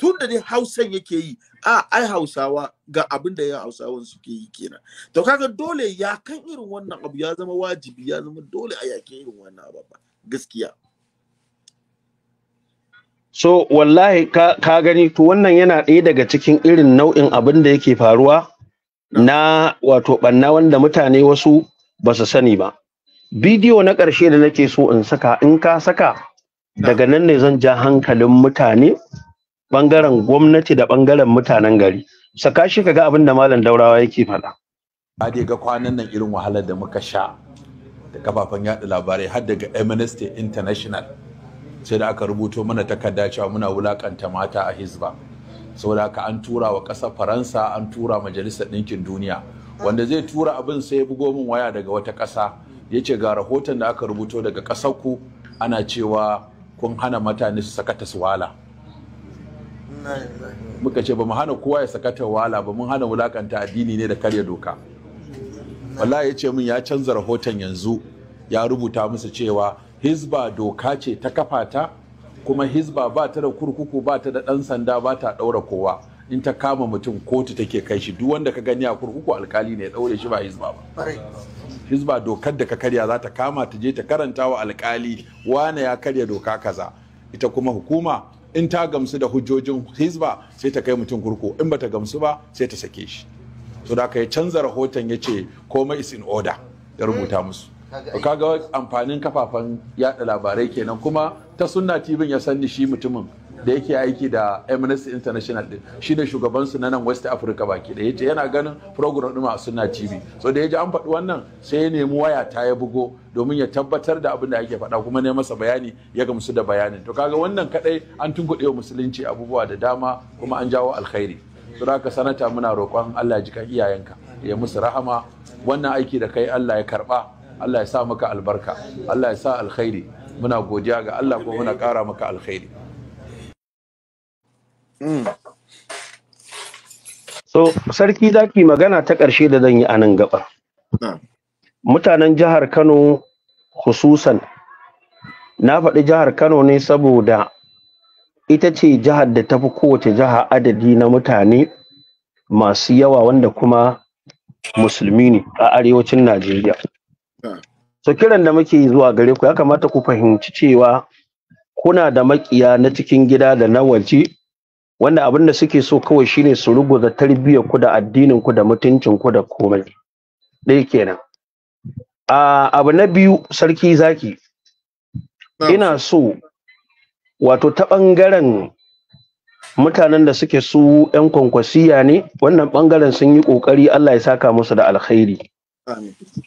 tun dai hausan yake yi a ai hausawa ga abin da ya hausawan suke yi kenan to kaga dole ya kan irin wannan abu ya zama wajibi ya zama dole a yake irin wannan abu gaskiya so wallahi ka, ka gani to wannan yana ɗaya daga cikin irin nau'in abin da yake faruwa na wato ɓanna wanda mutane wasu ba su sani ba bidiyo na ƙarshe da nake so in saka in ka saka daga nan ne zan ja hankalin mutane bangaren gwamnati da bangaren mutanen gari saka shi ga abin da malam daurawa yake faɗa a dai ga kwanan nan irin wahalar da muka sha da kafafen yaɗa labarai har daga Amnesty International sai da aka rubuto mana takarda cewa muna wulakanta mata a Hizba saboda haka an tura wa ƙasar Faransa an tura majalisar ɗinkin duniya wanda zai tura abin sai bugo min waya daga wata ƙasa ya ce ga rahoton da aka rubuto daga ƙasarku ana cewa kun hana mutane su sakata su wala muka ce ba mu hana kowa ya sakata wala ba mun hana wulakanta addini ne da karya doka wallahi ya ce min ya canza rahoton yanzu ya rubuta musu cewa Hisba doka ce ta kafa ta kuma Hisba ba ta da kurkuku ba ta da ɗan sanda ba ta ɗaura kowa in ta kama mutum kotu take kai shi duk wanda ka gani a kurkuku alkali ne ya daure shi ba hizba ba hizba dokar da ka karya za ta kama ta je ta karanta wa alkali wane ya karya doka kaza ita kuma hukuma in ta gamsu da hujjojin hizba sai ta kai mutum kurku in ba ta gamsu ba sai ta sake shi to da ya canza rahoton ya ce komai is in order ya rubuta hmm. musu kaga amfanin kafafen yada labarai kenan kuma ta sunna tibin ya sanni shi mutumin da yake aiki da amnesty international din shi shugaban su na nan west africa baki da yace yana ganin program din a sunna tv so da yaji an faɗi wannan sai ya nemi waya ta ya bugo domin ya tabbatar da abin da ake faɗa kuma ne masa bayani ya gamsu da bayanin to kaga wannan kadai an tunkuɗe wa musulunci abubuwa da dama kuma an jawo alkhairi ka sanata muna roƙon Allah ji ka iyayenka ya musu rahama wannan aiki da kai Allah ya karba Allah ya sa maka albarka Allah ya sa alkhairi muna godiya ga Allah kuma muna ƙara maka alkhairi Mm. So, sarki zaki magana ta ƙarshe da zan yi a nan gaba. Mutanen jihar Kano hususan na faɗi jihar Kano ne saboda ita ce jihar da ta fi kowace jiha adadi na mutane masu yawa wanda kuma musulmi ne a arewacin Najeriya. So kiran da muke zuwa gare ku ya kamata ku fahimci cewa kuna da makiya na cikin gida da na waje wanda abin da suke so kawai shine su ruguza tarbiyyar ku da addinin ku da mutuncin ku da komai ɗaya kenan a abu na biyu sarki zaki ina so wato ta ɓangaren mutanen da suke su 'yan kwankwasiya ne wannan ɓangaren sun yi ƙoƙari Allah ya saka musu da alkhairi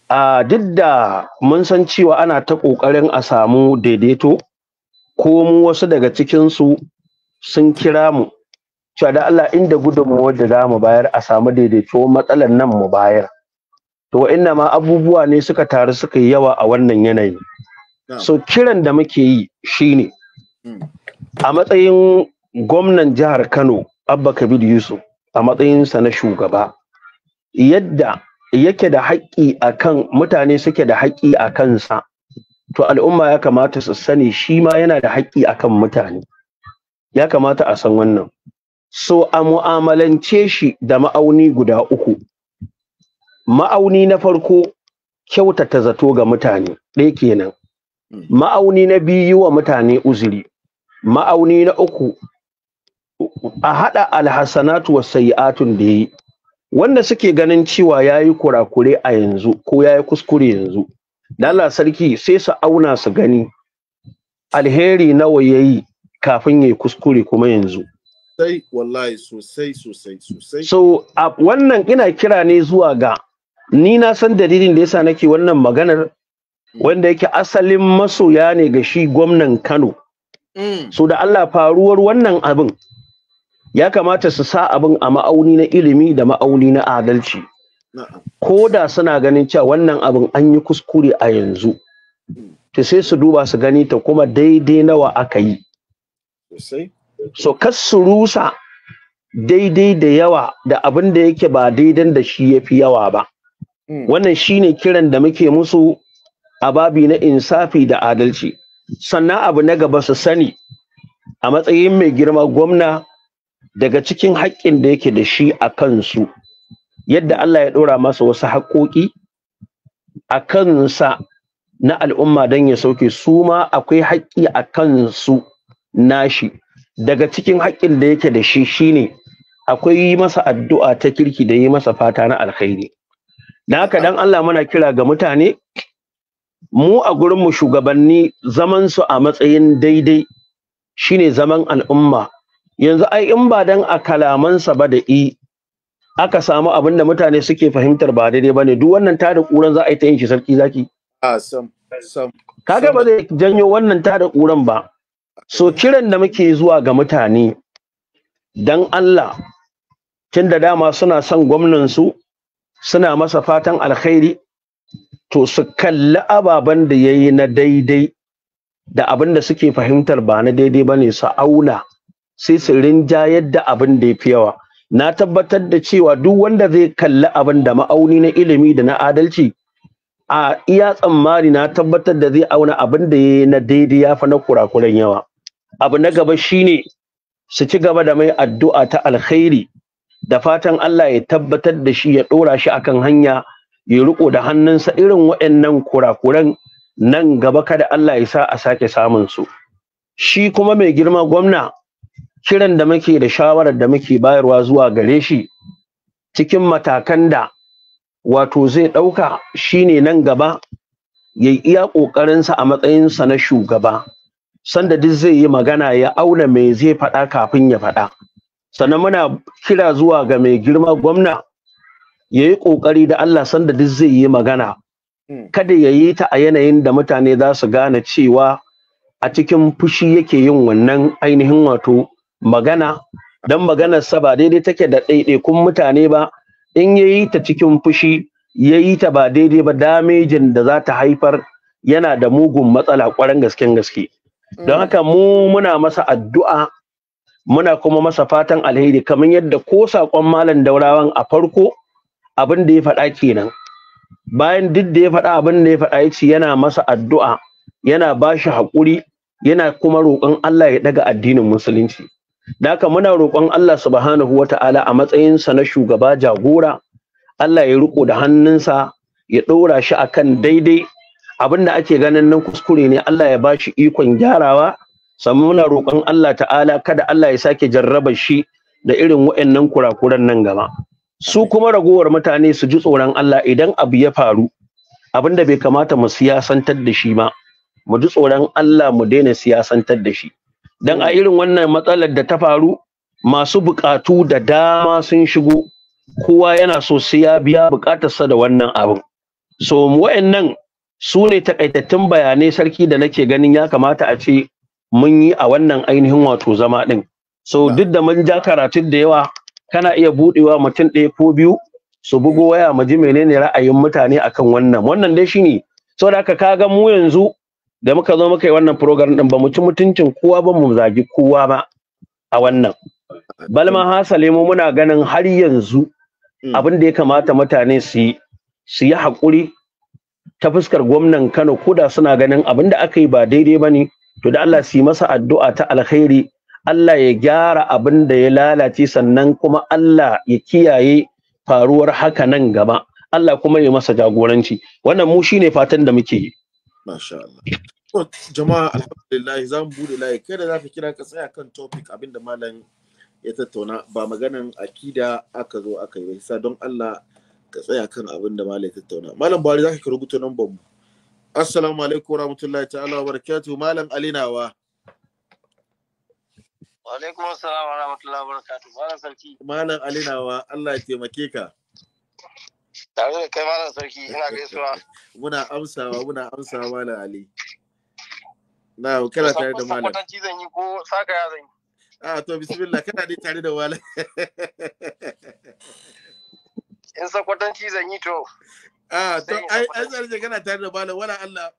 a duk da mun san cewa ana ta ƙoƙarin a samu daidaito ko mu wasu daga cikinsu sun kira mu cewa da Allah inda gudunmu da za mu bayar a samu daidaito matsalar nan mu bayar to inna ma abubuwa ne suka taru suka yi yawa a wannan yanayi so kiran da muke yi shine hmm. a matsayin gwamnan jihar Kano Abba Kabir Yusuf a matsayinsa na shugaba yadda yake da haƙƙi akan mutane suke da haƙƙi a kansa to al'umma ya kamata su sani shi ma yana da haƙƙi akan mutane ya kamata a san wannan So a mu'amalance shi da ma'auni guda uku. Ma'auni na farko kyautata zato ga mutane ɗaya kenan. Ma'auni na biyu yi wa mutane uzuri. Ma'auni na uku a haɗa alhassanatu wa sayi'atun da yi. Wanda suke ganin cewa ya yi kurakure a yanzu ko ya yi kuskure yanzu. Allah sarki sai su auna su gani alheri nawa ya yi kafin ya yi kuskure kuma yanzu. sosai wallahi sosai sosai sosai so wannan ina kira ne zuwa ga ni na san dalilin da yasa nake wannan maganar wanda yake asalin masoya ne ga shi gwamnan Kano mm. so da Allah faruwar wannan abin ya kamata su sa abin a ma'auni na ilimi da ma'auni na adalci ko da suna ganin cewa wannan abin an yi kuskure a yanzu mm. to sai su duba su gani ta kuma daidai nawa aka yi so kas rusa daidai da yawa da abin da yake ba daidan da shi ya fi yawa ba mm. wannan shine kiran da muke musu a babi na insafi da adalci sannan abu na gaba su sani a matsayin mai girma gwamna daga cikin haƙƙin da yake da shi a kansu yadda Allah ya ɗora masa wasu haƙoƙi a kansa na al'umma don ya sauke su ma akwai haƙƙi a kansu nashi daga cikin haƙƙin da yake da shi shine akwai yi masa addu'a ta kirki da yi masa fata na alkhairi na haka dan Allah muna kira ga mutane mu a gurinmu shugabanni zaman su a matsayin daidai shine zaman al'umma yanzu ai in ba dan a kalamansa ba da i aka samu abin da mutane suke fahimtar ba daidai ba ne duk wannan tada ƙuran za a yi ta yin shi sarki zaki ah, kaga ba zai janyo wannan tada ƙuran ba so kiran da muke zuwa ga mutane dan Allah tun da dama suna son su suna masa fatan alkhairi to su kalli ababen da yayi na daidai da abin da suke fahimtar ba na daidai ba ne su auna sai su rinja yadda abin da ya fi yawa na tabbatar da cewa duk wanda zai kalli abin da ma'auni na ilimi da na adalci a iya tsammani na tabbatar da zai auna abin da ya na daidai ya fa na kurakuran yawa abu na gaba shine su ci gaba da mai addu'a ta alkhairi da fatan Allah ya tabbatar da shi ya ɗora shi akan hanya ya riko da hannunsa irin waɗannan kurakuran nan gaba kada Allah ya sa a sake samun su shi kuma mai girma gwamna kiran da muke da shawarar da muke bayarwa zuwa gare shi cikin matakan da wato zai ɗauka shine nan gaba ya yi iya ƙoƙarinsa a matsayinsa na shugaba sanda duk zai yi magana ya auna me zai faɗa kafin ya faɗa sannan muna kira zuwa ga mai girma gwamna ya yi ƙoƙari da Allah sanda duk zai yi magana hmm. kada ya yi ta a yanayin da mutane za su gane cewa a cikin fushi yake yin wannan ainihin wato magana don maganarsa ba daidai take da ɗaiɗaikun mutane ba in ya yi ta cikin fushi ya yi ta ba daidai ba damejin da za ta haifar yana da mugun matsala ƙwarar gasken gaske don haka mu muna masa addu'a muna kuma masa fatan alheri kamar yadda ko saƙon malam daurawan a farko abin da ya faɗa kenan bayan duk da ya faɗa abin da ya faɗa ya yana masa addu'a yana ba shi haƙuri yana kuma roƙon Allah ya daga addinin musulunci Daka muna roƙon Allah subhanahu wa ta'ala a matsayinsa na shugaba jagora, Allah ya riko da hannunsa ya ɗora shi a kan daidai abin da ake ganin nan kuskure ne Allah ya bashi shi ikon gyarawa, sannan muna roƙon Allah ta'ala kada Allah ya sake jarraba shi da irin wa'annan kurakuran nan gaba. Su kuma ragowar mutane su ji tsoron Allah idan abu ya faru, abin da bai kamata mu siyasantar da shi ba, mu ji tsoron Allah mu daina siyasantar da shi. dan a irin wannan matsalar da ta faru masu bukatu da dama sun shigo kowa yana so sai ya biya buƙatarsa da wannan abin so wa'annan su ne takaitattun bayanai sarki da nake ganin ya kamata a ce mun yi a wannan ainihin wato zama ɗin so duk da mun ja karatun da yawa kana iya buɗewa mutum ɗaya ko biyu su bugo waya mu ji menene ra'ayin mutane akan wannan wannan dai shine saboda haka ga mu yanzu da muka zo muka yi wannan program din ba mu ci mutuncin kowa ba mu zagi kowa ba a wannan balma hasale mu muna ganin har yanzu mm. abin da ya kamata mutane su yi su yi hakuri ta fuskar gwamnan Kano koda suna ganin abin da aka yi ba daidai bane to da Allah su yi masa addu'a ta alkhairi Allah ya gyara abin da ya lalace sannan kuma Allah ya kiyaye faruwar haka nan gaba Allah kuma ya masa jagoranci wannan mu shine fatan da muke yi Masha Allah. jama'a alhamdulillah za mu bude layi kai da za kira ka tsaya kan topic abinda malam ya tattauna ba maganan akida aka zo aka yi sa don Allah ka tsaya kan abinda malam ya tattauna malam Buhari za ka rubuta nambar mu assalamu alaikum warahmatullahi ta'ala wa barakatuhu malam alinawa wa alaikum assalam wa rahmatullahi wa barakatuhu malam sarki malam alinawa Allah ya taimake ka tare da kai malam sarki ina gaisuwa muna amsawa muna amsawa malam ali na kana tare da malam kwatanci zan yi ko saka ya zan yi a to bismillah kana dai tare da malam in sakwatanci zan yi to a to ai an zarje kana tare da malam wala Allah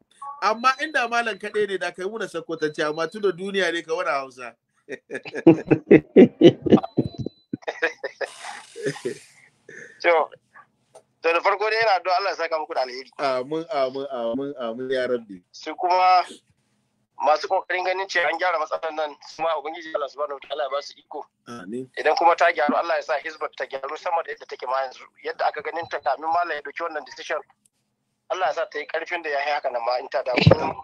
amma inda malam kaɗai ne da kai muna sakwatanci amma tunda duniya ne ka wani hausa to to da farko dai yana don Allah ya saka muku da alheri amin amin amin amin ya rabbi Su kuma masu kokarin ganin ce an gyara matsalar nan kuma ubangiji Allah subhanahu wataala ba su iko idan kuma ta gyaru Allah ya sa hizbat ta gyaru sama da yadda take ma yanzu yadda aka ganin ta kamin mallam ya doki wannan decision Allah ya sa ta yi karfin da ya yi haka nan ma in ta dawo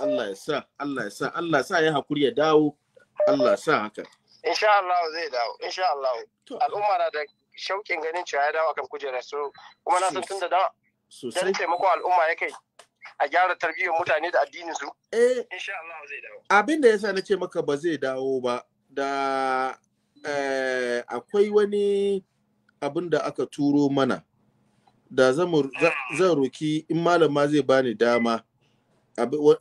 Allah ya sa Allah ya sa Allah ya sa ya hakuri ya dawo Allah ya sa haka insha Allah zai dawo insha Allah al'umma na da shauƙin ganin cewa ya dawo akan kujerar so kuma na san tun da dawa dan taimako al'umma ya kai a gyara tarbiyyar mutane da addinin su eh insha Allah zai dawo abin da yasa maka ba zai dawo ba da eh, akwai wani abin da aka turo mana da hmm. zan roki in malam ma zai bani dama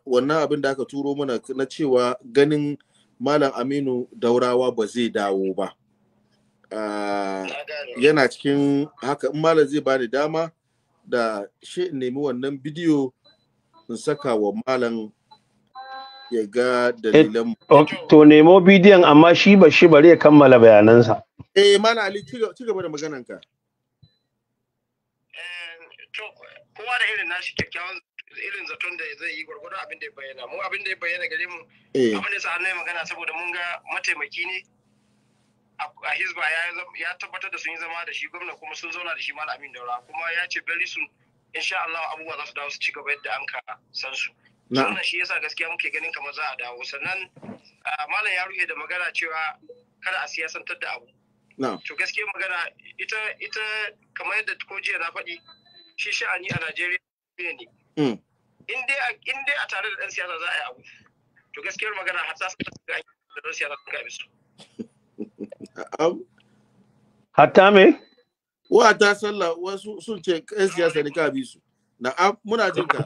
wannan abin da aka turo mana na cewa ganin malam aminu daurawa ba zai dawo ba ah, yana cikin haka in malam zai bani dama da shi nemi wannan bidiyo in saka wa malam ya ga eh, dalilan to nemo bidiyon amma shi ba shi bari ya kammala bayanansa eh malam ali ci gaba da maganan ka eh, to kowa da irin nashi kyakkyawan irin zaton da zai yi gwargwado abin da ya bayyana mu abin da ya bayyana gare mu eh. abin da sa annai magana saboda mun ga mataimaki ne a hizba ya tabbatar da sun yi zama da shi gwamna kuma sun zauna da shi malam amin daura kuma ya ce very insha Allah abubuwa za su dawo su ci gaba yadda an ka san su sannan shi yasa gaskiya muke ganin kamar za a dawo sannan malam ya rufe da magana cewa kada a siyasantar da abu to gaskiya magana ita ita kamar yadda ko jiya na faɗi shi sha'ani a Najeriya ne hmm. in dai in dai a tare da dan siyasa za a yi abu to gaskiyar magana har sa ga da dan siyasa ga bisu hatta me wa ta sallah wasu sun ce yan siyasa ne ka bi su na'am muna jin ka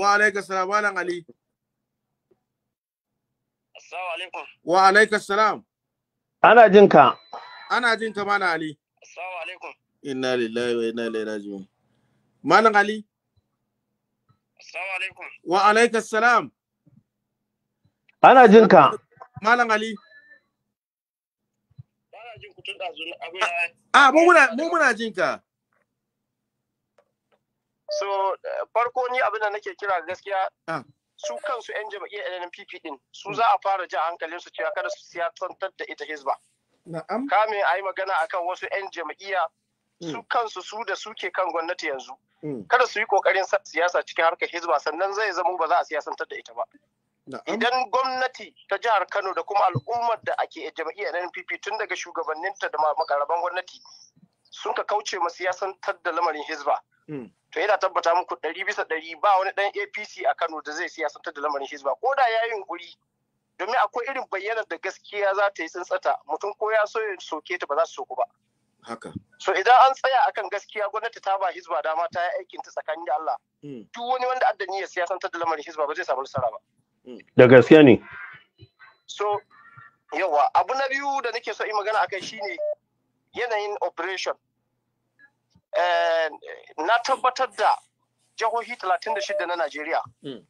wa alaika salam malam ali assalamu alaikum wa alaika salam ana jin ka ana jin ka malam ali assalamu alaikum inna lillahi wa inna ilaihi raji'un malam ali assalamu alaikum wa alaika salam ana jin ka malam ali tun da abu ya a muna mu muna jin ka so farko ni abin da nake kira gaskiya su kansu yan jama'iyyar LNPP din su za a fara ji hankalin su cewa kada su siyasantar da ita hizba na'am kame a yi magana akan wasu yan jama'iyya mm. su kansu su da suke kan gwamnati yanzu mm. kada su yi kokarin siyasa cikin harkar hizba sannan zai zama ba za a siyasantar da ita ba Idan gwamnati ta jihar Kano da kuma al'ummar da ake jam'iyyar NPP tun daga shugabanninta da makaraban gwamnati sun ka kauce ma siyasantar da lamarin Hizba. Hmm. To yana tabbata muku ɗari bisa ɗari ba wani ɗan APC a Kano da zai siyasantar da lamarin Hizba. Ko da ya yi yunƙuri domin akwai irin bayyanar da gaskiya za ta yi tsintsata mutum ko ya so ya soke ta ba za su soku ba. Haka. So idan an tsaya akan gaskiya gwamnati ta ba hizba dama ta yi aikin ta tsakanin da Allah. Hmm. Duk wani wanda ya niyyar siyasantar da lamarin hizba ba zai samu nasara ba. da gaske ne so yawa abu na biyu da nake so in magana akai shine yanayin operation eh, na tabbatar da jihohi 36 na Najeriya hmm.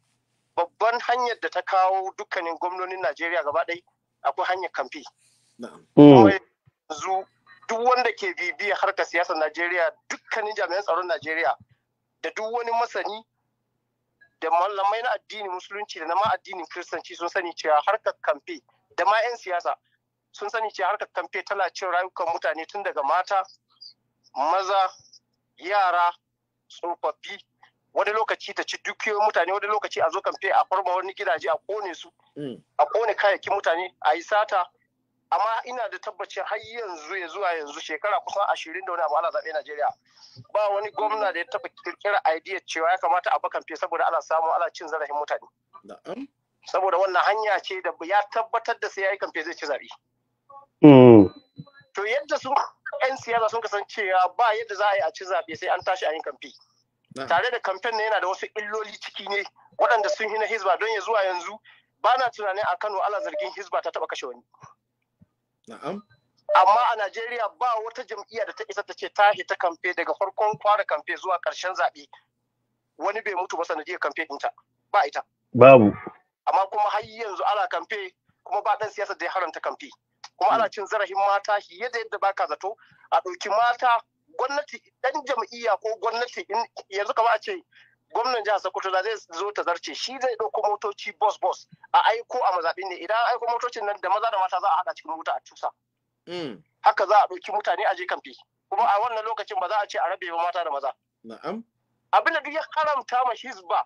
babban hanyar da ta kawo dukkanin gwamnonin Najeriya gaba ɗaya, akwai hanyar kamfe. Hmm. yanzu duk wanda ke bibiya harkar siyasar Najeriya dukkanin jami'an tsaron Najeriya da duk wani masani da mallamai na addinin musulunci da na ma addinin kiristanci sun sani cewa harkar kamfe da ma 'yan siyasa sun sani cewa harkar kamfe tana cin rayukan mutane tun daga mata maza yara tsofaffi wani lokaci ta ci dukiyoyin mutane wani lokaci a zo kamfe a farma wani gidaje a kone su mm. a kone kayayyakin mutane a yi sata amma ina da tabbacin har yanzu ya zuwa yanzu shekara kusan ashirin da wani abu ana zaɓe Najeriya ba wani gwamna da ya taɓa kirkira idea cewa ya kamata a bakan fiye saboda ana samu ana cin zarafin mutane. Saboda wannan hanya ce da ya tabbatar da sai ya yi kamfe zai ci zaɓe. Hmm. To yadda sun 'yan siyasa sun kasancewa ba yadda za a yi a ci zaɓe sai an tashi a yin kamfe. Tare da kamfen yana da wasu illoli ciki ne waɗanda sun hina hizba don ya zuwa yanzu ba na tunanin a Kano ala zargin hizba ta taɓa kashe wani. Amma a Najeriya ba wata jam'iyya da ta isa ta ce ta hita kamfe daga farkon kwara kamfe zuwa ƙarshen zaɓe. Wani bai mutu ba sanadiyar kamfe ɗinta. Ba ita. Babu. Amma kuma har yanzu ana kamfe kuma ba ɗan siyasa da ya haranta kamfe. Kuma ana cin zarafin mata yadda yadda baka zato a ɗauki mata gwamnati ɗan jam'iyya ko gwamnati yanzu kama a ce gwamnan jihar Sokoto da zai zo ta zarce shi zai ɗauko motoci bus bus a aiko a mazaɓin ne idan aiko motocin nan da maza da mata za a haɗa cikin wuta a cusa. Hmm. Haka za a ɗauki mutane a je kamfe kuma a wannan lokacin ba za a ce a rabe mata da maza. Na'am. Abinda duk ya haramta ma hizba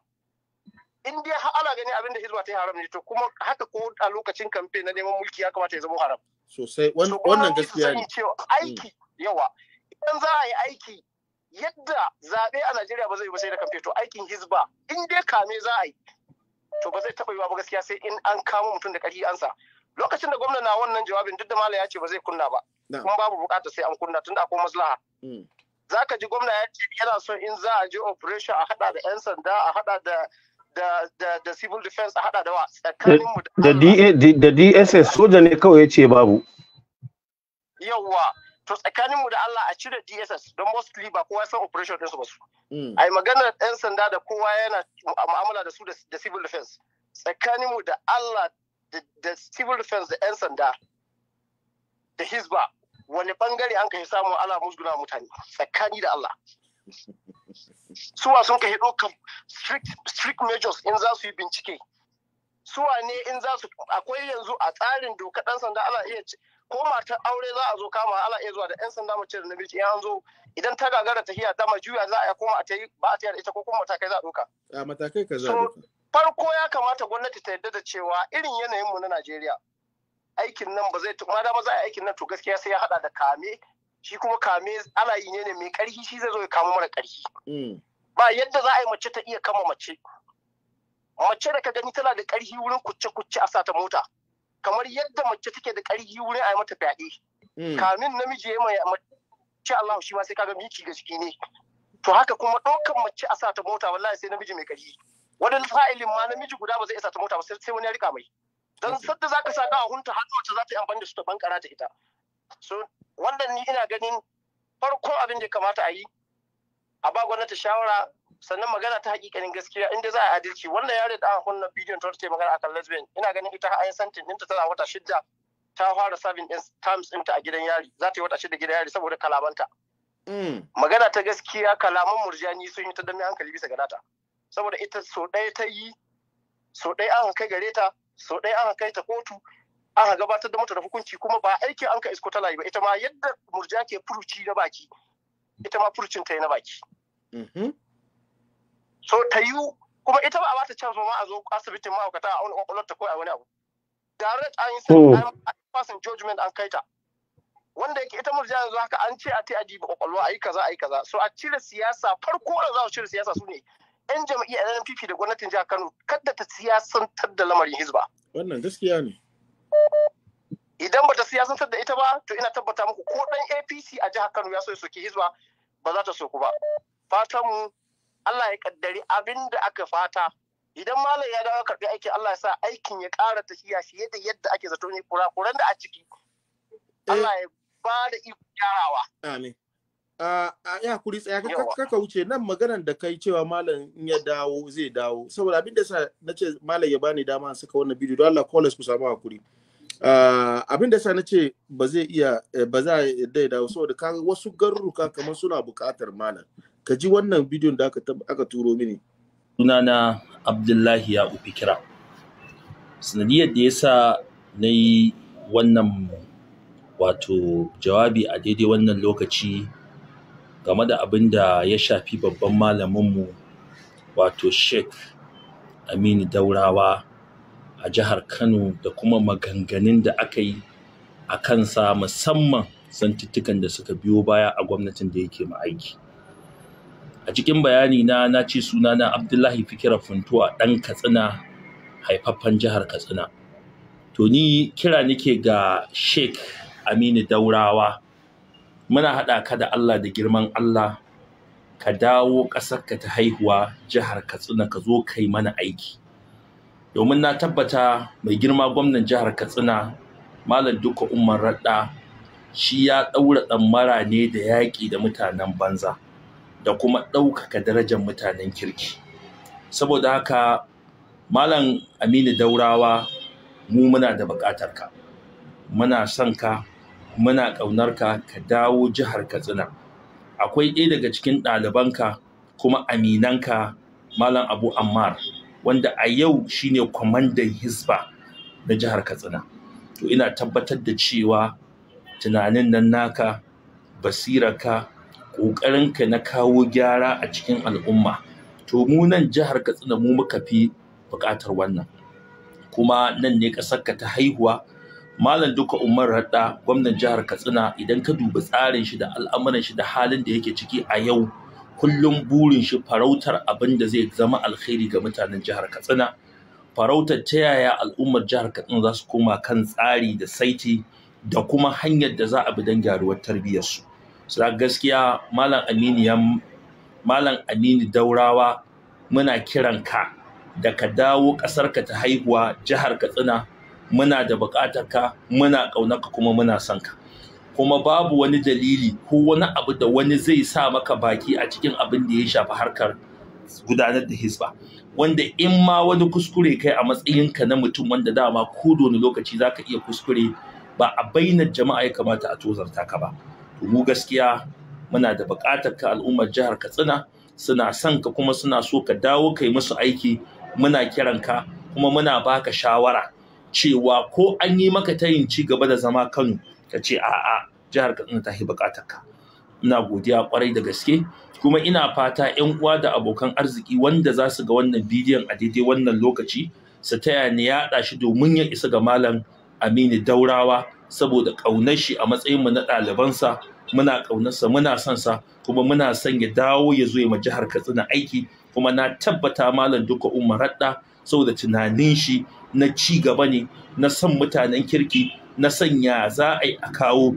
in dai har ana gani abinda hizba ta yi haram ne to kuma haka ko a lokacin kamfe na neman mulki ya kamata ya zama haram. Sosai wannan gaskiya ne. Aiki hmm. yawa idan za a yi aiki yadda zaɓe a Najeriya ba zai ba sai da kamfe to aikin hizba in dai kame za a yi to ba zai taɓa yi ba gaskiya sai in an kama mutum da ƙarfi ansa lokacin da gwamna na wannan jawabin duk da mala ya ce ba zai kunna ba kuma babu bukata sai an kunna tunda akwai maslaha mm. za ka ji gwamna ya ce yana so in za a je operation a hada da 'yan sanda a hada da da civil defense a hada da wa tsakaninmu da dss soja ne kawai ya ce babu yawwa to tsakanin mu da Allah a cire DSS don mostly ba kowa san operation su ba su. Mm. Ai maganar 'yan sanda da kowa yana mu'amala da su da civil defense. Tsakanin mu da Allah da civil defense da 'yan sanda da hisba wani bangare an kai samu ala musguna mutane tsakani da Allah. Suwa sun kai ɗaukan strict measures in za su yi bincike. Suwa ne in za su akwai yanzu a tsarin doka ɗan sanda ana iya ko matar aure za a zo kama ala iya zuwa da yan sanda mace da namiji in an zo idan ta gagara tahiya dama juya za a koma a yi ba a da ita ko kuma matakai za a ɗauka. a matakai ka za a farko ya kamata gwamnati ta yarda da cewa irin yanayin mu na Najeriya aikin nan ba zai ma dama za a aikin nan to gaskiya sai ya hada da kame shi kuma kame ana yi ne mai karfi shi zai zo ya kama mara karfi mm. ba yadda za a yi mace ta iya kama mace mace da ka gani tana da karfi wurin kuce-kuce a sa ta mota kamar yadda mace take da ƙarfi wurin a yi mata fyaɗe hmm. kamin namiji ya mai mace Allah shi ma sai kaga miki ga jiki ne to haka kuma ɗaukan mace a sa ta mota wallahi sai namiji mai ƙarfi wadan sa'ilin ma namiji guda ba zai isa ta mota ba sai wani ya rika mai dan sadda zaka sa ka hunta har mace za ta yi amfani da su ta bankara ta ita so wannan ni ina ganin farko abin da kamata a yi a ba gwamnati shawara sannan magana ta hakikanin gaskiya inda za a adalci wannan ya da a kunna bidiyon ta ce magana akan lesbian ina ganin ita ayin santin ɗinta tana wata shidda ta fara sabin ɗin times ɗinta a gidan yari za ta yi wata shidda gidan yari saboda kalamanta. Hmm. magana ta gaskiya kalaman murjani sun yi ta dami hankali bisa ta saboda ita so ɗaya ta yi so ɗaya an kai gare ta so ɗaya an kai ta kotu an gabatar da mata da hukunci kuma ba aiki an ka isko ta layi ba ita ma yadda murja ke furuci na baki ita ma furucin ta yi na baki. Hmm. so ta yi kuma ita ba a bata chance ma a zo asibitin ma'aikata a auna kwakwalwarta ko a wani abu direct an yi sai hmm. an fasin judgment an kai ta wanda yake ita murjiya yanzu haka an ce a ta adiba kwakwalwa a yi kaza a yi kaza so a cire siyasa farko da za su cire siyasa su ne yan jam'iyyar NPP da gwamnatin jihar Kano kadda ta siyasantar da lamarin hizba wannan gaskiya ne idan bata siyasantar da ita ba to ina tabbata muku ko dan APC a jihar Kano ya so ya soki hizba ba za ta soku ba fatan mu Allah ya kaddari abin da aka fata idan malam ya dawo karfi aiki Allah ya sa aikin ya ƙara tafiya shi yadda yadda ake zato ne kurakuran da a ciki eh. Allah ya ba da iko gyarawa amin a ya kuri tsaya kaka wuce nan maganar da kai cewa malam in ya dawo zai dawo saboda abin da sa nace malam ya bani dama saka wannan bidiyo don Allah callers ku samu hakuri Uh, abin da sa na ce ba zai iya eh, ba za a dawo saboda kaga wasu garuruka kamar suna buƙatar malam ka ji wannan bidiyon da aka, aka turo mini sunana abdullahi ya ufi kira sanadiyar da ya sa na yi wannan wato jawabi a daidai wannan lokaci game da abin da ya shafi babban malamin mu, wato sheikh aminu daurawa a jihar kano da kuma maganganun da aka yi a kansa musamman santittukan da suka biyo baya a gwamnatin da yake ma'aiki. aiki a cikin bayani na na ce suna na abdullahi fikira funtuwa ɗan katsina haifaffen jihar katsina to ni kira nake ga sheik aminu daurawa muna haɗa ka da allah da girman allah ka dawo ƙasarka ta haihuwa jihar katsina ka zo kai mana aiki domin na tabbata mai girma gwamnan jihar katsina malam duka umar raɗa shi ya ɗaura mara ne da yaƙi da mutanen banza da kuma ɗaukaka darajar mutanen kirki saboda haka malam aminu daurawa mu muna da buƙatar ka muna son ka muna ƙaunarka, ka dawo jihar katsina akwai ɗaya daga cikin ɗalibanka kuma aminanka malam abu ammar wanda a yau shine kwamandan hisba na jihar katsina to ina tabbatar da cewa tunanin nan naka ka. ƙoƙarinka na kawo gyara a cikin al'umma to mu nan jihar katsina mu muka fi buƙatar wannan kuma nan ne ƙasarka ta haihuwa malam duka umar radda gwamnan jihar katsina idan ka duba tsarin shi da al'amuran shi da halin da yake ciki a yau kullum burin shi farautar abin da zai zama alkhairi ga mutanen jihar katsina farautar ta yaya al'ummar jihar katsina za su koma kan tsari da saiti da kuma hanyar da za a bi don gyaruwar tarbiyyarsu su gaskiya malam aminu malam amini daurawa muna kiran ka da ka dawo ƙasarka ta haihuwa jihar katsina muna da buƙatar ka muna ƙaunarka kuma muna son ka kuma babu wani dalili ko wani abu da wani zai sa maka baki a cikin abin da ya shafi harkar gudanar da hisba wanda in ma wani kuskure kai a matsayinka na mutum wanda dama ko da wani lokaci zaka iya kuskure ba a bainar jama'a ya kamata a tozarta ka ba to mu gaskiya muna da buƙatar ka al'ummar jihar katsina suna son ka kuma suna so ka dawo kai musu aiki muna kiran ka kuma muna baka shawara cewa ko an yi maka tayin ci gaba da zama kano ka ce a'a jihar katsina ta yi buƙatar ka ina godiya kwarai da gaske kuma ina fata 'yan uwa da abokan arziki wanda za su ga wannan bidiyon a daidai wannan lokaci su taya ni yaɗa shi domin ya isa ga malam aminu daurawa saboda ƙaunar shi a matsayin mu na ɗalibansa muna ƙaunarsa muna son sa kuma muna son ya dawo ya zo ya ma jihar Katsina aiki kuma na tabbata malam duka Umar Radda saboda tunanin shi na ci gaba ne na son mutanen kirki na sanya za a yi a kawo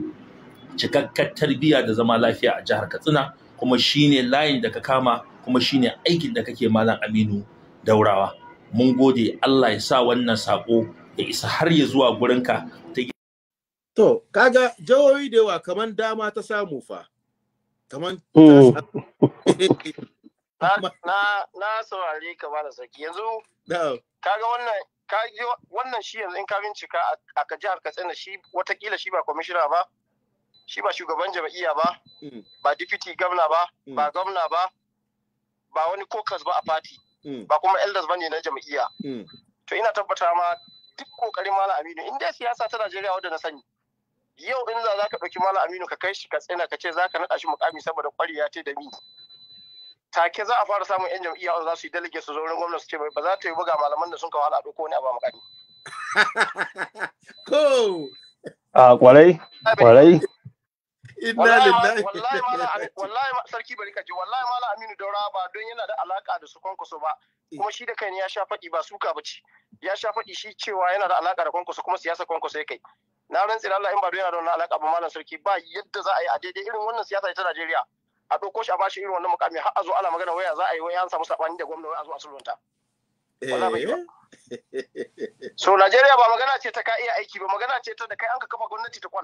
cikakkar tarbiyya da zama lafiya a jihar Katsina kuma shine layin da ka kama kuma shine aikin da kake malam Aminu Daurawa mun gode Allah ya sa wannan sako ya isa har ya zuwa gurinka ta To, kaga jawoyi da yawa kamar dama ta samu fa. Kamar hmm. Na ka kamar da saki yanzu. Kaga wannan kaji wannan shi yanzu in ka bincika a ka jihar Katsina shi watakila shi ba kwamishina ba, shi ba shugaban jam'iyya ba, hmm. ba deputy governor ba, hmm. ba governor ba, ba wani kokas ba a party ba kuma elders ba ne na jam'iyya. To ina tabbata ma duk kokarin malam Aminu in dai siyasa ta Najeriya wadda na sani. yau in za ka ɗauki malam aminu ka kai shi ka tsina ka ce za ka naɗa shi mukami saboda ya ce da mi take za a fara samun yan jam'iyya wanda za su yi dalige su zo wurin gwamnati su ce ba za ta yi buga malaman da sun kawo a ɗauko ne a ba mukami. ko a kwarai kwarai inna lillahi wallahi sarki bari ka ji wallahi malam aminu daura ba don yana da alaka da su kwankwaso ba kuma shi da kai ne ya sha faɗi ba suka ba ce ya sha faɗi shi cewa yana da alaka da kwankwaso kuma siyasa kwankwaso ya kai na rantsi da Allah in ba don yana da wannan alaka ba malam sarki ba yadda za a yi a daidai irin wannan siyasa ta Najeriya a doko shi a bashi irin wannan mukami har a zo ana magana waya za a yi waya an samu sabani da gwamnati a zo a sulunta eh. so Najeriya ba magana ce ta ka iya aiki ba magana ce ta da kai an ka kafa gwamnati ta kwan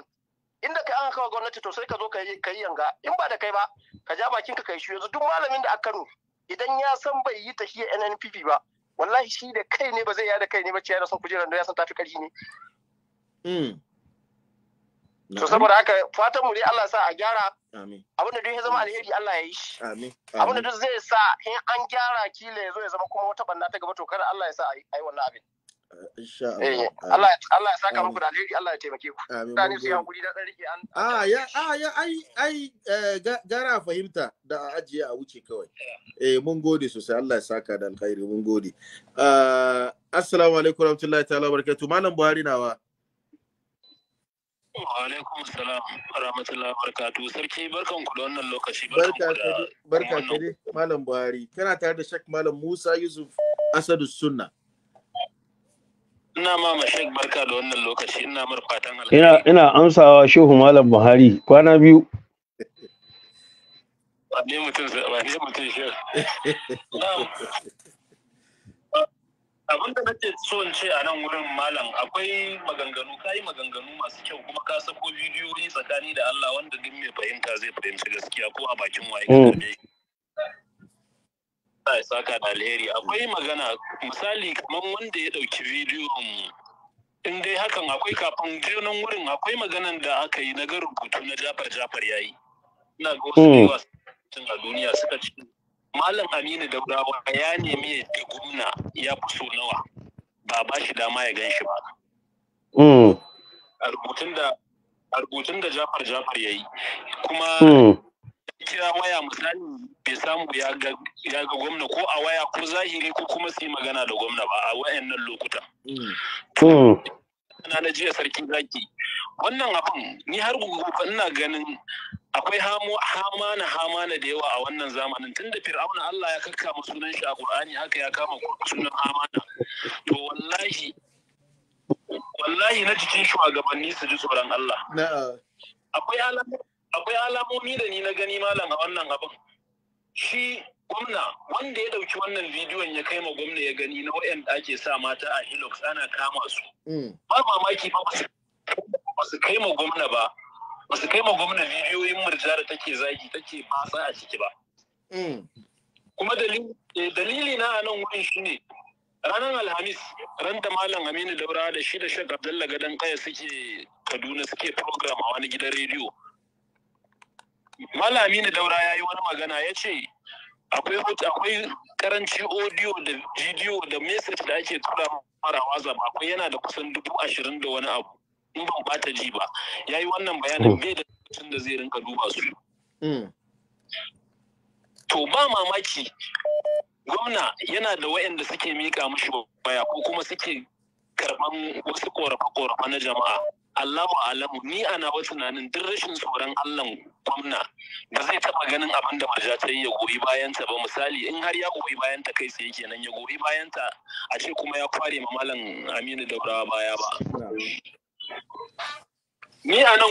inda kai an ka kafa gwamnati to sai ka zo ka yi yanga in ba da kai ba ka ja bakin ka kai shi yanzu duk malamin da aka Kano idan ya san bai yi tafiya NNPP ba wallahi shi da kai ne ba zai yada kai ne ba ce yana son kujerar da ya san tafi karhi ne hmm. to saboda haka fatan mu dai Allah sa a gyara amin abin da duk ya zama alheri Allah ya yi shi amin abin da duk zai sa in an gyara kila ya zo ya zama kuma wata banda ta gaba to kada Allah ya sa a yi wannan abin eh, insha Allah eh, Allah ya saka muku da alheri Allah ya taimake ku amin su hankuri da tsarki an Ah ya ah ya ai ai eh, gara fahimta da a ajiye a wuce kawai eh mun gode sosai Allah ya saka da alkhairi mun gode ah, assalamu alaikum warahmatullahi ta'ala barakatuh malam Buhari nawa Wa alaikum salam wa rahmatullahi wa barakatuh. Sarki barkan ku da wannan lokaci. Barka ka dai Malam Buhari. Kana tare da shek Malam Musa Yusuf Asadu Sunna. Ina ma shek barka da wannan lokaci. Ina mar fatan alheri. Ina ina amsawa Shehu Malam Buhari kwana biyu. Wanne mutum wanne mutum Shehu. abin da nake so in ce a nan wurin malam akwai maganganu ka yi maganganu masu kyau kuma ka sako bidiyoyi tsakani da Allah wanda duk mai fahimta zai fahimci gaskiya ko a bakin waye mm. Allah ya saka da alheri akwai magana misali kamar wanda ya dauki bidiyon in dai hakan akwai kafin jinan wurin akwai maganan da aka yi na ga rubutu na Jafar Jafar yayi ina ga wasu mm. a duniya suka ci. Malam Aminu Daurawa ya nemi da gwamna ya fi so nawa ba ba shi dama ya gan shi ba. Hmm. A rubutun da Jafar Jafar ya yi kuma hmm. kira waya misali bai samu ya ga gwamna ko a waya ko zahiri ko kuma su yi magana da gwamna ba a wayannan lokuta. Hmm. Na na jiya sarki zaki. Wannan abin ni har gobe ina ganin akwai hamana hamana da yawa a wannan zamanin tunda fir'auna Allah ya kakkama sunan shi a Qur'ani haka ya kama sunan hamana to wallahi wallahi na cikin shugabanni su ji tsoron Allah akwai alamomi da ni na gani malam a wannan abin shi gwamna wanda ya dauki wannan bidiyon ya kai ma gwamna ya gani na da ake sa mata a Hilux ana kama su mm. ba mamaki ba ba su kai ma gwamna ba ba su kai ma gwamna bidiyoyin murja da take zagi take fasa a ciki ba mm. kuma eh, dalili na a nan wurin ne. ranar alhamis ran da malam aminu daura da shi da shek abdalla gadon kaya suke kaduna suke program a wani gidan rediyo malam aminu daura ya yi wani magana ya ce akwai karanci audio da video da message da ake tura marawa zama akwai yana da kusan dubu ashirin da wani abu in ban bata ji ba ya yi wannan bayanin hmm. bai da lokacin da zai rinka duba su hmm. to ba mamaki gwamna yana da wayanda suke mika mashi baya ko kuma suke karɓan wasu korafe-korafe na jama'a Allahu alamu ni ana wasu tunanin duk rashin tsoron Allahn gwamna ba zai taɓa ganin abin da marja ta yi ya goyi bayanta ba misali in har ya goyi bayanta kai tsaye kenan ya goyi bayanta a ce kuma ya kware ma malam Aminu Daurawa baya ba. Ni a nan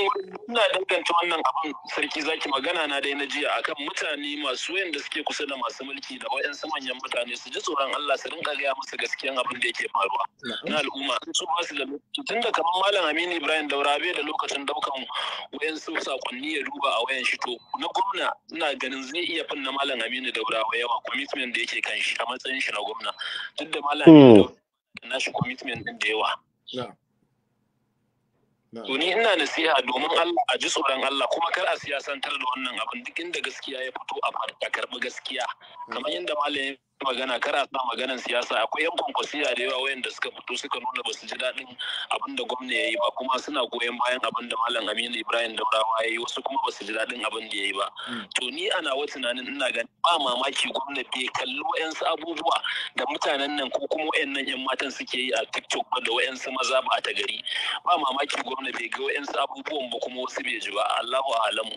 ina danganta wannan abin sarki zaki magana na dai na jiya akan mutane masu wayanda suke kusa da masu mulki da wayansu manyan mutane su ji tsoron Allah su rinka gaya musu gaskiyan abin da yake faruwa na al'umma su ba su da lokaci tunda kamar malam Aminu Ibrahim Daura bai da lokacin daukan wayansu sakonni ya duba a wayan shi to na gwamna ina ganin zai iya finna malam Aminu Daura wa yawa commitment da yake kan shi a matsayin shi na gwamna duk da malam Aminu hmm. na shi commitment din da yawa. To ina nasiha domin Allah a ji tsoron Allah kuma kar a siyasantar da wannan abin duk inda gaskiya ya fito a karɓi gaskiya. Mm. Kamar yadda malamin magana kar a sa maganan siyasa akwai yan kwankwasiya da yawa wayanda suka fito suka nuna ba su ji daɗin abin da gwamna ya yi ba kuma suna goyon bayan abin da malam aminu ibrahim daurawa ya yi wasu kuma ba su ji daɗin abin da ya yi ba hmm. to ni ana wa tunanin ina ganin ba mamaki gwamna bai kalli wayansu abubuwa da mutanen nan ko kuma wayannan yan matan suke yi a tiktok ba da wayansu maza ba a ta gari ba mamaki gwamna bai ga wayansu abubuwan ba kuma wasu bai ji ba allahu alamu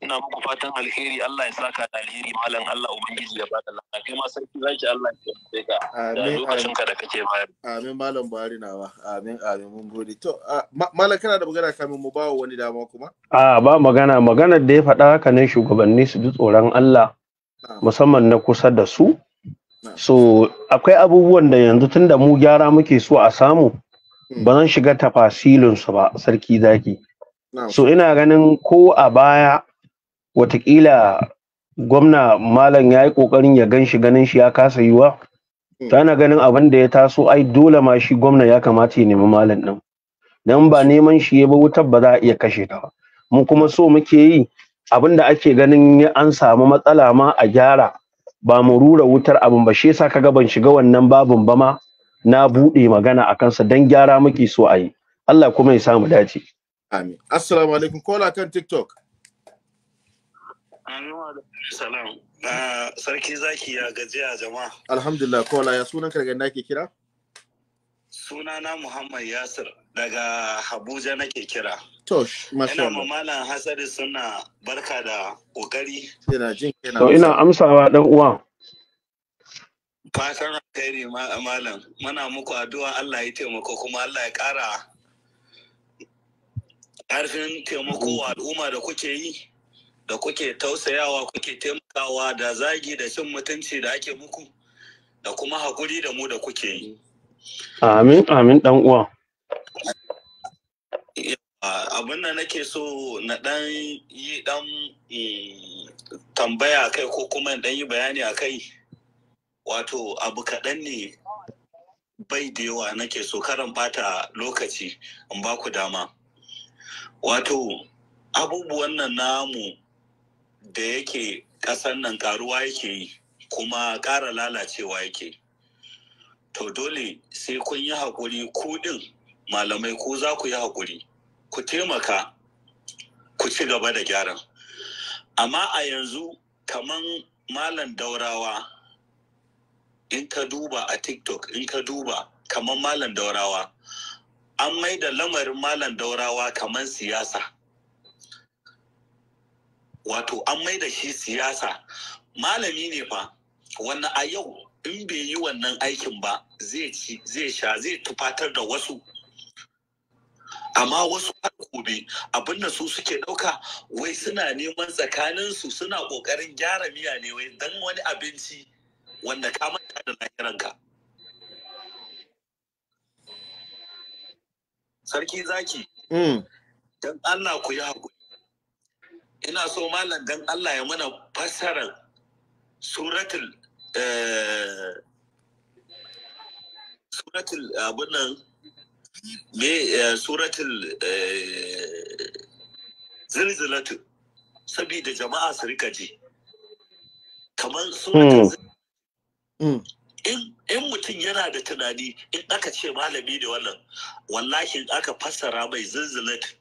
ina muku fatan alheri Allah ya saka da alheri malam Allah ubangiji ya bada lafiya kai ma sarki zaki Allah ya taimake ka da lokacin ka da kake bayar amin malam Buhari nawa amin amin mun gode to malam kana da magana kamin mu bawo wani dama kuma a ba magana magana da ya faɗa haka ne shugabanni su ji tsoron Allah musamman na kusa da su so akwai abubuwan da yanzu tunda mu gyara muke so a samu hmm. ba zan shiga tafasilinsu ba sarki zaki so ina ganin ko a baya watakila gwamna malam ya yi ƙoƙarin ya gan shi ganin shi ya kasa yiwa tana ganin abin da ya taso ai dole ma shi gwamna ya kamata ya nemi malam din dan ba neman shi ya ba wutar ba za a iya kashe ta ba mu kuma so muke yi abin da ake ganin an samu matsala ma a gyara ba mu rura wutar abin ba shi yasa kaga ban shiga wannan babin ba ma na buɗe magana a kansa dan gyara muke so a yi Allah kuma ya samu dace amin assalamu alaikum kola kan tiktok Salam. Ah, sarki zaki ya gajiya jama'a. Alhamdulillah, kola ya sunan kargan ke kira? Sunana Muhammad Yasir daga Abuja nake kira. Tosh, masha Allah. Ina mamala hasari suna barka da kokari. Ina jin kina. To ina amsawa dan uwa. Fatan alkhairi malam. Muna muku addu'a Allah ya taimako kuma Allah ya kara ƙarfin taimako wa al'umma da kuke yi. da kuke tausayawa kuke taimakawa da zagi da cin mutunci da ake muku da kuma haƙuri da mu da kuke yi. Amin, amin ɗan uwa. Abin da nake so na ɗan yi ɗan mm, tambaya kai ko kuma ɗan yi bayani a kai, wato abu kaɗan ne bai da yawa nake so karan bata lokaci in ba ku dama. Wato abubuwan nan namu da yake ƙasar nan karuwa yake yi kuma ƙara lalacewa yake to dole sai kun yi hakuri ku ɗin malamai ku za ku yi haƙuri ku taimaka ku ci gaba da gyaran amma a yanzu kaman malam daurawa in ka duba a tiktok in ka duba kaman malam daurawa an mai da lamarin malam daurawa kaman siyasa wato an mai da shi siyasa malami ne fa wannan a yau in bai yi wannan aikin ba zai ci zai sha zai tufatar da wasu amma wasu har gobe abinda su suke ɗauka wai suna neman tsakaninsu suna ƙoƙarin gyara miya ne wai don wani abinci wanda ka manta da lahiranka sarki zaki mm. dan allah ku yi haƙuri ina so malam dan Allah ya mana fasarar suratul eh, suratul eh, abunan me eh, suratul zilzilatu saboda jama'a su rika ji kamar suratul hmm. Hmm. in mutum yana da tunani in aka ce malami da wannan wallahi in aka fassara mai zilzilatu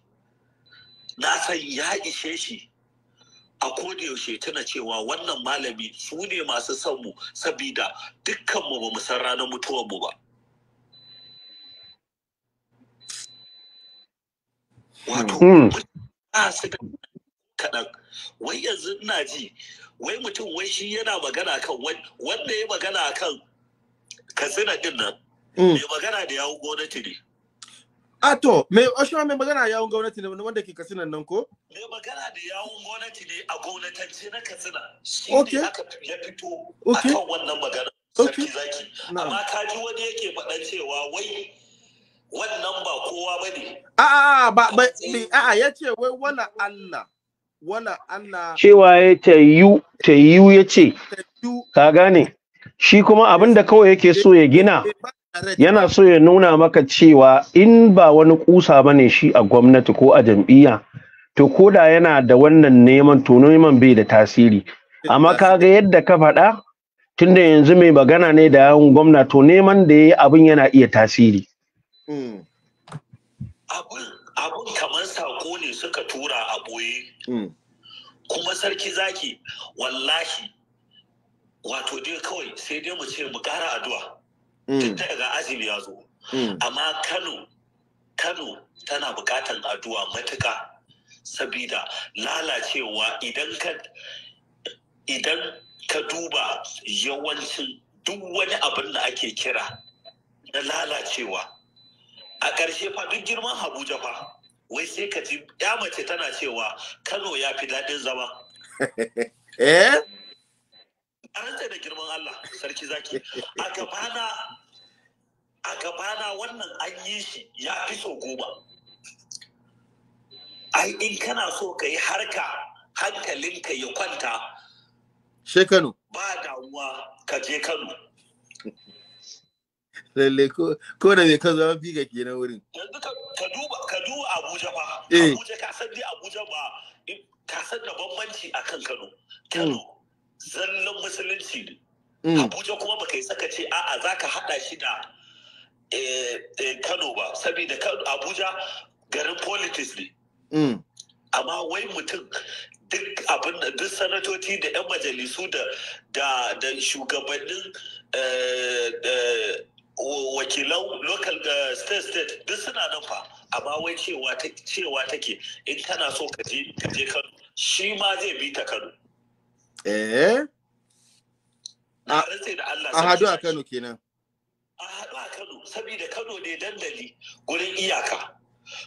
na san ya ishe shi a koda yaushe tana cewa wannan malami su ne masu son mu sabida dukkanmu ba mu san ranar mutuwan mu ba wato hmm. Hmm. ba su da kaɗan wai yanzu ina ji wai mutum wai shi yana magana kan wanda ya magana kan katsina din nan hmm. mai magana da yawon gwamnati ne Ato, ah, to, mai Oshima mai magana yawun gwamnati ne wanda ke katsina nan ko? Mai magana da yawun gwamnati ne a gwamnatance na katsina. Shi ne aka ya fito a kan wannan magana. Sarki zaki. Amma kaji wani yake faɗa cewa wai wannan ba kowa ba ne. A'a ah, ah, ba ba a'a ya ce wai wani Allah. wani Allah. Cewa ya ta yiwu ta yiwu ya ce. Ka gane. Shi kuma abin da kawai yake so ya gina. Eh, yana so ya nuna maka cewa in ba wani kusa ba ne shi a gwamnati ko a jam'iyya to koda yana da wannan neman to neman bai da tasiri amma kaga yadda ka faɗa tunda yanzu mai magana ne da yawun gwamna to neman da ya yi abin yana iya tasiri hmm. abun kamar sako ne suka tura a boye hmm. kuma sarki zaki wallahi wato dai kawai sai dai mu ce mu ƙara addu'a Mm. tun daga azil ya zo mm. amma kano kano tana bukatan aduwa matuka sabida lalacewa idan ka idan ka duba yawancin duk wani abin da ake kira na lalacewa a ƙarshe fa duk girman Habuja fa wai sai ka ji ya mace tana cewa Kano ya fi daɗin zama eh da girman Allah sarki zaki a gabana a gabana wannan an yi shi ya fi so goma ai in kana so ka yi harka hankalinka ya kwanta she kano ba damuwa ka je kano lalle ko da mai kan zama fi ga kenan wurin yanzu ka duba ka duba abuja ba eh. abuja ka san dai abuja ba ka san da bambanci kan kano kano mm. zallan musulunci ne mm. abuja kuma baka yi saka ce a'a zaka haɗa shi da Eh, eh, Kano ba saboda Abuja garin politics ne. Mm. Amma wai mutum duk abin da duk sanatoci da 'yan majalisu da da shugabannin eh, wakilan local state state duk suna nan fa amma wai cewa cewa take in tana so ka je ka je Kano shi ma zai bi ta Kano eh a hadu a Kano kenan a haɗu a Kano saboda Kano ne dandali gurin iyaka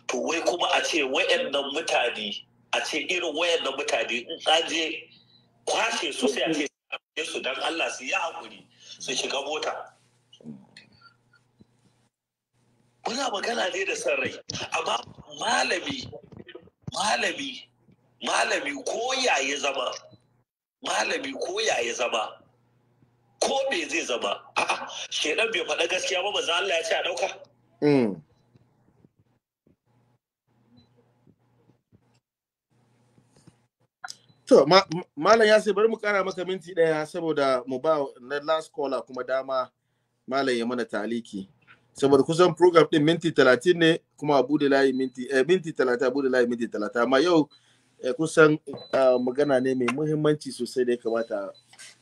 to wai kuma a ce wayannan mutane a ce irin wayannan mutane in an je kwashe su sai a ce su don Allah su yi hakuri su shiga mota muna magana ne da san rai amma malami malami malami ko zama malami ko ya zama ko me zai zama a'a shedan bai faɗa gaskiya ba maza Allah ya ce a ɗauka. Hmm. To, Malam ya sai bari mu kara maka minti ɗaya saboda mu ba na last caller kuma dama Malam ya mana taliki. Saboda kusan program ɗin minti talatin ne kuma a bude layi minti, eh, minti talata, bude layi minti talata. Amma yau eh, kusan ah, magana ne mai muhimmanci sosai da ya kamata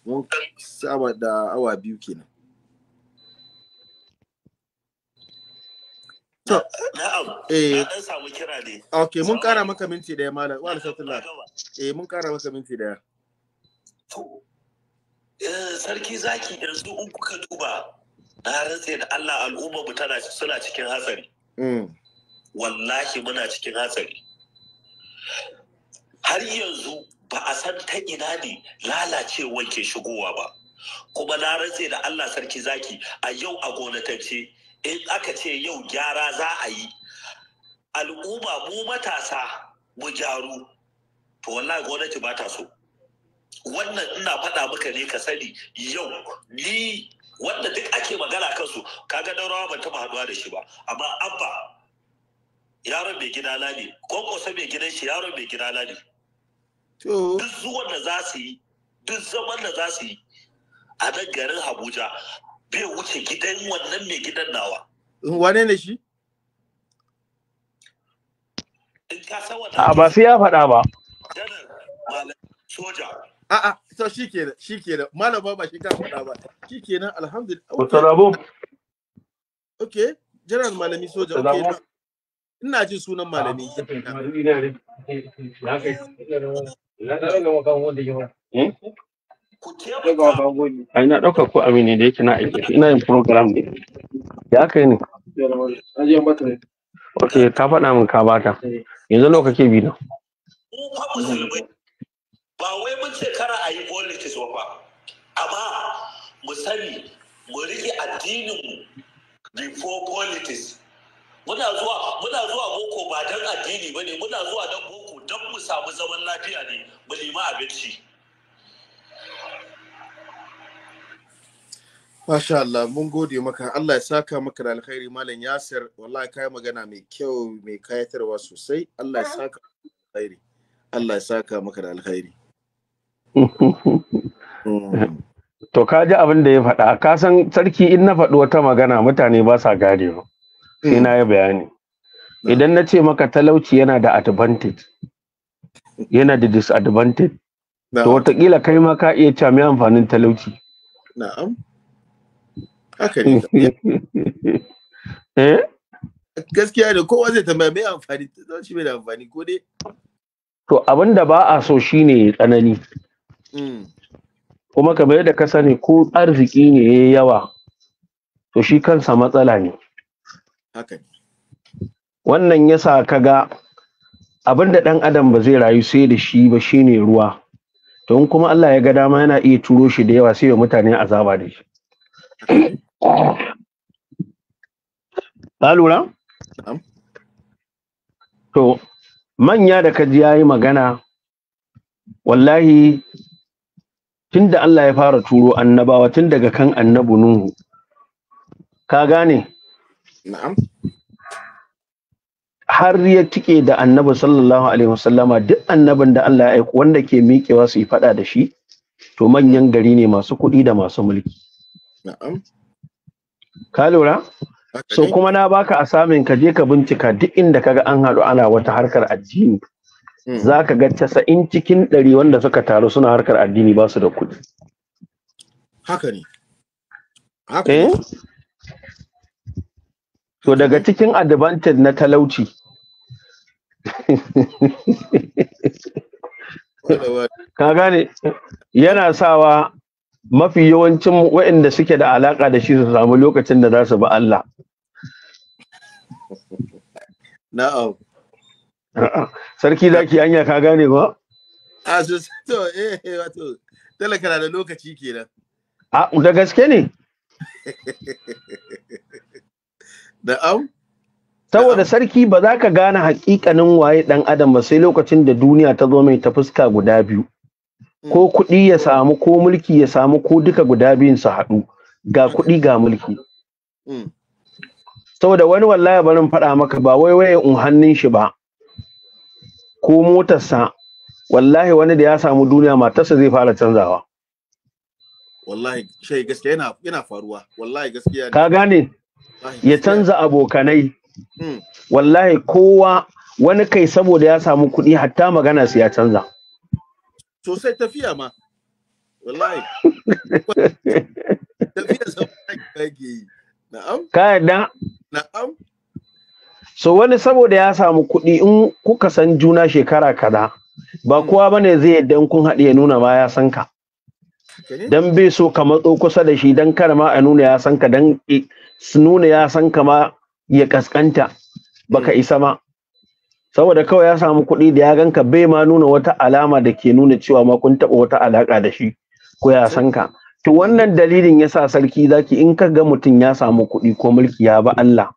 mun saba da awa biyu kenan to eh okay mun kara maka minti daya malam wa alhamdulillah eh mun kara maka minti daya to eh, sarki zaki yanzu in kuka duba na rantse da Allah al'umma mu tana suna cikin hatsari mm. wallahi muna cikin hatsari har yanzu ba a san ta ina ne lalacewar ke shigowa ba kuma na rantse da Allah sarki zaki a yau a gonatance in aka ce yau gyara za a yi al'umma mu matasa mu gyaru to wallahi gwamnati ba ta so wannan ina faɗa maka ne ka sani yau ni wanda duk ake magana kansu ka kaga rawa ban taɓa haɗuwa da shi ba amma abba yaron mai gidana ne kwankwasa mai gidan shi yaron mai gidana ne duk zuwan da za su yi duk zaman da za su yi a nan garin Abuja bai wuce gidan wannan mai gidan nawa. Wane ne shi? A ba sai ya faɗa ba. A'a, to shi kenan, shi kenan. Malam ba shi ka faɗa ba. Shi kenan alhamdulillah. ok Okay, General Malami Soja. ok ina jin sunan malami ai na ɗauka ko amini da yake na aiki ina yin program ne ya kai ne ok ka faɗa min ka bata yanzu nawa kake bi na ba wai mun shekara a yi politics ba amma mu sani mu riƙe addininmu before politics muna zuwa muna zuwa boko ba dan addini ba ne muna zuwa dan boko dan mu samu zaman lafiya ne mu nemi abinci Masha Allah, mun gode maka, Allah ya saka maka da alkhairi Malam Yasir, wallahi kai magana mai kyau, mai kayatarwa sosai, Allah ya saka alkhairi. Allah ya saka maka da alkhairi. To ka ji abin da ya faɗa, ka san sarki in na faɗi wata magana mutane ba sa gane ba. sai hmm. na yi bayani idan na ce maka talauci yana da advantage yana da disadvantage to watakila kai ma ka iya cami amfanin talauci na'am haka ne eh gaskiya da kowa zai tambaya mai amfani talauci mai da amfani ko dai to abin da ba a so shine tsanani hmm. kuma kamar yadda ka sani ko arziki ne yayi yawa to shi kansa matsala ne haka wannan yasa kaga abinda ɗan adam ba zai rayu sai da shi ba shine ruwa to in kuma Allah ya ga dama yana iya turo shi da yawa sai ya mutane azaba da shi ka lura to manya da kaji yayi magana wallahi tunda Allah ya fara turo annabawa tun daga kan annabu nuhu ka gane na'am har ya tike da annabi sallallahu alaihi wasallama duk annabin da Allah ya aiko wanda ke miƙewa su yi faɗa da shi to manyan gari ne masu kuɗi da masu mulki na'am ka lura so kuma na baka asamin ka je ka bincika duk inda kaga an haɗu ana wata harkar addini hmm. za ka ga casa'in cikin ɗari wanda suka taru suna harkar addini ba su da kuɗi haka ne haka eh? to daga cikin advantage na talauci ka gane yana sawa mafi yawancin waɗanda suke da alaƙa da shi su samu lokacin da za su bi Allah na'am sarki zaki anya ka gane ba a to eh wato talaka da lokaci kenan a da gaske ne Na'am. Saboda sarki ba za ka gane hakikanin waye ɗan adam ba sai lokacin da duniya ta zo mai ta fuska guda biyu. Ko hmm. kuɗi ya samu ko mulki ya samu ko duka guda biyun su haɗu ga kuɗi ga mulki. Hmm. Saboda wani wallahi barin faɗa maka ba wai waye in hannun shi ba ko motarsa wallahi wani da ya samu duniya matarsa zai fara canzawa. Wallahi shai gaskiya yana faruwa wallahi gaskiya. Ka gane? ya canza abokanai hmm. wallahi kowa wani kai saboda ya samu kuɗi hatta magana su ya canza sai tafiya ma wallahi tafiya saboda na'am ka yadda na'am so wani saboda ya samu kuɗi in kuka san juna shekara kaza ba hmm. kowa bane zai yadda kun haɗe ya nuna ma ya san ka dan bai so ka matso kusa da shi dan kar ma a nuna ya san ka dan su nuna ya san kama ya kaskanta baka hmm. isa ma saboda kawai ya samu kuɗi da ya ganka bai ma nuna wata alama da ke nuna cewa ma kun taɓa wata alaƙa da shi ko ya san ka to wannan dalilin ya sa sarki zaki in ka ga mutum ya samu kuɗi ko mulki ya ba Allah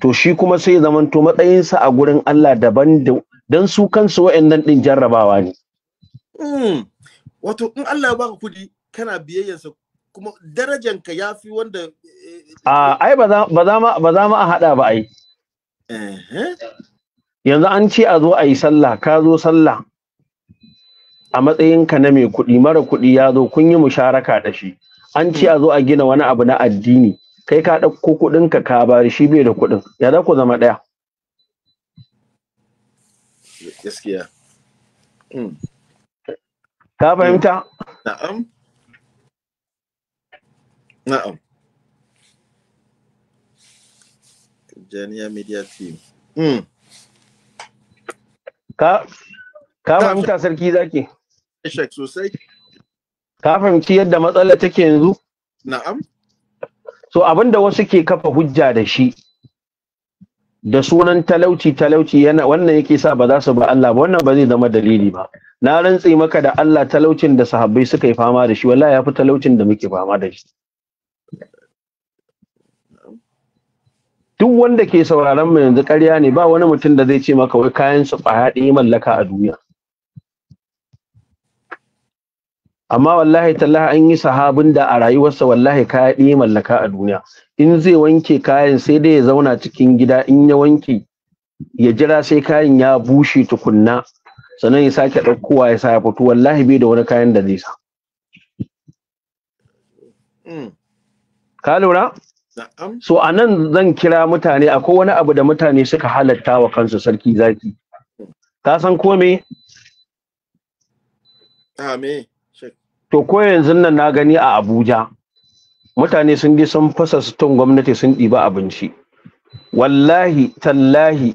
to shi kuma sai ya zamanto matsayinsa a gurin Allah daban da su kansu wa'annan ɗin jarrabawa ne. Hmm. Wato in Allah ya baka kuɗi kana biyayyarsa kuma darajanka ya fi wanda A ai ba za mu a haɗa ba ai. Yanzu an ce a zo a yi sallah, ka zo sallah a matsayinka na mai kuɗi mara kuɗi ya zo kun yi musharaka da shi. An ce a zo a gina wani abu na addini, kai ka ɗauko kuɗinka ka bar shi bai da kuɗin, ya za ku zama ɗaya. Gaskiya. Hmm. Ka fahimta? Na'am. Na'am. Jania Media Team. Mm. Ka ka fahimta sarki zaki? Shek sosai. Ka fahimci yadda matsala take yanzu? Na'am. So abinda wasu ke kafa hujja da shi da sunan talauci talauci yana wannan yake sa ba za su ba Allah ba wannan ba zai zama dalili ba. Na rantse maka da Allah talaucin da sahabbai suka yi fama da shi wallahi ya fi talaucin da muke fama da shi. duk wanda ke sauraron mu yanzu ƙarya ne ba wani mutum da zai ce maka wai kayan su ba mallaka a duniya amma wallahi tallaha an yi sahabin da a rayuwarsa wallahi kaya ɗaya mallaka a duniya in zai wanke kayan sai dai ya zauna cikin gida in ya wanke ya jira sai kayan ya bushe tukunna sannan ya sake ɗaukowa ya sa ya fito wallahi bai da wani kayan da zai sa hmm. ka lura So a nan zan kira mutane akwai wani abu da mutane suka halatta wa kansu sarki zaki. Ka san ko To ko yanzu nan na gani a Abuja. Mutane sun je sun fasa sutun gwamnati sun ɗiba abinci. Wallahi tallahi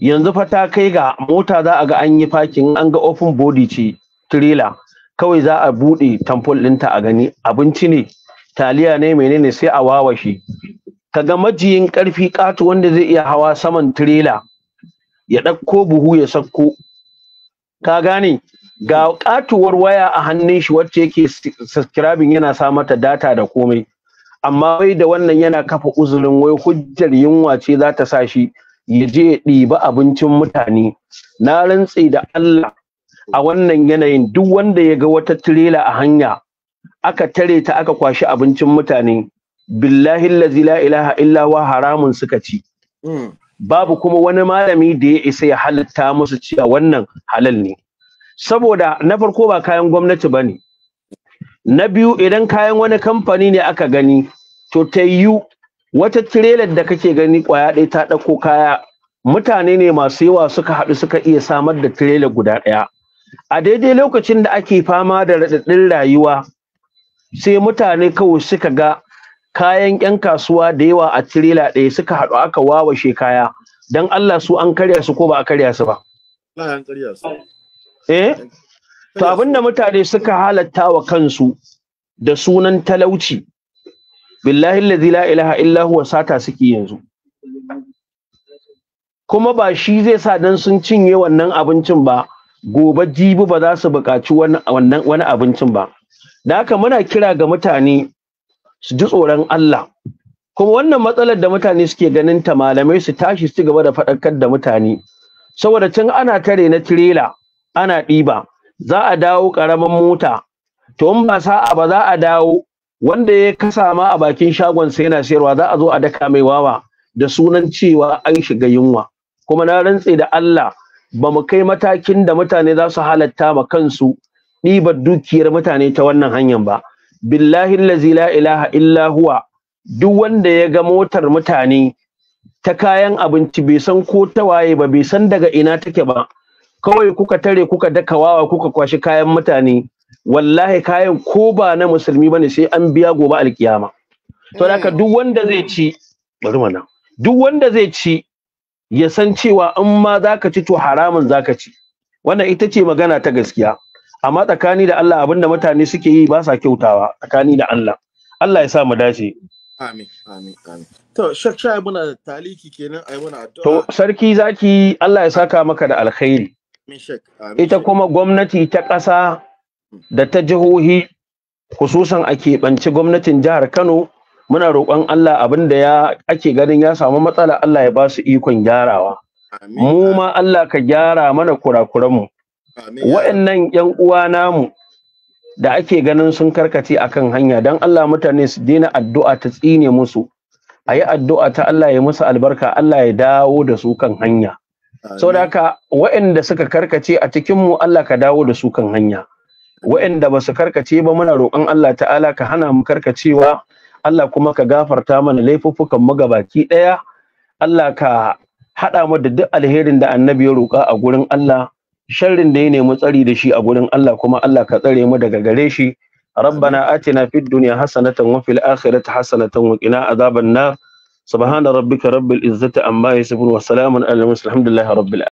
yanzu fa ta kai ga mota za a ga an yi fakin an ga ofin bodi ce trailer kawai za a buɗe tamfol ɗinta a gani abinci ne taliya ne menene sai a wawashe kaga majiyin karfi katu wanda zai iya hawa saman tirela ya ɗauko buhu ya sakko ka gane ga katuwar waya a hannun shi wacce yake subscribing yana sa mata data da komai amma bai da wannan yana kafa uzurin wai hujjar yunwa ce za ta sa shi ya je ya ɗiba abincin mutane na rantse da Allah a wannan yanayin duk wanda ya ga wata tirela a hanya aka tare ta aka kwashi abincin mutane billahi allazi la ilaha illa wa haramun suka ci hmm. babu kuma wani malami da ya isa ya halatta musu cewa wannan halal ne saboda na farko ba kayan gwamnati ba ne, na biyu idan kayan wani kamfani ne aka gani to ta wata tirelar da kake gani kwaya ɗaya ta ɗauko kaya mutane ne masu yawa suka haɗu suka iya samar da tirelar guda ɗaya a daidai lokacin da ake fama da raɗaɗin rayuwa sai mutane kawai suka ga kayan 'yan kasuwa da yawa a tirela ɗaya suka haɗu aka wawashe kaya don Allah su an karya su ko ba a karya su ba eh to abinda mutane suka halatta wa kansu da sunan talauci billahi allazi la ilaha huwa sata suke yanzu kuma ba shi zai sa dan sun cinye wannan abincin ba gobe jibi ba za su buƙaci wani abincin ba da haka muna kira ga mutane su ji tsoron Allah kuma wannan matsalar da mutane suke ganin ta malamai su tashi su gaba da faɗakar da mutane saboda tun ana tare na tirela ana ɗiba za a dawo ƙaramin mota to in ba sa'a ba za a dawo wanda ya kasa ma a bakin shagon sai yana sayarwa za a zo a daka mai wawa da sunan cewa an shiga yunwa kuma na rantse da Allah ba mu kai matakin da mutane za su halatta ma kansu ɗibar dukiyar mutane ta wannan hanyar ba billahi allazi la ilaha illa huwa duk wanda ya ga motar mutane ta kayan abinci bai san ko ta waye ba bai san daga ina take ba kawai kuka tare kuka daka wawa kuka kwashi kayan mutane wallahi kayan ko ba na musulmi bane sai an biya gobe alkiyama to haka duk wanda zai ci bari mana duk wanda zai ci ya san cewa in ma zaka ci to haramun zaka ci wannan ita ce magana ta gaskiya amma tsakani da Allah abinda mutane suke yi ba sa kyautawa tsakani da Allah Allah ya sa mu dace amin amin amin to shakka ai muna taliki kenan ai muna addu'a to sarki zaki Allah ya saka maka da alkhairi ita kuma gwamnati ta ƙasa da ta jihohi khususan a keɓanci gwamnatin jihar Kano muna roƙon Allah abinda da ya ake ganin ya samu matsala Allah ya ba su ikon gyarawa mu ma Allah ka gyara mana kurakuranmu wa'annan yan uwa namu da ake ganin sun karkace akan hanya dan Allah mutane su daina addu'a ta tsine musu ayi addu'a ta Allah ya musu albarka Allah ya dawo da su kan hanya saboda haka wa'anda suka karkace a cikin mu Allah ka dawo da su kan hanya wa'anda ba su karkace ba muna roƙon Allah ta'ala ka hana mu karkacewa Allah kuma ka gafarta mana laifuffukan mu gabaki ɗaya, Allah ka haɗa mu da duk alherin da annabi ya roƙa a gurin Allah sharrin da ya nemi tsari da shi a gurin Allah kuma Allah ka tsare mu daga gare shi rabbana atina fid dunya hasanatan wa fil akhirati hasanatan wa azaban na. nar subhana rabbika rabbil izzati amma yasifun wa salamun alal mursalin alhamdulillahi rabbil